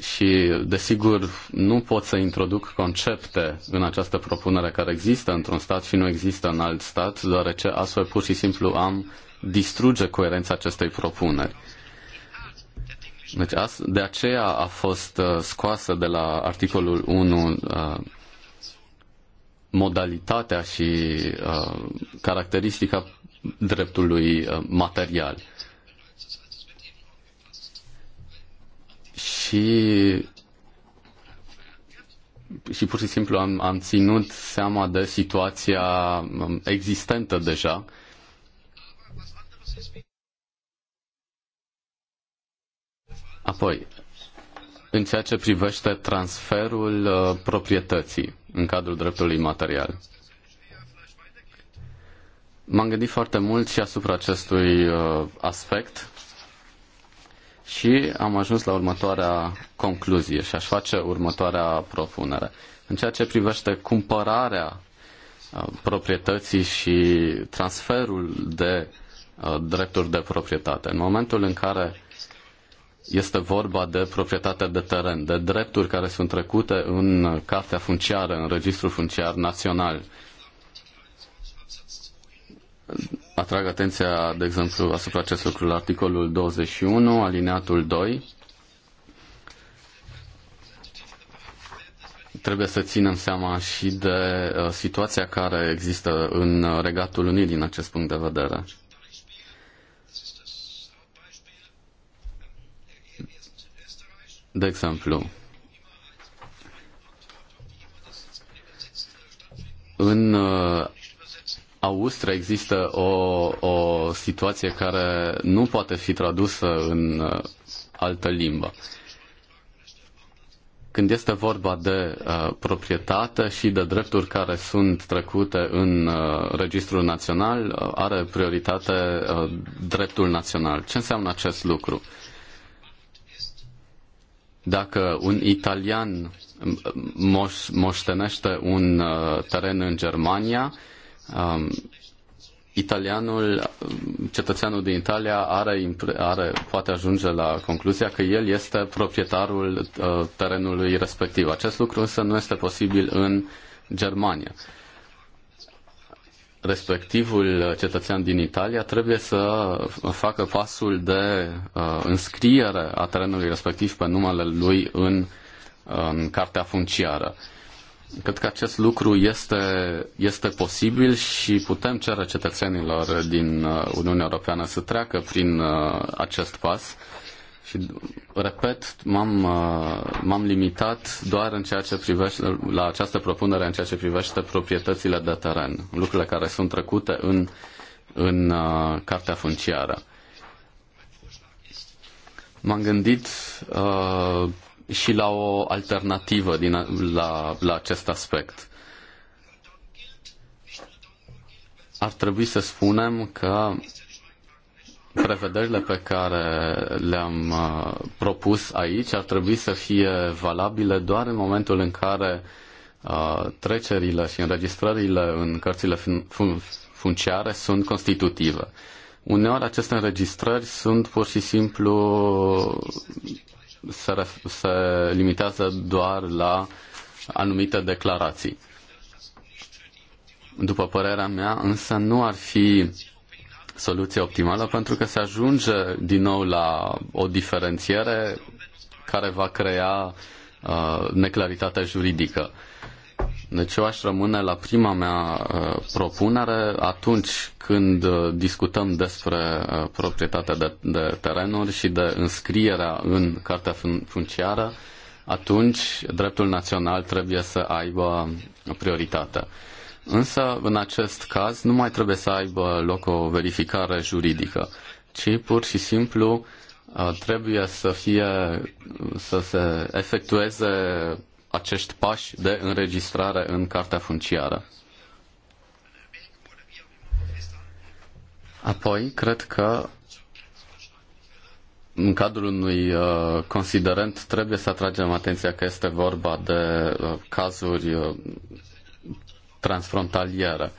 și, desigur, nu pot să introduc concepte în această propunere care există într-un stat și nu există în alt stat, deoarece astfel pur și simplu am distruge coerența acestei propuneri. Deci, de aceea a fost uh, scoasă de la articolul 1 modalitatea și uh, caracteristica dreptului uh, material. Și și pur și simplu am, am ținut seama de situația um, existentă deja. Apoi, în ceea ce privește transferul uh, proprietății în cadrul dreptului material. M-am gândit foarte mult și asupra acestui uh, aspect și am ajuns la următoarea concluzie și aș face următoarea propunere. În ceea ce privește cumpărarea uh, proprietății și transferul de drepturi de proprietate, în momentul în care este vorba de proprietatea de teren, de drepturi care sunt trecute în cartea funciară, în registrul funciar național. Atrag atenția, de exemplu, asupra acest lucru, la articolul 21, alineatul 2. Trebuie să ținem seama și de uh, situația care există în Regatul Unit din acest punct de vedere. De exemplu, în uh, Austria există o, o situație care nu poate fi tradusă în uh, altă limbă. Când este vorba de uh, proprietate și de drepturi care sunt trecute în uh, Registrul Național, uh, are prioritate uh, dreptul național. Ce înseamnă acest lucru? Uh, dacă un italian moș, moștenește un uh, teren în Germania, um, italianul, cetățeanul din Italia are, are, poate ajunge la concluzia că el este proprietarul uh, terenului respectiv. Acest lucru însă nu este posibil în Germania respectivul cetățean din Italia trebuie să facă pasul de uh, înscriere a terenului respectiv pe numele lui în, în um, cartea funciară. Cred că acest lucru este, este posibil și putem cere cetățenilor din uh, Uniunea Europeană să treacă prin uh, acest pas. Uh, și, repet, m-am, uh, m-am limitat doar în ceea ce privește, la această propunere în ceea ce privește proprietățile de teren, lucrurile care sunt trecute în, în uh, cartea funciară. M-am gândit uh, și la o alternativă din, la, la acest aspect. Ar trebui să spunem că prevederile pe care le-am uh, propus aici ar trebui să fie valabile doar în momentul în care uh, trecerile și înregistrările în cărțile funciare sunt constitutive. Uneori aceste înregistrări sunt pur și simplu se, ref- se limitează doar la anumite declarații. După părerea mea, însă nu ar fi soluție optimală pentru că se ajunge din nou la o diferențiere care va crea uh, neclaritatea juridică. Deci eu aș rămâne la prima mea uh, propunere atunci când uh, discutăm despre uh, proprietatea de, de terenuri și de înscrierea în cartea funciară, atunci dreptul național trebuie să aibă prioritate. Însă, în acest caz, nu mai trebuie să aibă loc o verificare juridică, ci pur și simplu uh, trebuie să fie să se efectueze acești pași de înregistrare în cartea funciară. Apoi, cred că în cadrul unui uh, considerent trebuie să atragem atenția că este vorba de uh, cazuri uh, transfrontalieră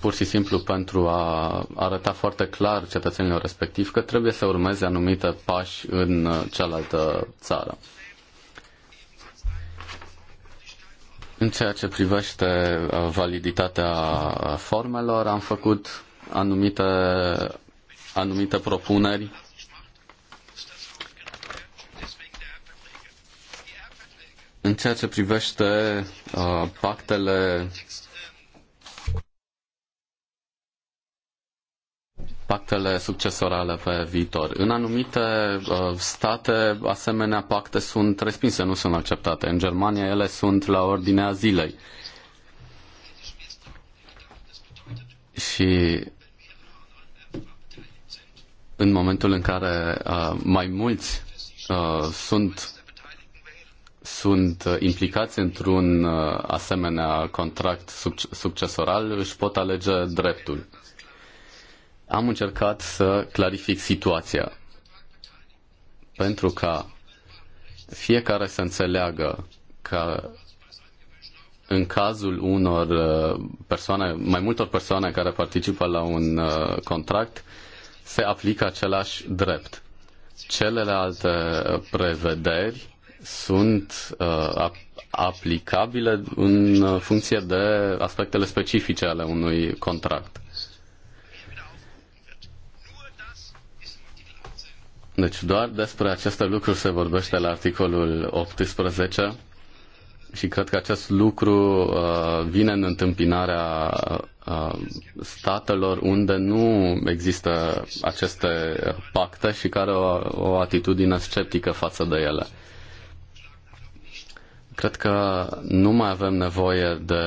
pur și simplu pentru a arăta foarte clar cetățenilor respectiv că trebuie să urmeze anumite pași în cealaltă țară. În ceea ce privește uh, validitatea formelor, am făcut anumite, anumite propuneri În ceea ce privește uh, pactele pactele succesorale pe viitor. În anumite uh, state, asemenea pacte sunt respinse, nu sunt acceptate. În Germania ele sunt la ordinea zilei. Și în momentul în care uh, mai mulți uh, sunt sunt uh, implicați într-un uh, asemenea contract succesoral își pot alege dreptul. Am încercat să clarific situația pentru ca fiecare să înțeleagă că în cazul unor uh, persoane, mai multor persoane care participă la un contract, se aplică același drept. Celelalte prevederi sunt uh, aplicabile în uh, funcție de aspectele specifice ale unui contract. Deci doar despre aceste lucruri se vorbește la articolul 18 și cred că acest lucru uh, vine în întâmpinarea uh, statelor unde nu există aceste pacte și care au o atitudine sceptică față de ele. Cred că nu mai avem nevoie de,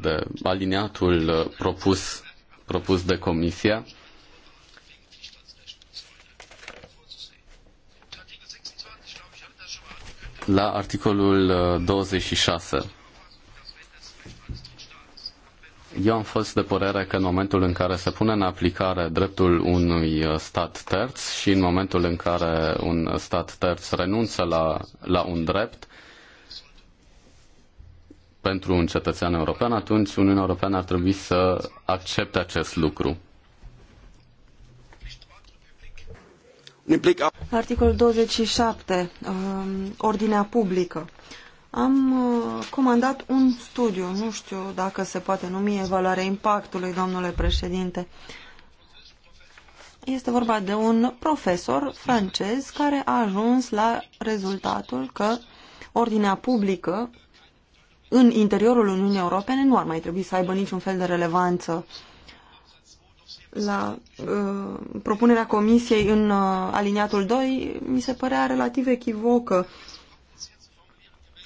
de aliniatul uh, propus, propus de Comisia. La articolul 26. Uh, Eu am fost de părere că în momentul în care se pune în aplicare dreptul unui uh, stat terț și în momentul în care un stat terț renunță la, la un drept, pentru un cetățean european, atunci Uniunea Europeană ar trebui să accepte acest lucru. Articolul 27. Um, ordinea publică. Am uh, comandat un studiu, nu știu dacă se poate numi evaluarea impactului, domnule președinte. Este vorba de un profesor francez care a ajuns la rezultatul că ordinea publică în interiorul Uniunii Europene nu ar mai trebui să aibă niciun fel de relevanță. La uh, propunerea Comisiei în uh, aliniatul 2 mi se părea relativ echivocă.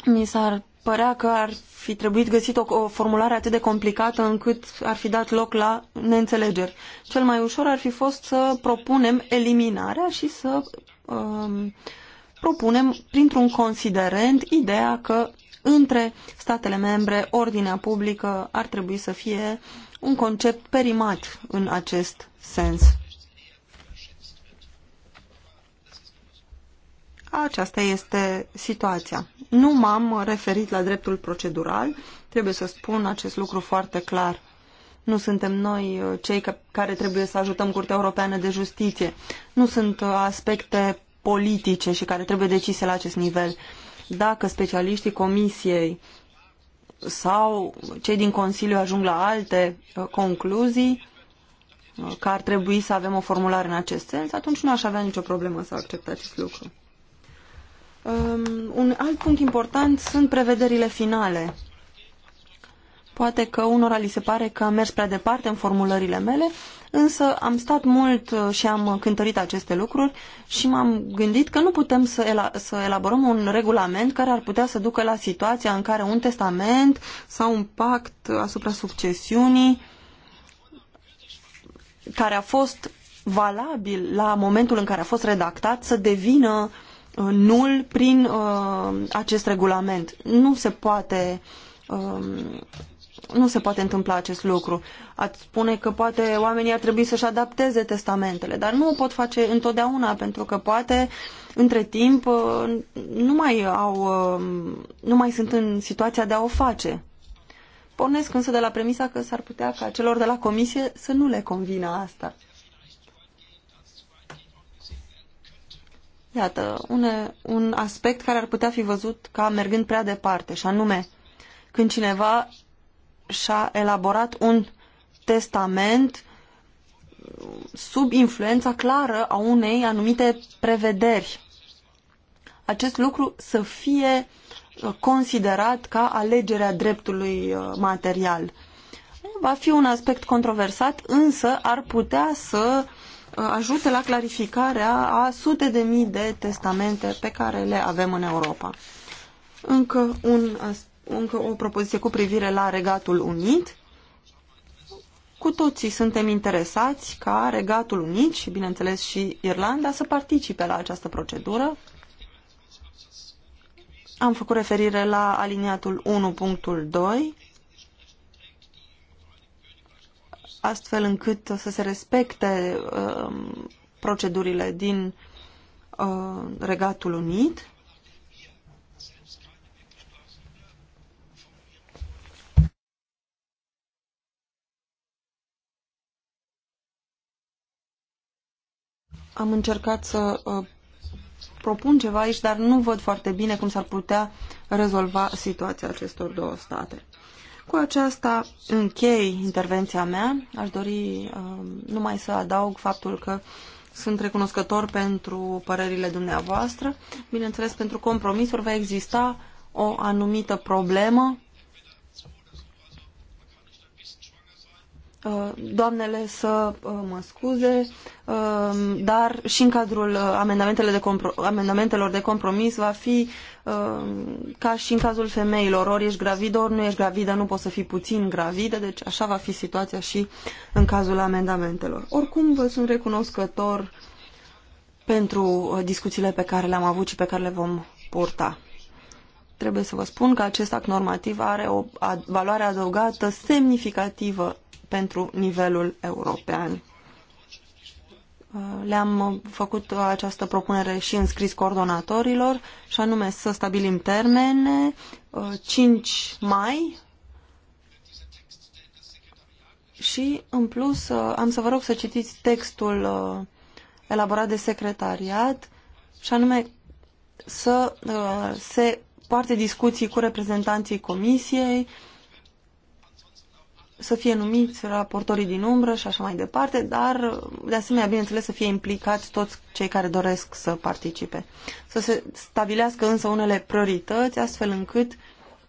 Mi s-ar părea că ar fi trebuit găsit o, o formulare atât de complicată încât ar fi dat loc la neînțelegeri. Cel mai ușor ar fi fost să propunem eliminarea și să uh, propunem printr-un considerent ideea că între statele membre, ordinea publică ar trebui să fie un concept perimat în acest sens. Aceasta este situația. Nu m-am referit la dreptul procedural, trebuie să spun acest lucru foarte clar. Nu suntem noi uh, cei care trebuie să ajutăm Curtea Europeană de Justiție. Nu sunt uh, aspecte politice și care trebuie decise la acest nivel dacă specialiștii comisiei sau cei din Consiliu ajung la alte uh, concluzii uh, că ar trebui să avem o formulare în acest sens, atunci nu aș avea nicio problemă să accept acest lucru. Um, un alt punct important sunt prevederile finale. Poate că unora li se pare că am mers prea departe în formulările mele, însă am stat mult uh, și am cântărit aceste lucruri și m-am gândit că nu putem să, ela să elaborăm un regulament care ar putea să ducă la situația în care un testament sau un pact asupra succesiunii care a fost valabil la momentul în care a fost redactat să devină uh, nul prin uh, acest regulament. Nu se poate uh, nu se poate întâmpla acest lucru. Ați spune că poate oamenii ar trebui să-și adapteze testamentele, dar nu o pot face întotdeauna, pentru că poate între timp uh, nu mai, au, uh, nu mai sunt în situația de a o face. Pornesc însă de la premisa că s-ar putea ca celor de la comisie să nu le convină asta. Iată, un, un aspect care ar putea fi văzut ca mergând prea departe, și anume, când cineva și-a elaborat un testament sub influența clară a unei anumite prevederi. Acest lucru să fie uh, considerat ca alegerea dreptului uh, material. Va fi un aspect controversat, însă ar putea să uh, ajute la clarificarea a sute de mii de testamente pe care le avem în Europa. Încă un aspect încă o propoziție cu privire la Regatul Unit. Cu toții suntem interesați ca Regatul Unit și, bineînțeles, și Irlanda să participe la această procedură. Am făcut referire la aliniatul 1.2 astfel încât să se respecte uh, procedurile din uh, Regatul Unit. Am încercat să uh, propun ceva aici, dar nu văd foarte bine cum s-ar putea rezolva situația acestor două state. Cu aceasta închei intervenția mea. Aș dori uh, numai să adaug faptul că sunt recunoscător pentru părerile dumneavoastră. Bineînțeles, pentru compromisuri va exista o anumită problemă Uh, doamnele să uh, mă scuze, uh, dar și în cadrul amendamentele de amendamentelor de compromis va fi ca și în cazul femeilor, ori ești gravidă, ori nu ești gravidă, nu poți să fii puțin gravidă, deci așa va fi situația și în cazul amendamentelor. Oricum vă sunt recunoscător pentru discuțiile pe care le-am avut și pe care le vom purta trebuie să vă spun că acest act normativ are o valoare adăugată semnificativă pentru nivelul european. Uh, le-am făcut această propunere și în scris coordonatorilor, și anume să stabilim termene 5 uh, mai și, în plus, uh, am să vă rog să citiți textul elaborat de secretariat, și anume să se poarte discuții cu reprezentanții comisiei, să fie numiți raportorii din umbră și așa mai departe, dar de asemenea, bineînțeles, să fie implicați toți cei care doresc să participe. Să se stabilească însă unele priorități, astfel încât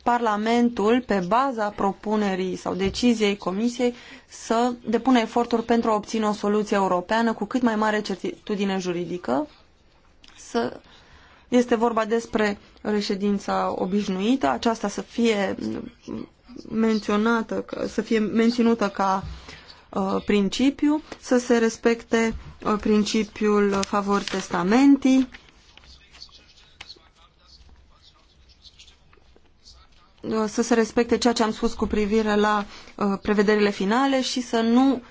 Parlamentul, pe baza propunerii sau deciziei Comisiei, să depună eforturi pentru a obține o soluție europeană cu cât mai mare certitudine juridică, să este vorba despre reședința obișnuită, aceasta să fie menționată, să fie menținută ca uh, principiu, să se respecte uh, principiul favor testamentii, uh, să se respecte ceea ce am spus cu privire la prevederile finale și să nu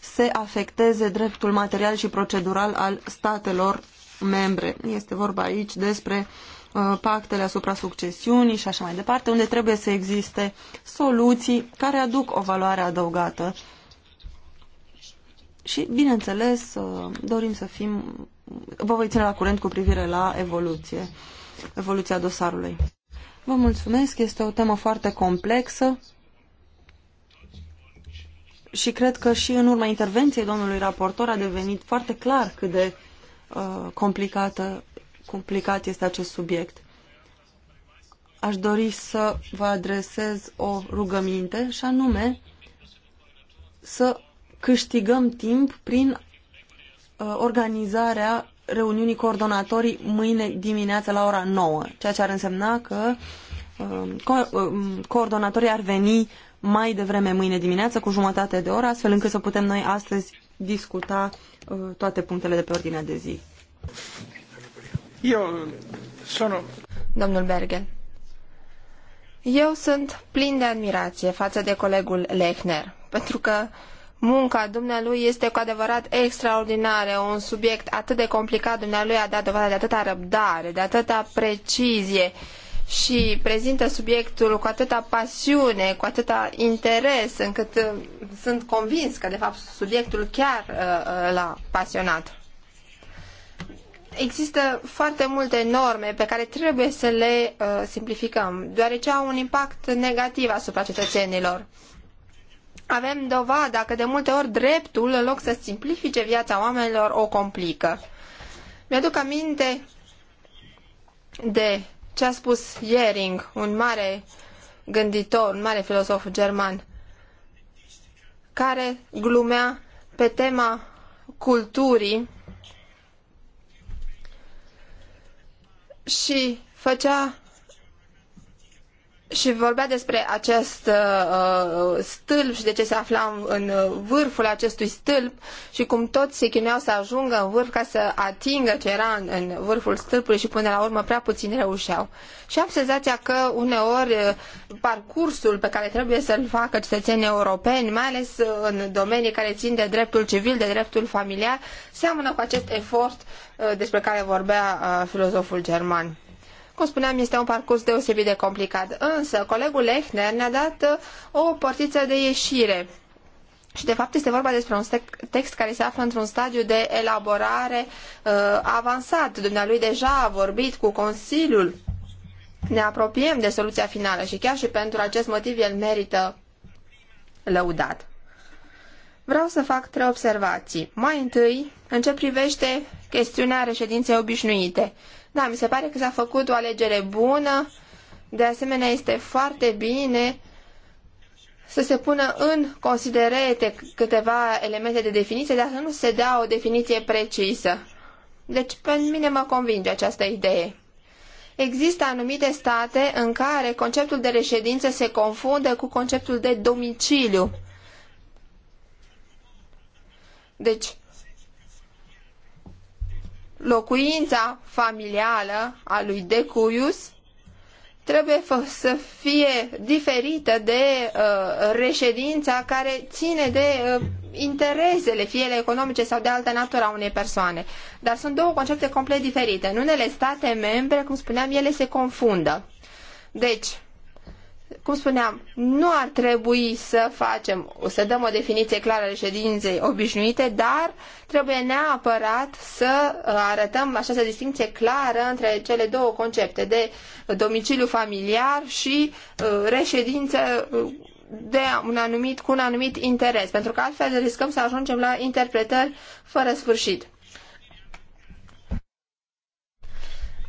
se afecteze dreptul material și procedural al statelor membre. Este vorba aici despre uh, Uh, pactele asupra succesiunii și așa mai departe, unde trebuie să existe soluții care aduc o valoare adăugată. Și, bineînțeles, uh, dorim să fim... Vă voi ține la curent cu privire la evoluție, evoluția dosarului. Vă mulțumesc, este o temă foarte complexă și cred că și în urma intervenției domnului raportor a devenit foarte clar cât de uh, complicată complicat este acest subiect. Aș dori să vă adresez o rugăminte și anume să câștigăm timp prin uh, organizarea reuniunii coordonatorii mâine dimineață la ora 9, ceea ce ar însemna că um, co um, coordonatorii ar veni mai devreme mâine dimineață cu jumătate de oră, astfel încât să putem noi astăzi discuta uh, toate punctele de pe ordinea de zi. Eu sunt... Domnul Bergel. Eu sunt plin de admirație față de colegul Lechner, pentru că munca dumnealui este cu adevărat extraordinară, un subiect atât de complicat, dumnealui a dat dovadă de atâta răbdare, de atâta precizie și prezintă subiectul cu atâta pasiune, cu atâta interes, încât uh, sunt convins că, de fapt, subiectul chiar uh, uh, l-a pasionat. Există foarte multe norme pe care trebuie să le uh, simplificăm, deoarece au un impact negativ asupra cetățenilor. Avem dovada că de multe ori dreptul, în loc să simplifice viața oamenilor, o complică. Mi-aduc aminte de ce a spus Jering, un mare gânditor, un mare filosof german, care glumea pe tema culturii și făcea și vorbea despre acest uh, uh, stâlp și de ce se afla în, vârful acestui stâlp și cum toți se chinuiau să ajungă în vârf ca să atingă ce era în, în vârful stâlpului și până la urmă prea puțin reușeau. Și am senzația că uneori uh, parcursul pe care trebuie să-l facă cetățenii europeni, mai ales uh, în domenii care țin de dreptul civil, de dreptul familiar, seamănă cu acest efort uh, despre care vorbea uh, filozoful german. Cum spuneam, este un parcurs deosebit de complicat, însă colegul Lechner ne-a dat uh, o portiță de ieșire. Și de fapt este vorba despre un text care se află într-un stadiu de elaborare uh, avansat. Dumnealui deja a vorbit cu Consiliul. Ne apropiem de soluția finală și chiar și pentru acest motiv el merită lăudat. Vreau să fac trei observații. Mai întâi, în ce privește chestiunea reședinței obișnuite. Da, mi se pare că s-a făcut o alegere bună, de asemenea este foarte bine să se pună în considerete câteva elemente de definiție, dar să nu se dea o definiție precisă. Deci, pe mine mă convinge această idee. Există anumite state în care conceptul de reședință se confundă cu conceptul de domiciliu. Deci, locuința familială a lui Decuius trebuie să fie diferită de uh, reședința care ține de uh, interesele, fie ele economice sau de altă natură a unei persoane. Dar sunt două concepte complet diferite. În unele state membre, cum spuneam, ele se confundă. Deci, cum spuneam, nu ar trebui să facem, să dăm o definiție clară reședinței obișnuite, dar trebuie neapărat să uh, arătăm această distinție clară între cele două concepte de domiciliu familiar și uh, reședință uh, de un anumit, cu un anumit interes, pentru că altfel riscăm să ajungem la interpretări fără sfârșit.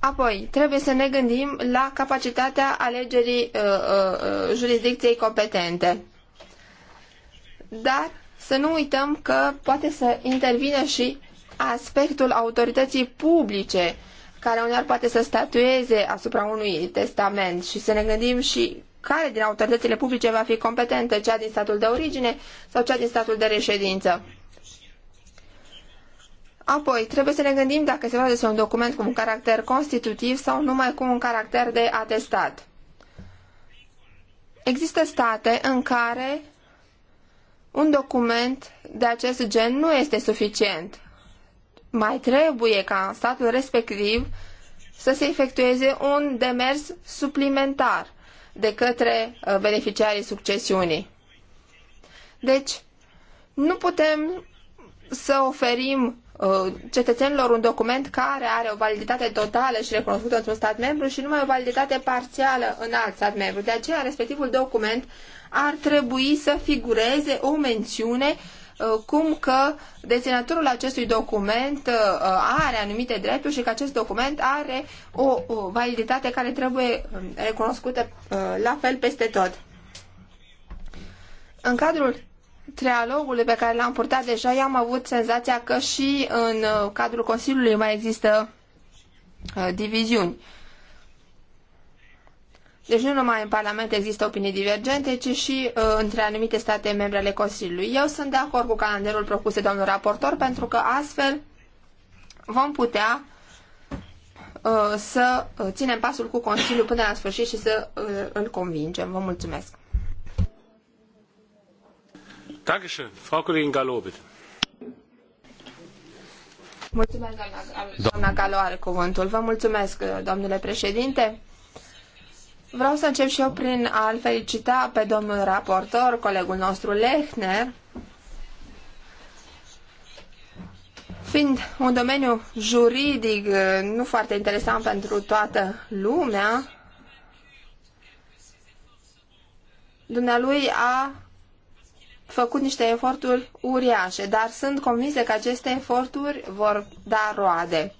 Apoi, trebuie să ne gândim la capacitatea alegerii uh, uh, uh, jurisdicției competente. Dar să nu uităm că poate să intervină și aspectul autorității publice care uneori poate să statueze asupra unui testament și să ne gândim și care din autoritățile publice va fi competentă, cea din statul de origine sau cea din statul de reședință. Apoi, trebuie să ne gândim dacă se vorbește un document cu un caracter constitutiv sau numai cu un caracter de atestat. Există state în care un document de acest gen nu este suficient. Mai trebuie ca statul respectiv să se efectueze un demers suplimentar de către uh, beneficiarii succesiunii. Deci, nu putem să oferim Uh, cetățenilor un document care are o validitate totală și recunoscută într-un stat membru și numai o validitate parțială în alt stat membru. De aceea, respectivul document ar trebui să figureze o mențiune uh, cum că deținătorul acestui document uh, are anumite drepturi și că acest document are o validitate care trebuie um, recunoscută la fel peste tot. În cadrul trialogului pe care l-am purtat deja, eu am avut senzația că și în uh, cadrul Consiliului mai există uh, diviziuni. Deci nu numai în Parlament există opinii divergente, ci și uh, între anumite state membre ale Consiliului. Eu sunt de acord cu calendarul propus de domnul raportor, pentru că astfel vom putea uh, să uh, ținem pasul cu Consiliul până la sfârșit și să uh, îl convingem. Vă mulțumesc! Dankeschön. Frau Kollegin Gallo, bitte. Mulțumesc, doamna, Galo are cuvântul. Vă mulțumesc, domnule președinte. Vreau să încep și eu prin a-l felicita pe domnul raportor, colegul nostru Lechner, fiind un domeniu juridic uh, nu foarte interesant pentru toată lumea, dumnealui a făcut niște eforturi uriașe, dar sunt convinsă că aceste eforturi vor da roade.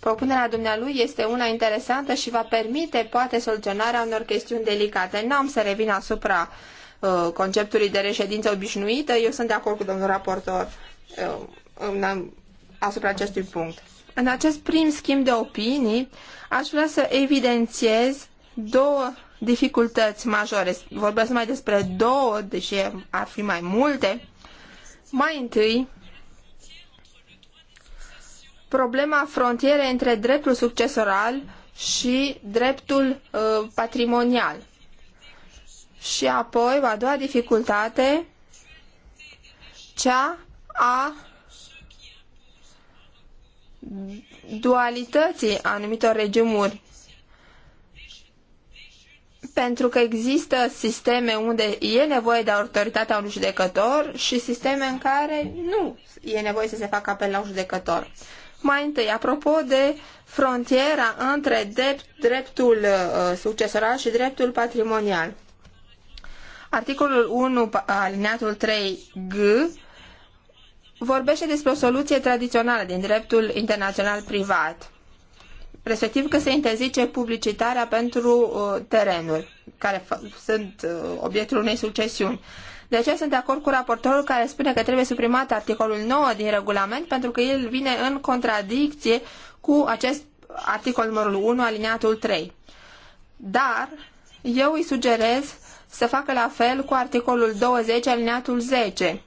Propunerea dumnealui este una interesantă și va permite, poate, soluționarea unor chestiuni delicate. Nu am să revin asupra uh, conceptului de reședință obișnuită. Eu sunt de acord cu domnul raportor uh, asupra acestui punct. În acest prim schimb de opinii, aș vrea să evidențiez două dificultăți majore. Vorbesc mai despre două, deși ar fi mai multe. Mai întâi, problema frontierei între dreptul succesoral și dreptul uh, patrimonial. Și apoi, o a doua dificultate, cea a dualității anumitor regimuri pentru că există sisteme unde e nevoie de autoritatea unui judecător și sisteme în care nu e nevoie să se facă apel la un judecător. Mai întâi, apropo de frontiera între drept, dreptul uh, succesoral și dreptul patrimonial. Articolul 1, alineatul 3G, vorbește despre o soluție tradițională din dreptul internațional privat respectiv că se interzice publicitarea pentru uh, terenuri care sunt uh, obiectul unei succesiuni. De aceea sunt de acord cu raportorul care spune că trebuie suprimat articolul 9 din regulament pentru că el vine în contradicție cu acest articol numărul 1 aliniatul 3. Dar eu îi sugerez să facă la fel cu articolul 20 aliniatul 10.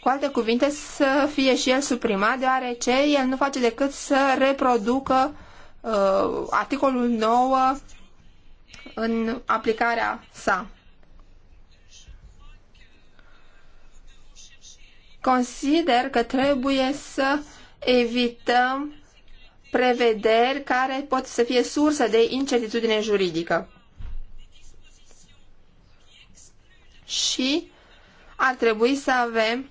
Cu alte cuvinte, să fie și el suprimat, deoarece el nu face decât să reproducă uh, articolul 9 în aplicarea sa. Consider că trebuie să evităm prevederi care pot să fie sursă de incertitudine juridică. Și ar trebui să avem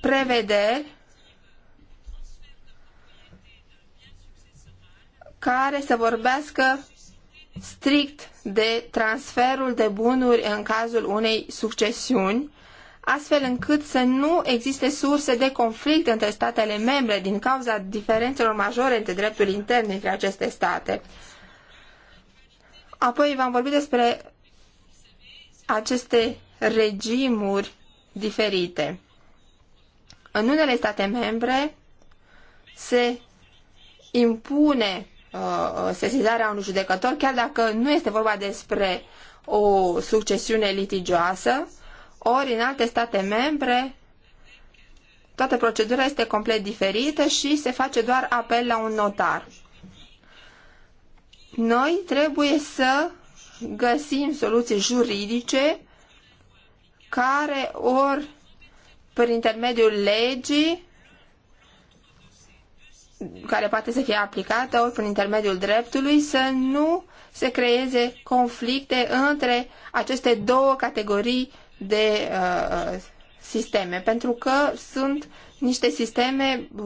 prevederi care să vorbească strict de transferul de bunuri în cazul unei succesiuni, astfel încât să nu existe surse de conflict între statele membre din cauza diferențelor majore între dreptul intern dintre aceste state. Apoi v-am vorbit despre aceste regimuri diferite. În unele state membre se impune Uh, uh, sesizarea unui judecător, chiar dacă nu este vorba despre o succesiune litigioasă, ori în alte state membre toată procedura este complet diferită și se face doar apel la un notar. Noi trebuie să găsim soluții juridice care ori prin intermediul legii care poate să fie aplicată ori prin intermediul dreptului, să nu se creeze conflicte între aceste două categorii de uh, sisteme, pentru că sunt niște sisteme uh,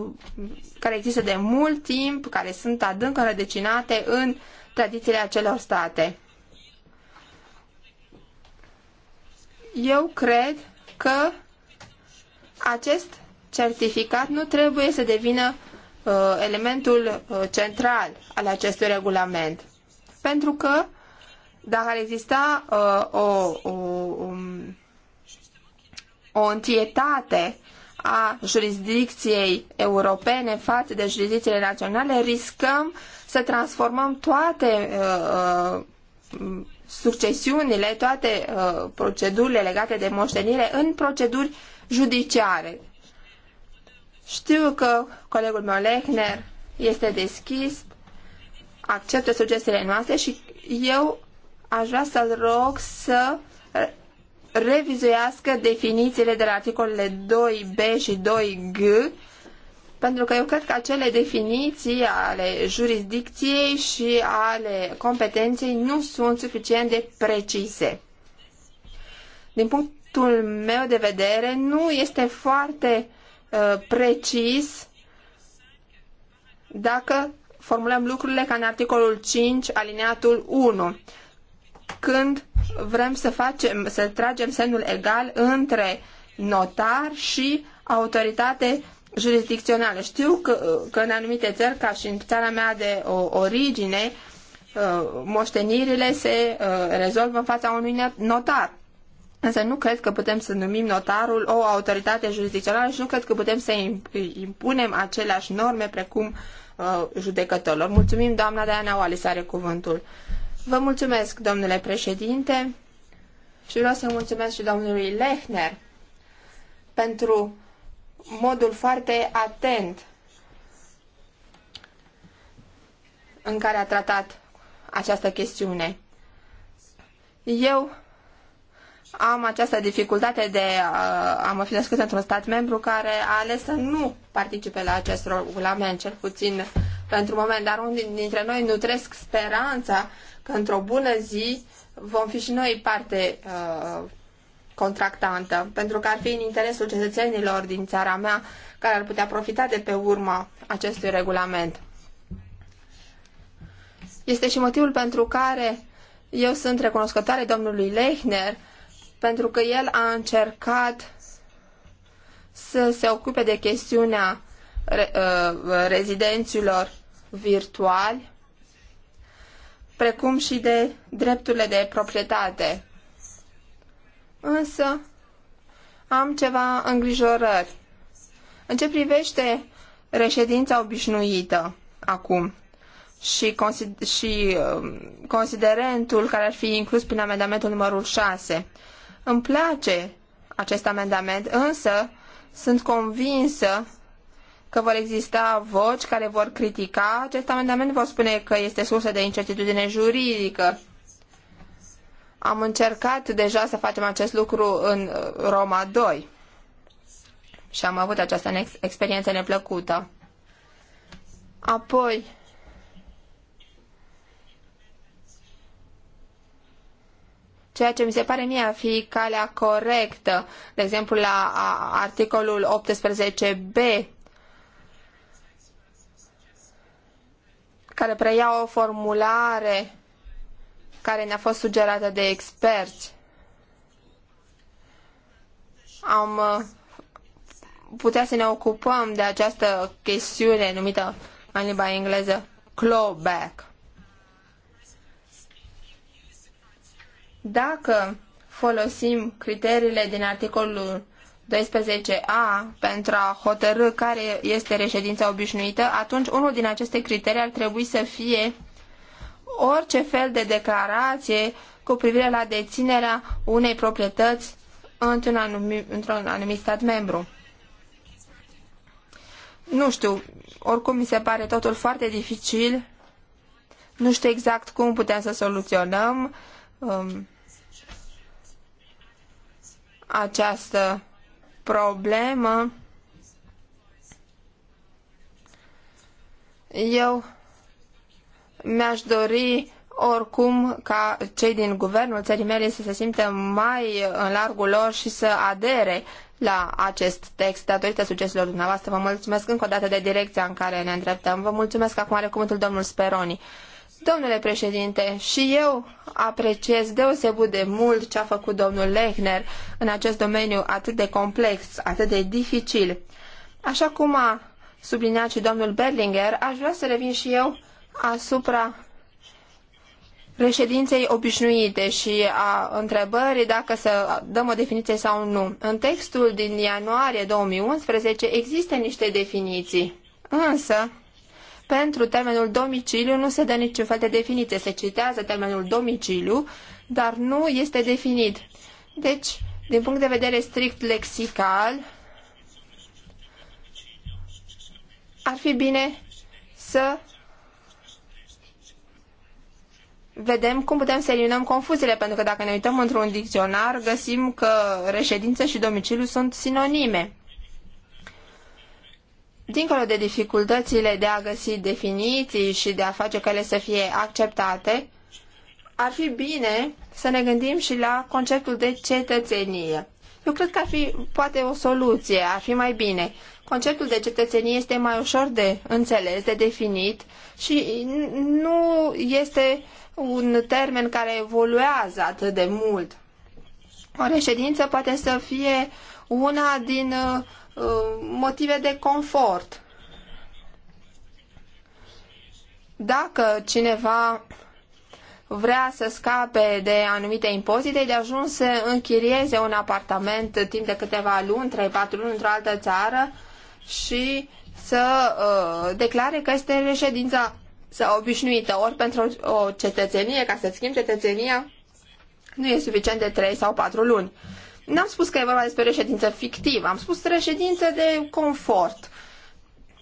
care există de mult timp, care sunt adânc înrădăcinate în tradițiile acelor state. Eu cred că acest certificat nu trebuie să devină Uh, elementul uh, central al acestui regulament. Pentru că dacă ar exista uh, o, o, um, o întietate a jurisdicției europene față de jurisdicțiile naționale, riscăm să transformăm toate uh, succesiunile, toate uh, procedurile legate de moștenire în proceduri judiciare, știu că colegul meu Lechner este deschis, acceptă sugestiile noastre și eu aș vrea să-l rog să revizuiască definițiile de la articolele 2b și 2g, pentru că eu cred că acele definiții ale jurisdicției și ale competenței nu sunt suficient de precise. Din punctul meu de vedere, nu este foarte Uh, precis dacă formulăm lucrurile ca în articolul 5, alineatul 1, când vrem să facem, să tragem semnul egal între notar și autoritate jurisdicțională. Știu că, că în anumite țări, ca și în țara mea de o, origine, uh, moștenirile se uh, rezolvă în fața unui notar. Însă nu cred că putem să numim notarul o autoritate jurisdicțională și nu cred că putem să impunem aceleași norme precum uh, judecătorilor. Mulțumim, doamna Diana Wallis are cuvântul. Vă mulțumesc, domnule președinte, și vreau să mulțumesc și domnului Lechner pentru modul foarte atent în care a tratat această chestiune. Eu am această dificultate de uh, a mă fi născut într-un stat membru care a ales să nu participe la acest regulament, cel puțin pentru moment, dar unii dintre noi nutresc speranța că într-o bună zi vom fi și noi parte uh, contractantă, pentru că ar fi în interesul cetățenilor din țara mea care ar putea profita de pe urma acestui regulament. Este și motivul pentru care eu sunt recunoscătoare domnului Lechner pentru că el a încercat să se ocupe de chestiunea re, uh, rezidenților virtuali, precum și de drepturile de proprietate. Însă am ceva îngrijorări. În ce privește reședința obișnuită acum și, consider, și uh, considerentul care ar fi inclus prin amendamentul numărul 6, îmi place acest amendament, însă sunt convinsă că vor exista voci care vor critica acest amendament, vor spune că este sursă de incertitudine juridică. Am încercat deja să facem acest lucru în uh, Roma 2 și am avut această experiență neplăcută. Apoi, ceea ce mi se pare mie a fi calea corectă. De exemplu, la articolul 18b, care preia o formulare care ne-a fost sugerată de experți. Am putea să ne ocupăm de această chestiune numită în limba engleză clawback. Dacă folosim criteriile din articolul 12a pentru a hotărâ care este reședința obișnuită, atunci unul din aceste criterii ar trebui să fie orice fel de declarație cu privire la deținerea unei proprietăți într-un anumit, într anumit stat membru. Nu știu, oricum mi se pare totul foarte dificil. Nu știu exact cum putem să soluționăm um, această problemă. Eu mi-aș dori oricum ca cei din guvernul țării mele să se simtă mai în largul lor și să adere la acest text datorită succesilor dumneavoastră. Vă mulțumesc încă o dată de direcția în care ne îndreptăm. Vă mulțumesc acum are cuvântul domnul Speroni. Domnule președinte, și eu apreciez deosebit de mult ce a făcut domnul Lechner în acest domeniu atât de complex, atât de dificil. Așa cum a subliniat și domnul Berlinger, aș vrea să revin și eu asupra reședinței obișnuite și a întrebării dacă să dăm o definiție sau nu. În textul din ianuarie 2011 există niște definiții, însă pentru termenul domiciliu nu se dă niciun fel de definiție. Se citează termenul domiciliu, dar nu este definit. Deci, din punct de vedere strict lexical, ar fi bine să vedem cum putem să eliminăm confuziile, pentru că dacă ne uităm într-un dicționar, găsim că reședință și domiciliu sunt sinonime dincolo de dificultățile de a găsi definiții și de a face ca ele să fie acceptate, ar fi bine să ne gândim și la conceptul de cetățenie. Eu cred că ar fi poate o soluție, ar fi mai bine. Conceptul de cetățenie este mai ușor de înțeles, de definit și nu este un termen care evoluează atât de mult. O reședință poate să fie una din uh, Uh, motive de confort. Dacă cineva vrea să scape de anumite impozite, de ajuns să închirieze un apartament timp de câteva luni, 3-4 luni într-o altă țară și să uh, declare că este reședința să obișnuită. Ori pentru o cetățenie, ca să schimbi cetățenia, nu e suficient de 3 sau 4 luni. N-am spus că e vorba despre reședință fictivă, am spus reședință de confort.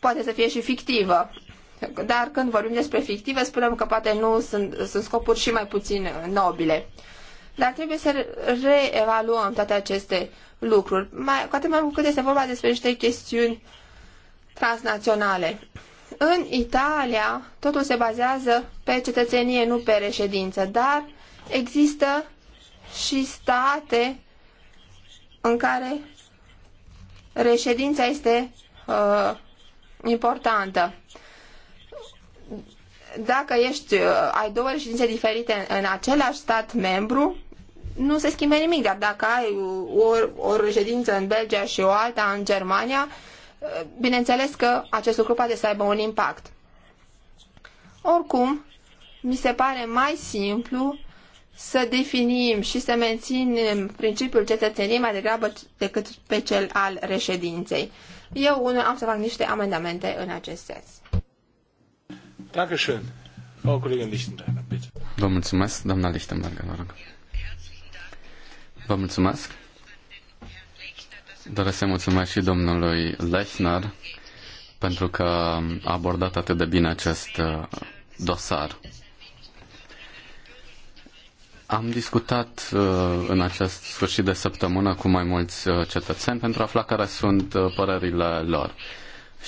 Poate să fie și fictivă. Dar când vorbim despre fictive, spunem că poate nu sunt, sunt scopuri și mai puțin nobile. Dar trebuie să reevaluăm toate aceste lucruri, mai, cu atât mai mult cât este vorba despre niște chestiuni transnaționale. În Italia, totul se bazează pe cetățenie, nu pe reședință, dar există și state în care reședința este uh, importantă. Dacă ești, uh, ai două reședințe diferite în, în același stat membru, nu se schimbe nimic, dar dacă ai o, o reședință în Belgia și o alta în Germania, uh, bineînțeles că acest lucru poate să aibă un impact. Oricum, mi se pare mai simplu să definim și să menținem principiul cetățeniei mai degrabă decât pe cel al reședinței. Eu unul am să fac niște amendamente în acest sens. Dankeschön. Frau Kollegin Lichtenberger, bitte. Vă mulțumesc, doamna Lichtenberger, vă rog. Vă mulțumesc. Doresc să mulțumesc și domnului Lechner pentru că a abordat atât de bine acest uh, dosar. Am discutat uh, în acest sfârșit de săptămână cu mai mulți uh, cetățeni pentru a afla care sunt uh, părerile lor.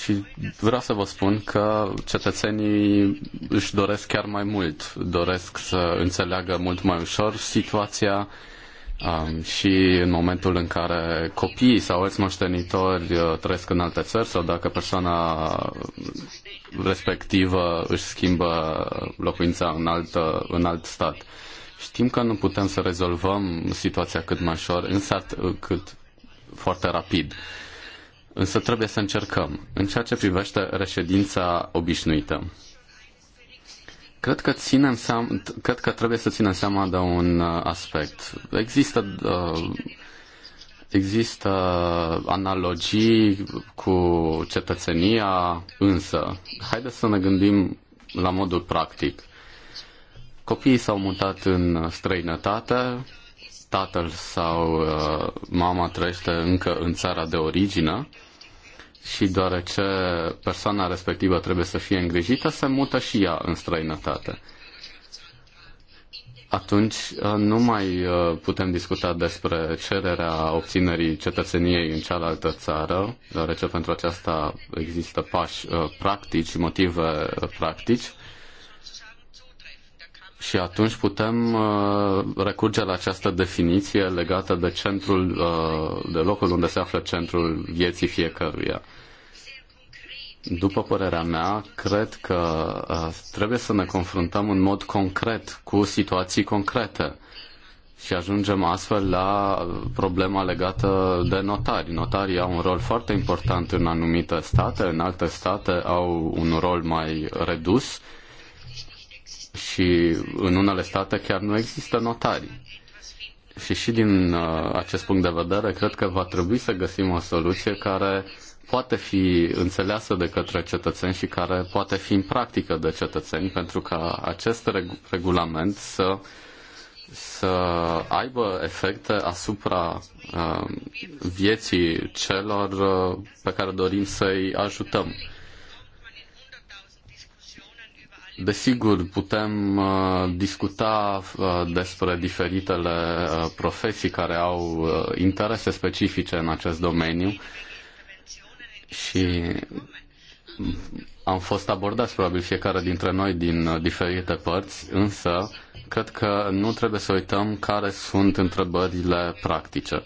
Și vreau să vă spun că cetățenii își doresc chiar mai mult, doresc să înțeleagă mult mai ușor situația um, și în momentul în care copiii sau alți moștenitori trăiesc în alte țări sau dacă persoana respectivă își schimbă locuința în, altă, în alt stat. Știm că nu putem să rezolvăm situația cât mai ușor, însă cât foarte rapid. Însă trebuie să încercăm. În ceea ce privește reședința obișnuită, Cred că, ținem seama, cred că trebuie să ținem seama de un uh, aspect. Există, uh, există analogii cu cetățenia, însă haideți să ne gândim la modul practic. Copiii s-au mutat în străinătate, tatăl sau uh, mama trăiește încă în țara de origine și deoarece persoana respectivă trebuie să fie îngrijită, se mută și ea în străinătate. Atunci uh, nu mai uh, putem discuta despre cererea obținerii cetățeniei în cealaltă țară, deoarece pentru aceasta există pași practici, motive practici. Și atunci putem uh, recurge la această definiție legată de centrul, uh, de locul unde se află centrul vieții fiecăruia. După părerea mea, cred că uh, trebuie să ne confruntăm în mod concret cu situații concrete și ajungem astfel la problema legată de notari. Notarii au un rol foarte important în anumite state, în alte state au un rol mai redus și în unele state chiar nu există notari. Și și din uh, acest punct de vedere, cred că va trebui să găsim o soluție care poate fi înțeleasă de către cetățeni și care poate fi în practică de cetățeni pentru ca acest regulament să, să aibă efecte asupra uh, vieții celor uh, pe care dorim să-i ajutăm. Desigur, putem uh, discuta uh, despre diferitele uh, profesii care au uh, interese specifice în acest domeniu și am fost abordați probabil fiecare dintre noi din uh, diferite părți, însă cred că nu trebuie să uităm care sunt întrebările practice. Uh,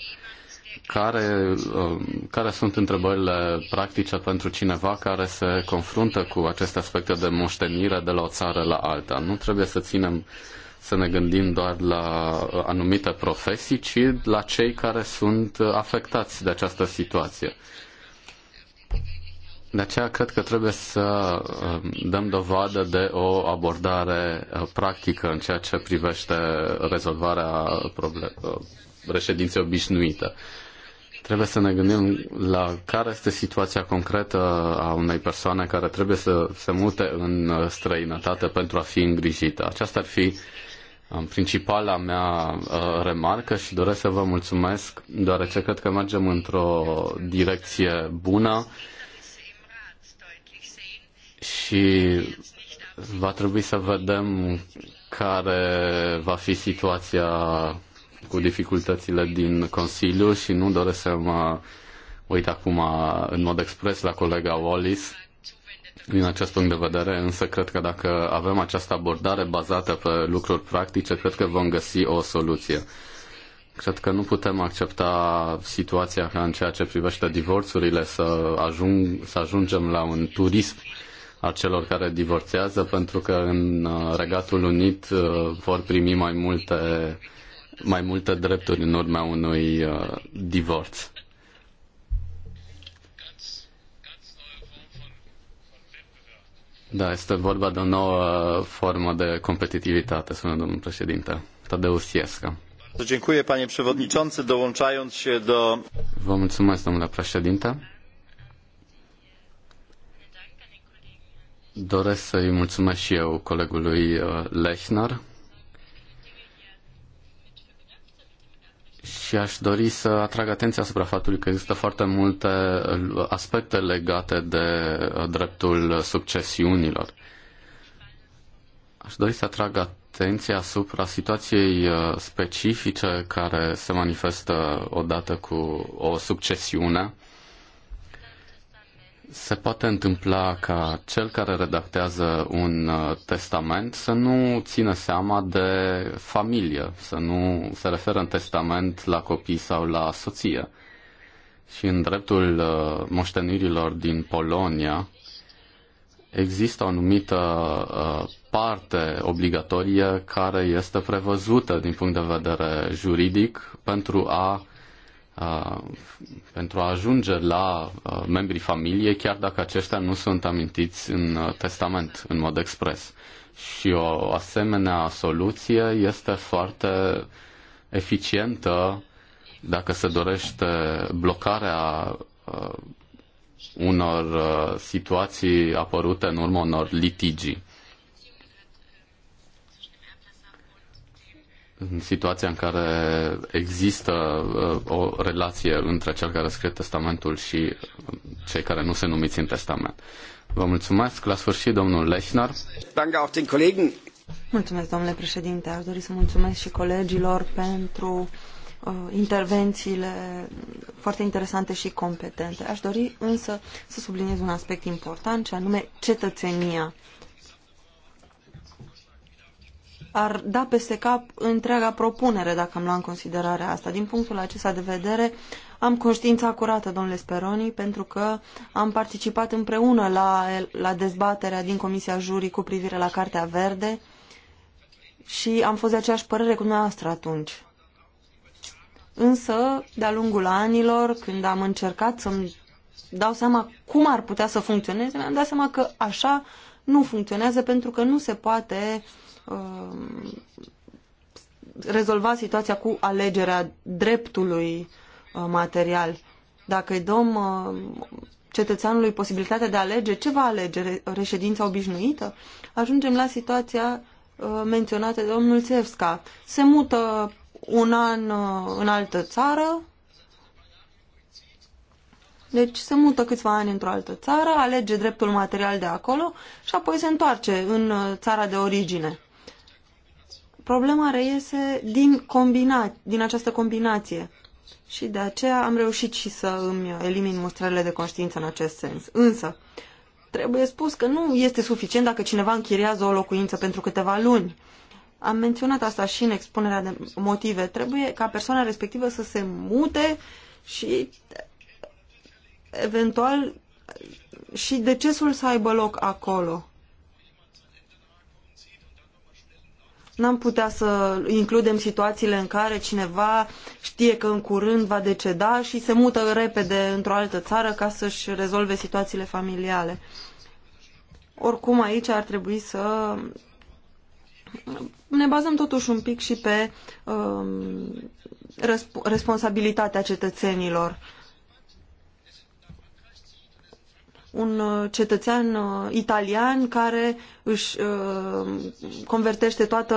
care, um, care sunt întrebările practice pentru cineva care se confruntă cu aceste aspecte de moștenire de la o țară la alta. Nu trebuie să ținem să ne gândim doar la anumite profesii, ci la cei care sunt afectați de această situație. De aceea cred că trebuie să um, dăm dovadă de o abordare uh, practică în ceea ce privește rezolvarea problemelor uh, reședințe obișnuite. Trebuie să ne gândim la care este situația concretă a unei persoane care trebuie să se mute în străinătate pentru a fi îngrijită. Aceasta ar fi um, principala mea uh, remarcă și doresc să vă mulțumesc, deoarece cred că mergem într-o direcție bună și va trebui să vedem care va fi situația cu dificultățile din Consiliu și nu doresc să mă uit acum în mod expres la colega Wallis din acest punct de vedere, însă cred că dacă avem această abordare bazată pe lucruri practice, cred că vom găsi o soluție. Cred că nu putem accepta situația ca în ceea ce privește divorțurile să, ajung, să ajungem la un turism a celor care divorțează, pentru că în uh, Regatul Unit uh, vor primi mai multe mai multe drepturi în urma unui uh, divorț. Da, este vorba de o nouă formă de competitivitate, spune domnul președinte. Tadeusz Iesca. Dziękuję, panie przewodniczący, dołączając się do... Vă mulțumesc, domnule președinte. Doresc să-i mulțumesc și eu colegului uh, Lechner Și aș dori să atrag atenția asupra faptului că există foarte multe uh, aspecte legate de uh, dreptul succesiunilor. Aș dori să atrag atenția asupra situației uh, specifice care se manifestă odată cu o succesiune se poate întâmpla ca cel care redactează un uh, testament să nu țină seama de familie, să nu se referă în testament la copii sau la soție. Și în dreptul uh, moștenirilor din Polonia există o anumită uh, parte obligatorie care este prevăzută din punct de vedere juridic pentru a Uh, pentru a ajunge la uh, membrii familiei, chiar dacă aceștia nu sunt amintiți în uh, testament, în mod expres. Și o asemenea soluție este foarte eficientă dacă se dorește blocarea unor situații apărute în urma unor litigii. în situația în care există uh, o relație între cel care scrie testamentul și uh, cei care nu se numiți în testament. Vă mulțumesc. La sfârșit, domnul Lechner. Mulțumesc, domnule președinte. Aș dori să mulțumesc și colegilor pentru uh, intervențiile foarte interesante și competente. Aș dori însă să subliniez un aspect important, și anume cetățenia uh, ar da peste cap întreaga propunere dacă am luat în considerare asta. Din punctul acesta de vedere, am conștiința curată, domnule Speroni, pentru că am participat împreună la, la dezbaterea din Comisia Jurii cu privire la Cartea Verde și am fost de aceeași părere cu noastră atunci. Însă, de-a lungul anilor, când am încercat să-mi dau seama cum ar putea să funcționeze, mi-am dat seama că așa nu funcționează pentru că nu se poate uh, Um, rezolva situația cu alegerea dreptului uh, material. Dacă îi dăm uh, cetățeanului posibilitatea de a alege ce va alege, reședința obișnuită, ajungem la situația uh, menționată de domnul Țevsca. Se mută un an în altă țară, deci se mută câțiva ani într-o altă țară, alege dreptul material de acolo și apoi se întoarce în țara de origine. Problema reiese din, combina, din această combinație și de aceea am reușit și să îmi elimin mustrările de conștiință în acest sens. Însă, trebuie spus că nu este suficient dacă cineva închiriază o locuință pentru câteva luni. Am menționat asta și în expunerea de motive. Trebuie ca persoana respectivă să se mute și eventual și decesul să aibă loc acolo. N-am putea să includem situațiile în care cineva știe că în curând va deceda și se mută repede într-o altă țară ca să-și rezolve situațiile familiale. Oricum aici ar trebui să ne bazăm totuși un pic și pe um, responsabilitatea cetățenilor un uh, cetățean uh, italian care își uh, convertește toată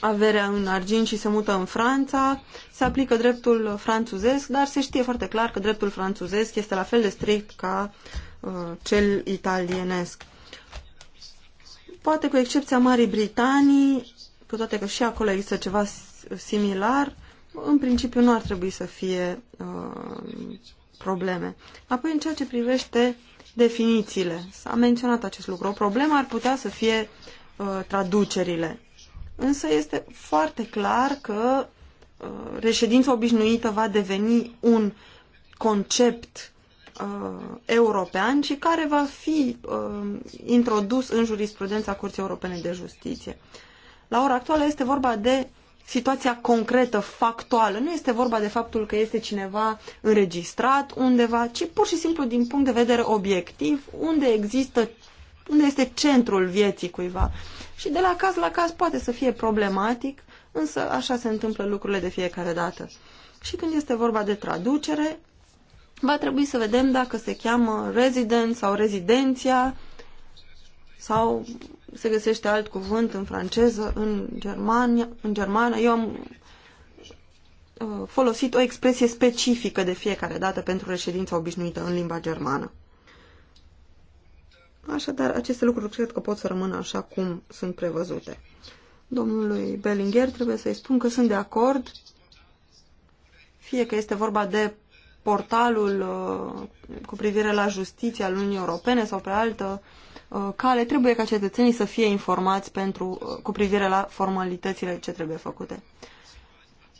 averea în argint și se mută în Franța, se aplică dreptul franțuzesc, dar se știe foarte clar că dreptul franțuzesc este la fel de strict ca uh, cel italienesc. Poate cu excepția Marii Britanii, cu toate că și acolo există ceva similar, în principiu nu ar trebui să fie uh, probleme. Apoi, în ceea ce privește definițiile, s-a menționat acest lucru. O problemă ar putea să fie uh, traducerile. Însă este foarte clar că uh, reședința obișnuită va deveni un concept uh, european și care va fi uh, introdus în jurisprudența Curții Europene de Justiție. La ora actuală este vorba de situația concretă, factuală. Nu este vorba de faptul că este cineva înregistrat undeva, ci pur și simplu din punct de vedere obiectiv, unde există, unde este centrul vieții cuiva. Și de la caz la caz poate să fie problematic, însă așa se întâmplă lucrurile de fiecare dată. Și când este vorba de traducere, va trebui să vedem dacă se cheamă rezident sau rezidenția sau se găsește alt cuvânt în franceză, în, germania, în germană. Eu am uh, folosit o expresie specifică de fiecare dată pentru reședința obișnuită în limba germană. Așadar, aceste lucruri cred că pot să rămână așa cum sunt prevăzute. Domnului Bellinger trebuie să-i spun că sunt de acord, fie că este vorba de portalul uh, cu privire la justiția al Uniunii Europene sau pe altă uh, Uh, cale trebuie ca cetățenii să fie informați pentru, uh, cu privire la formalitățile ce trebuie făcute.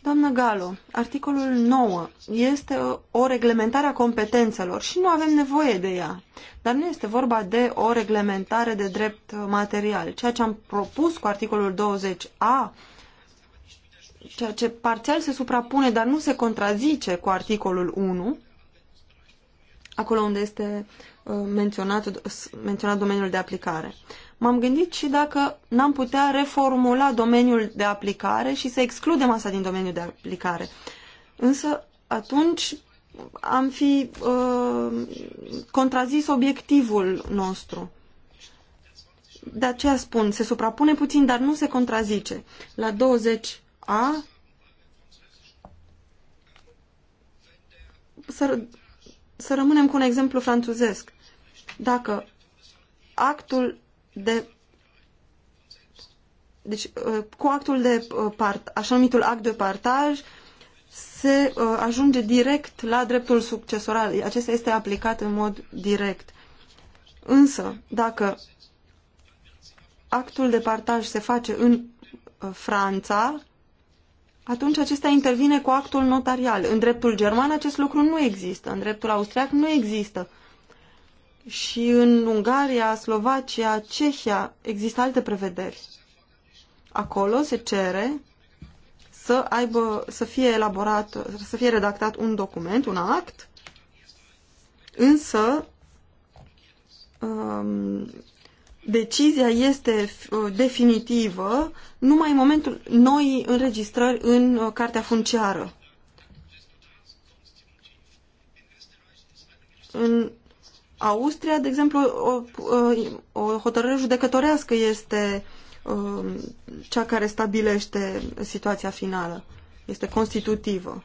Doamnă Galo, articolul 9 este uh, o reglementare a competențelor și nu avem nevoie de ea. Dar nu este vorba de o reglementare de drept material. Ceea ce am propus cu articolul 20a, ceea ce parțial se suprapune, dar nu se contrazice cu articolul 1, acolo unde este uh, Uh, menționat, menționat domeniul de aplicare. M-am gândit și dacă n-am putea reformula domeniul de aplicare și să excludem asta din domeniul de aplicare. Însă atunci am fi uh, contrazis obiectivul nostru. De aceea spun, se suprapune puțin, dar nu se contrazice. La 20A să să rămânem cu un exemplu franțuzesc. Dacă actul de deci uh, cu actul de uh, part, așa numitul act de partaj se uh, ajunge direct la dreptul succesoral. Acesta este aplicat în mod direct. Însă, dacă actul de partaj se face în Franța, atunci acesta intervine cu actul notarial. În dreptul german acest lucru nu există, în dreptul austriac nu există. Și în Ungaria, Slovacia, Cehia există alte prevederi. Acolo se cere să, aibă, să fie elaborat, să fie redactat un document, un act, însă um, decizia este uh, definitivă numai în momentul noii înregistrări în uh, cartea funciară. În Austria, de exemplu, o, uh, o hotărâre judecătorească este cea care stabilește situația finală. Este constitutivă.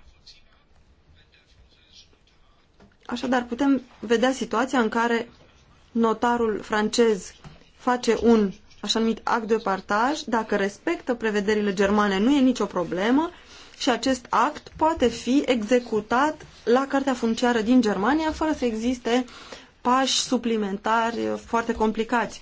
Așadar, putem vedea situația în care notarul francez face un așa numit act de partaj, dacă respectă prevederile germane nu e nicio problemă și acest act poate fi executat la Cartea Funciară din Germania fără să existe pași suplimentari foarte complicați.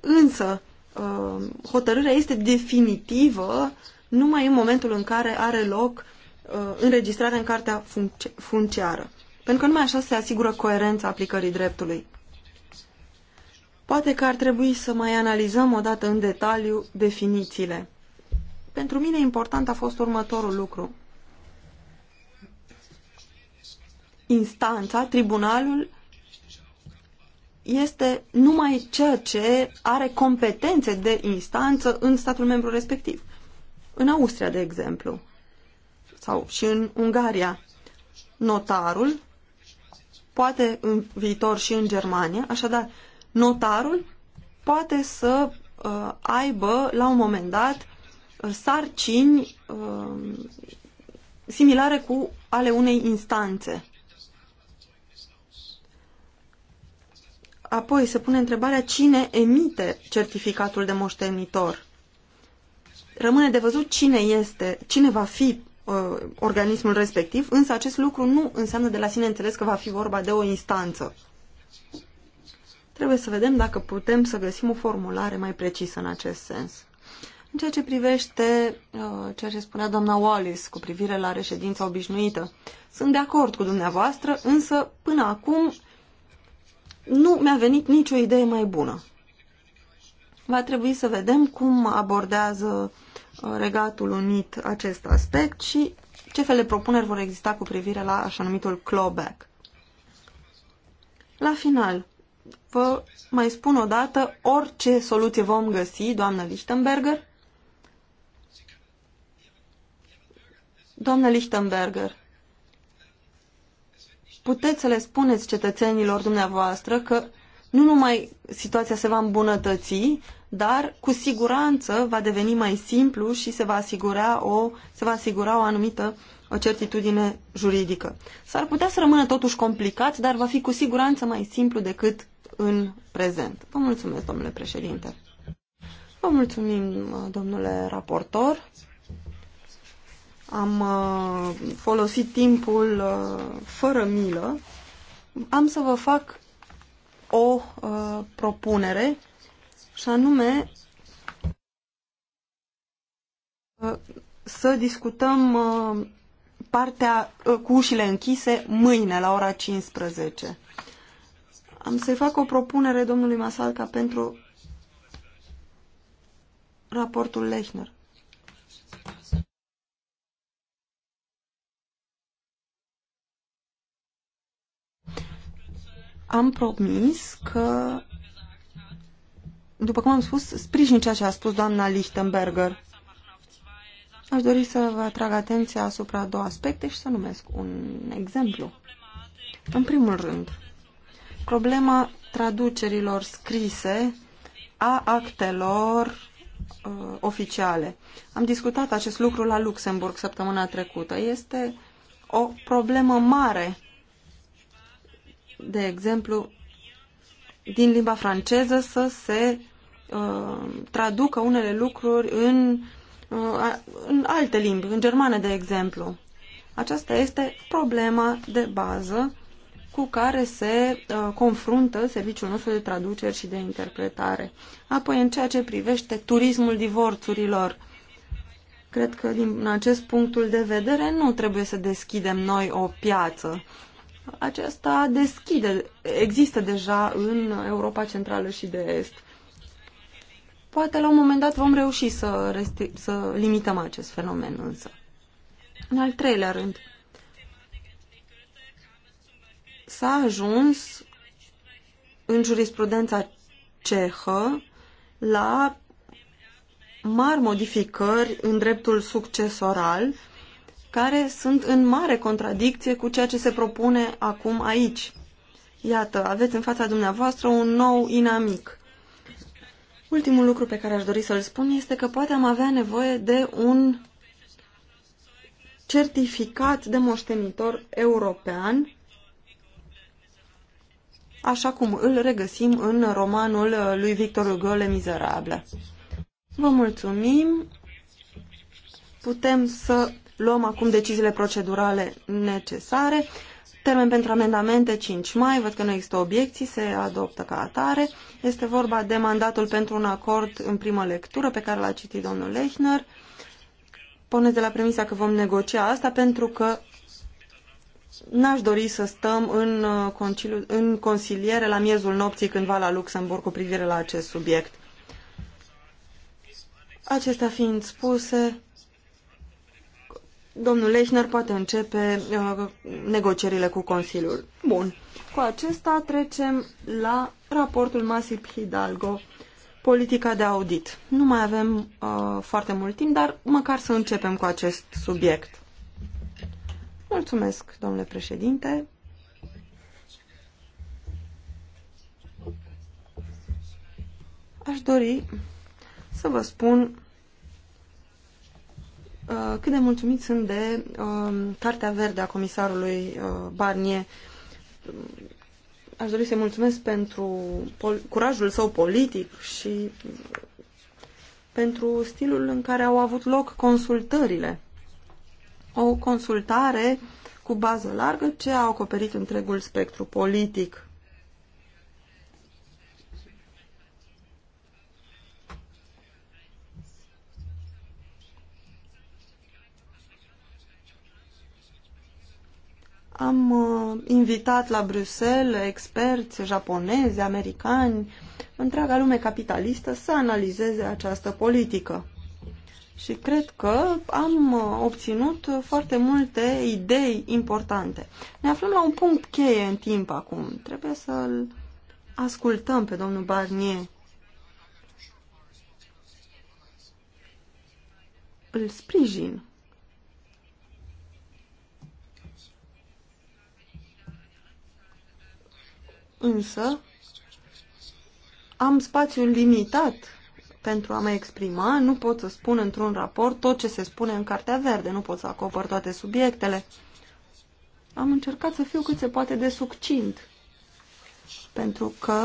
Însă, uh, hotărârea este definitivă numai în momentul în care are loc uh, înregistrarea în Cartea Funciară. Pentru că numai așa se asigură coerența aplicării dreptului. Poate că ar trebui să mai analizăm o dată în detaliu definițiile. Pentru mine important a fost următorul lucru. Instanța, tribunalul, este numai ceea ce are competențe de instanță în statul membru respectiv. În Austria, de exemplu, sau și în Ungaria, notarul, poate în viitor și în Germania, așadar, notarul poate să uh, aibă la un moment dat uh, sarcini uh, similare cu ale unei instanțe. Apoi se pune întrebarea cine emite certificatul de moștenitor. Rămâne de văzut cine este, cine va fi uh, organismul respectiv, însă acest lucru nu înseamnă de la sine înțeles că va fi vorba de o instanță. Trebuie să vedem dacă putem să găsim o formulare mai precisă în acest sens. În ceea ce privește uh, ceea ce spunea doamna Wallis cu privire la reședința obișnuită, sunt de acord cu dumneavoastră, însă până acum nu mi-a venit nicio idee mai bună. Va trebui să vedem cum abordează uh, Regatul Unit acest aspect și ce fel de propuneri vor exista cu privire la așa numitul clawback. La final, vă mai spun o dată orice soluție vom găsi, doamnă Lichtenberger. Doamnă Lichtenberger, puteți să le spuneți cetățenilor dumneavoastră că nu numai situația se va îmbunătăți, dar cu siguranță va deveni mai simplu și se va asigura o, se va asigura o anumită o certitudine juridică. S-ar putea să rămână totuși complicat, dar va fi cu siguranță mai simplu decât în prezent. Vă mulțumesc, domnule președinte. Vă mulțumim, domnule raportor. Am uh, folosit timpul uh, fără milă. Am să vă fac o uh, propunere și anume să discutăm partea cu ușile închise mâine la ora 15. Am să-i fac o propunere domnului Masalca pentru raportul Lechner. Am promis că, după cum am spus, sprijin ceea ce a spus doamna Lichtenberger. Aș dori să vă atrag atenția asupra două aspecte și să numesc un exemplu. În primul rând, problema traducerilor scrise a actelor uh, oficiale. Am discutat acest lucru la Luxemburg săptămâna trecută. Este o problemă mare. De exemplu, din limba franceză să se uh, traducă unele lucruri în, uh, în alte limbi, în germană, de exemplu. Aceasta este problema de bază cu care se uh, confruntă serviciul nostru de traduceri și de interpretare. Apoi, în ceea ce privește turismul divorțurilor, cred că din acest punctul de vedere nu trebuie să deschidem noi o piață. Aceasta deschide, există deja în Europa Centrală și de Est. Poate la un moment dat vom reuși să, să limităm acest fenomen însă. În al treilea rând, s-a ajuns în jurisprudența cehă la mari modificări în dreptul succesoral, care sunt în mare contradicție cu ceea ce se propune acum aici. Iată, aveți în fața dumneavoastră un nou inamic. Ultimul lucru pe care aș dori să-l spun este că poate am avea nevoie de un certificat de moștenitor european așa cum îl regăsim în romanul uh, lui Victor Hugo, Le Mizerable. Vă mulțumim. Putem să luăm acum deciziile procedurale necesare. Termen pentru amendamente 5 mai, văd că nu există obiecții, se adoptă ca atare. Este vorba de mandatul pentru un acord în primă lectură pe care l-a citit domnul Lechner. Puneți de la premisa că vom negocia asta pentru că n-aș dori să stăm în, uh, conciliu, în consiliere la miezul nopții cândva la Luxemburg cu privire la acest subiect. Acestea fiind spuse, domnul Lechner poate începe uh, negocierile cu Consiliul. Bun. Cu acesta trecem la raportul Masip Hidalgo, politica de audit. Nu mai avem uh, foarte mult timp, dar măcar să începem cu acest subiect. Mulțumesc, domnule președinte. Aș dori să vă spun uh, cât de mulțumit sunt de um, Cartea Verde a comisarului uh, Barnier. Aș dori să-i mulțumesc pentru curajul său politic și pentru stilul în care au avut loc consultările o consultare cu bază largă ce a acoperit întregul spectru politic. Am uh, invitat la Bruxelles experți japonezi, americani, întreaga lume capitalistă să analizeze această politică și cred că am uh, obținut uh, foarte multe idei importante. Ne aflăm la un punct cheie în timp acum. Trebuie să-l ascultăm pe domnul Barnier. Îl sprijin. Însă, am spațiul limitat pentru a mă exprima, nu pot să spun într-un raport tot ce se spune în Cartea Verde, nu pot să acopăr toate subiectele. Am încercat să fiu cât se poate de succint, pentru că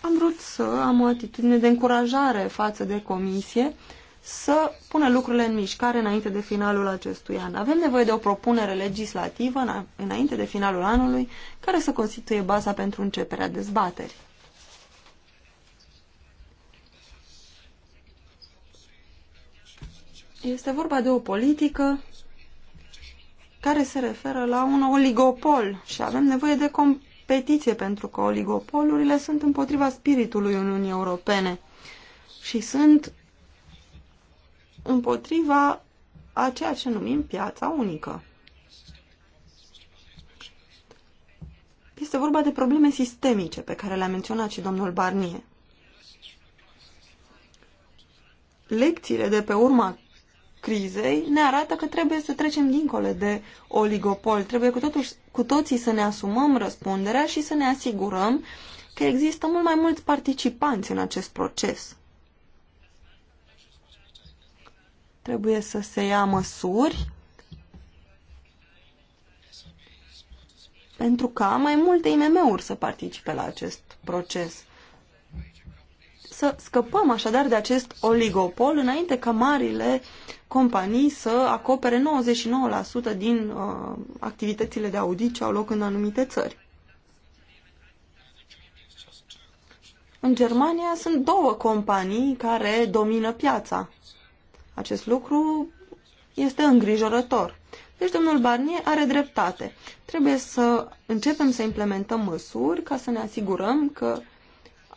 am vrut să am o atitudine de încurajare față de comisie să pună lucrurile în mișcare înainte de finalul acestui an. Avem nevoie de o propunere legislativă înainte de finalul anului care să constituie baza pentru începerea dezbaterii. Este vorba de o politică care se referă la un oligopol și avem nevoie de competiție pentru că oligopolurile sunt împotriva spiritului Uniunii Europene și sunt împotriva a ceea ce numim piața unică. Este vorba de probleme sistemice pe care le-a menționat și domnul Barnier. Lecțiile de pe urma crizei ne arată că trebuie să trecem dincolo de oligopol. Trebuie cu, totuși, cu toții să ne asumăm răspunderea și să ne asigurăm că există mult mai mulți participanți în acest proces. Trebuie să se ia măsuri pentru ca mai multe IMM-uri să participe la acest proces să scăpăm așadar de acest oligopol înainte ca marile companii să acopere 99% din uh, activitățile de audit ce au loc în anumite țări. În Germania sunt două companii care domină piața. Acest lucru este îngrijorător. Deci domnul Barnier are dreptate. Trebuie să începem să implementăm măsuri ca să ne asigurăm că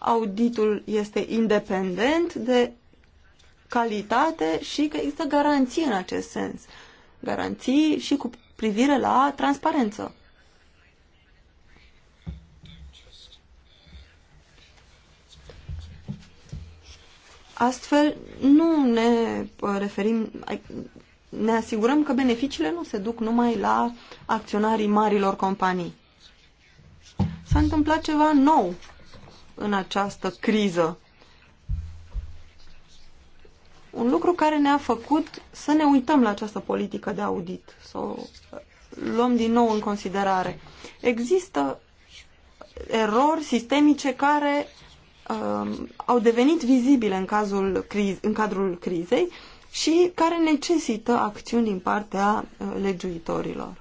auditul este independent de calitate și că există garanții în acest sens. Garanții și cu privire la transparență. Astfel, nu ne uh, referim, ne asigurăm că beneficiile nu se duc numai la acționarii marilor companii. S-a întâmplat ceva nou în această criză. Un lucru care ne-a făcut să ne uităm la această politică de audit, să o luăm din nou în considerare. Există erori sistemice care uh, au devenit vizibile în, cazul criz, în cadrul crizei și care necesită acțiuni din partea uh, legiuitorilor.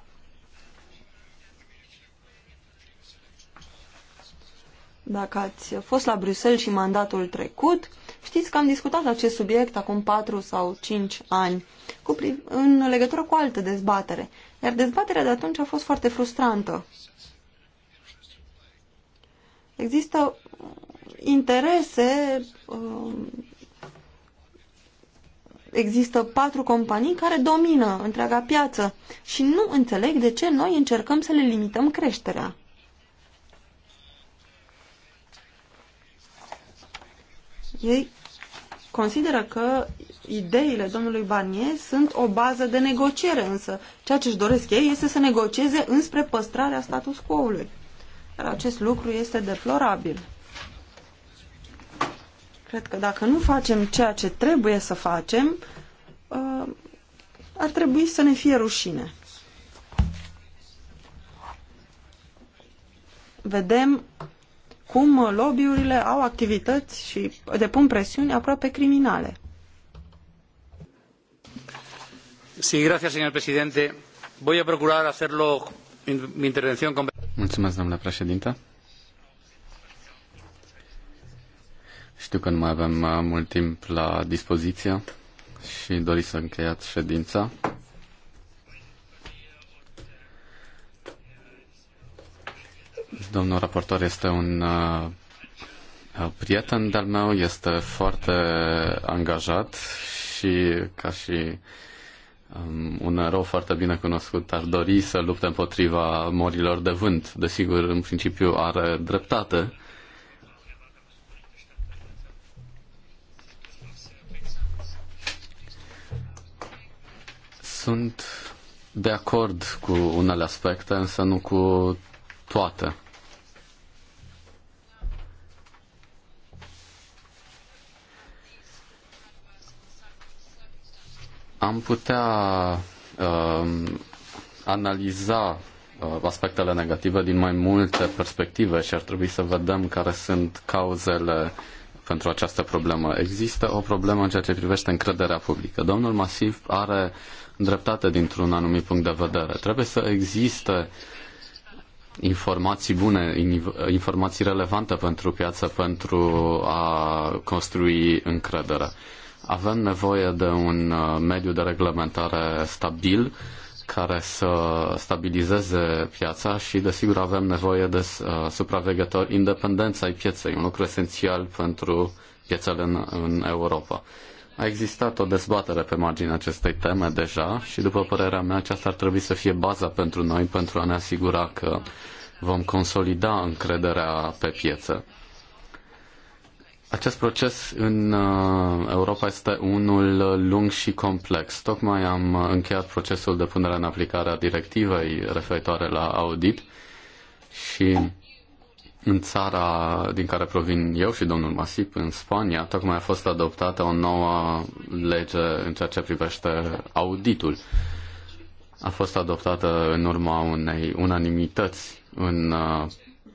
Dacă ați fost la Bruxelles și mandatul trecut, știți că am discutat acest subiect acum 4 sau 5 ani cu, în legătură cu altă dezbatere. Iar dezbaterea de atunci a fost foarte frustrantă. Există interese, um, există patru companii care domină întreaga piață și nu înțeleg de ce noi încercăm să le limităm creșterea. Ei consideră că ideile domnului Barnier sunt o bază de negociere, însă ceea ce își doresc ei este să negocieze înspre păstrarea status quo-ului. Dar acest lucru este deplorabil. Cred că dacă nu facem ceea ce trebuie să facem, uh, ar trebui să ne fie rușine. Vedem cum lobbyurile au activități și depun presiuni aproape criminale. Sí, gracias, señor presidente. Voy a procurar hacerlo en mi intervención con... Mulțumesc, domnule președinte. Știu că nu mai avem uh, mult timp la dispoziție și dori să încheiați ședința. Domnul raportor este un uh, uh, prieten de-al meu, este foarte angajat și ca și um, un erou foarte bine cunoscut ar dori să lupte împotriva morilor de vânt. Desigur, în principiu are dreptate. Sunt de acord cu unele aspecte, însă nu cu toate. Am putea uh, analiza uh, aspectele negative din mai multe perspective și ar trebui să vedem care sunt cauzele pentru această problemă. Există o problemă în ceea ce privește încrederea publică. Domnul Masiv are dreptate dintr-un anumit punct de vedere. Trebuie să existe uh, informații bune, informații relevante pentru piață, pentru a construi încredere. Avem nevoie de un uh, mediu de reglementare stabil care să stabilizeze piața și, desigur, avem nevoie de uh, supraveghetori independenți ai pieței, un lucru esențial pentru piețele în, în Europa. A existat o dezbatere pe marginea acestei teme deja și, după părerea mea, aceasta ar trebui să fie baza pentru noi pentru a ne asigura că vom consolida încrederea pe piețe. Acest proces în uh, Europa este unul lung și complex. Tocmai am încheiat procesul de punere în aplicare a directivei referitoare la audit și în țara din care provin eu și domnul Masip, în Spania, tocmai a fost adoptată o nouă lege în ceea ce privește auditul. A fost adoptată în urma unei unanimități în uh,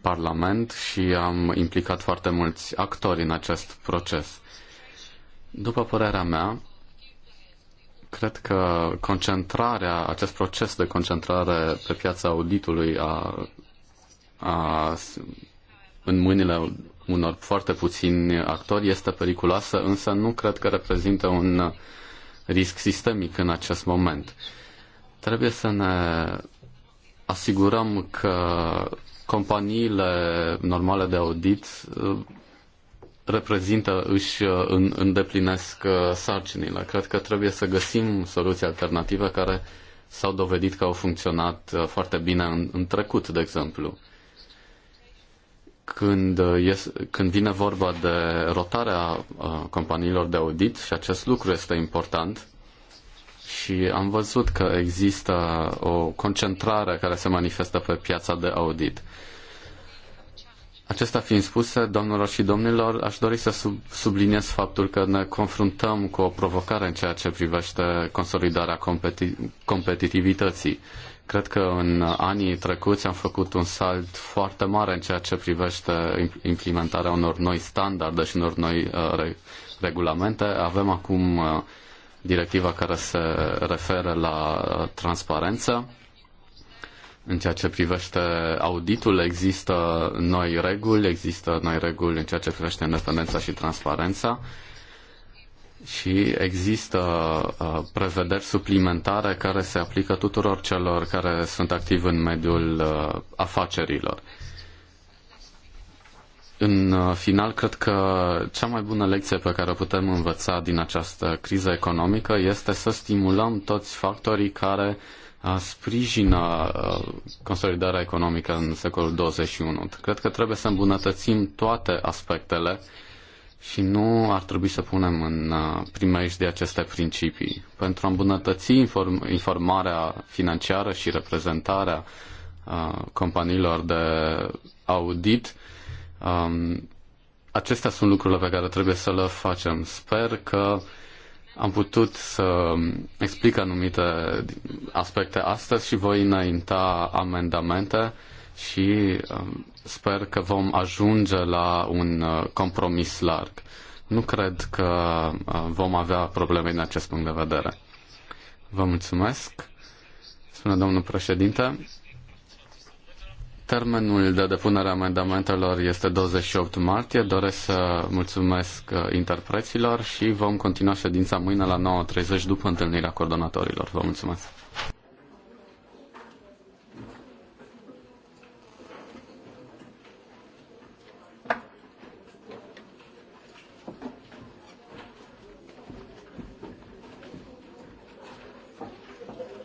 Parlament și am implicat foarte mulți actori în acest proces. După părerea mea, cred că concentrarea, acest proces de concentrare pe piața auditului a, a în mâinile unor foarte puțini actori este periculoasă, însă nu cred că reprezintă un risc sistemic în acest moment. Trebuie să ne asigurăm că companiile normale de audit uh, reprezintă, își uh, îndeplinesc uh, sarcinile. Cred că trebuie să găsim soluții alternative care s-au dovedit că au funcționat foarte bine în, în trecut, de exemplu când, uh, când vine vorba de rotarea uh, companiilor de audit, și acest lucru este important, și am văzut că există o concentrare care se manifestă pe piața de audit. Acesta fiind spuse, domnilor și domnilor, aș dori să sub, subliniez faptul că ne confruntăm cu o provocare în ceea ce privește consolidarea competi- competitivității Cred că în anii trecuți am făcut un salt foarte mare în ceea ce privește implementarea unor noi standarde și unor noi uh, regulamente. Avem acum uh, directiva care se referă la uh, transparență. În ceea ce privește auditul, există noi reguli, există noi reguli în ceea ce privește independența și transparența și există uh, prevederi suplimentare care se aplică tuturor celor care sunt activi în mediul uh, afacerilor. În uh, final, cred că cea mai bună lecție pe care o putem învăța din această criză economică este să stimulăm toți factorii care sprijină consolidarea economică în secolul 21. Cred că trebuie să îmbunătățim toate aspectele uh, și nu ar trebui să punem în uh, de aceste principii. Pentru a îmbunătăți inform- informarea financiară și reprezentarea uh, companiilor de audit, um, acestea sunt lucrurile pe care trebuie să le facem. Sper că am putut să explic anumite aspecte astăzi și voi înainta amendamente și um, sper că vom ajunge la un uh, compromis larg. Nu cred că uh, vom avea probleme din acest punct de vedere. Vă mulțumesc, spune domnul președinte. Termenul de depunere a amendamentelor este 28 martie. Doresc să mulțumesc uh, interpreților și vom continua ședința mâine la 9.30 după întâlnirea coordonatorilor. Vă mulțumesc!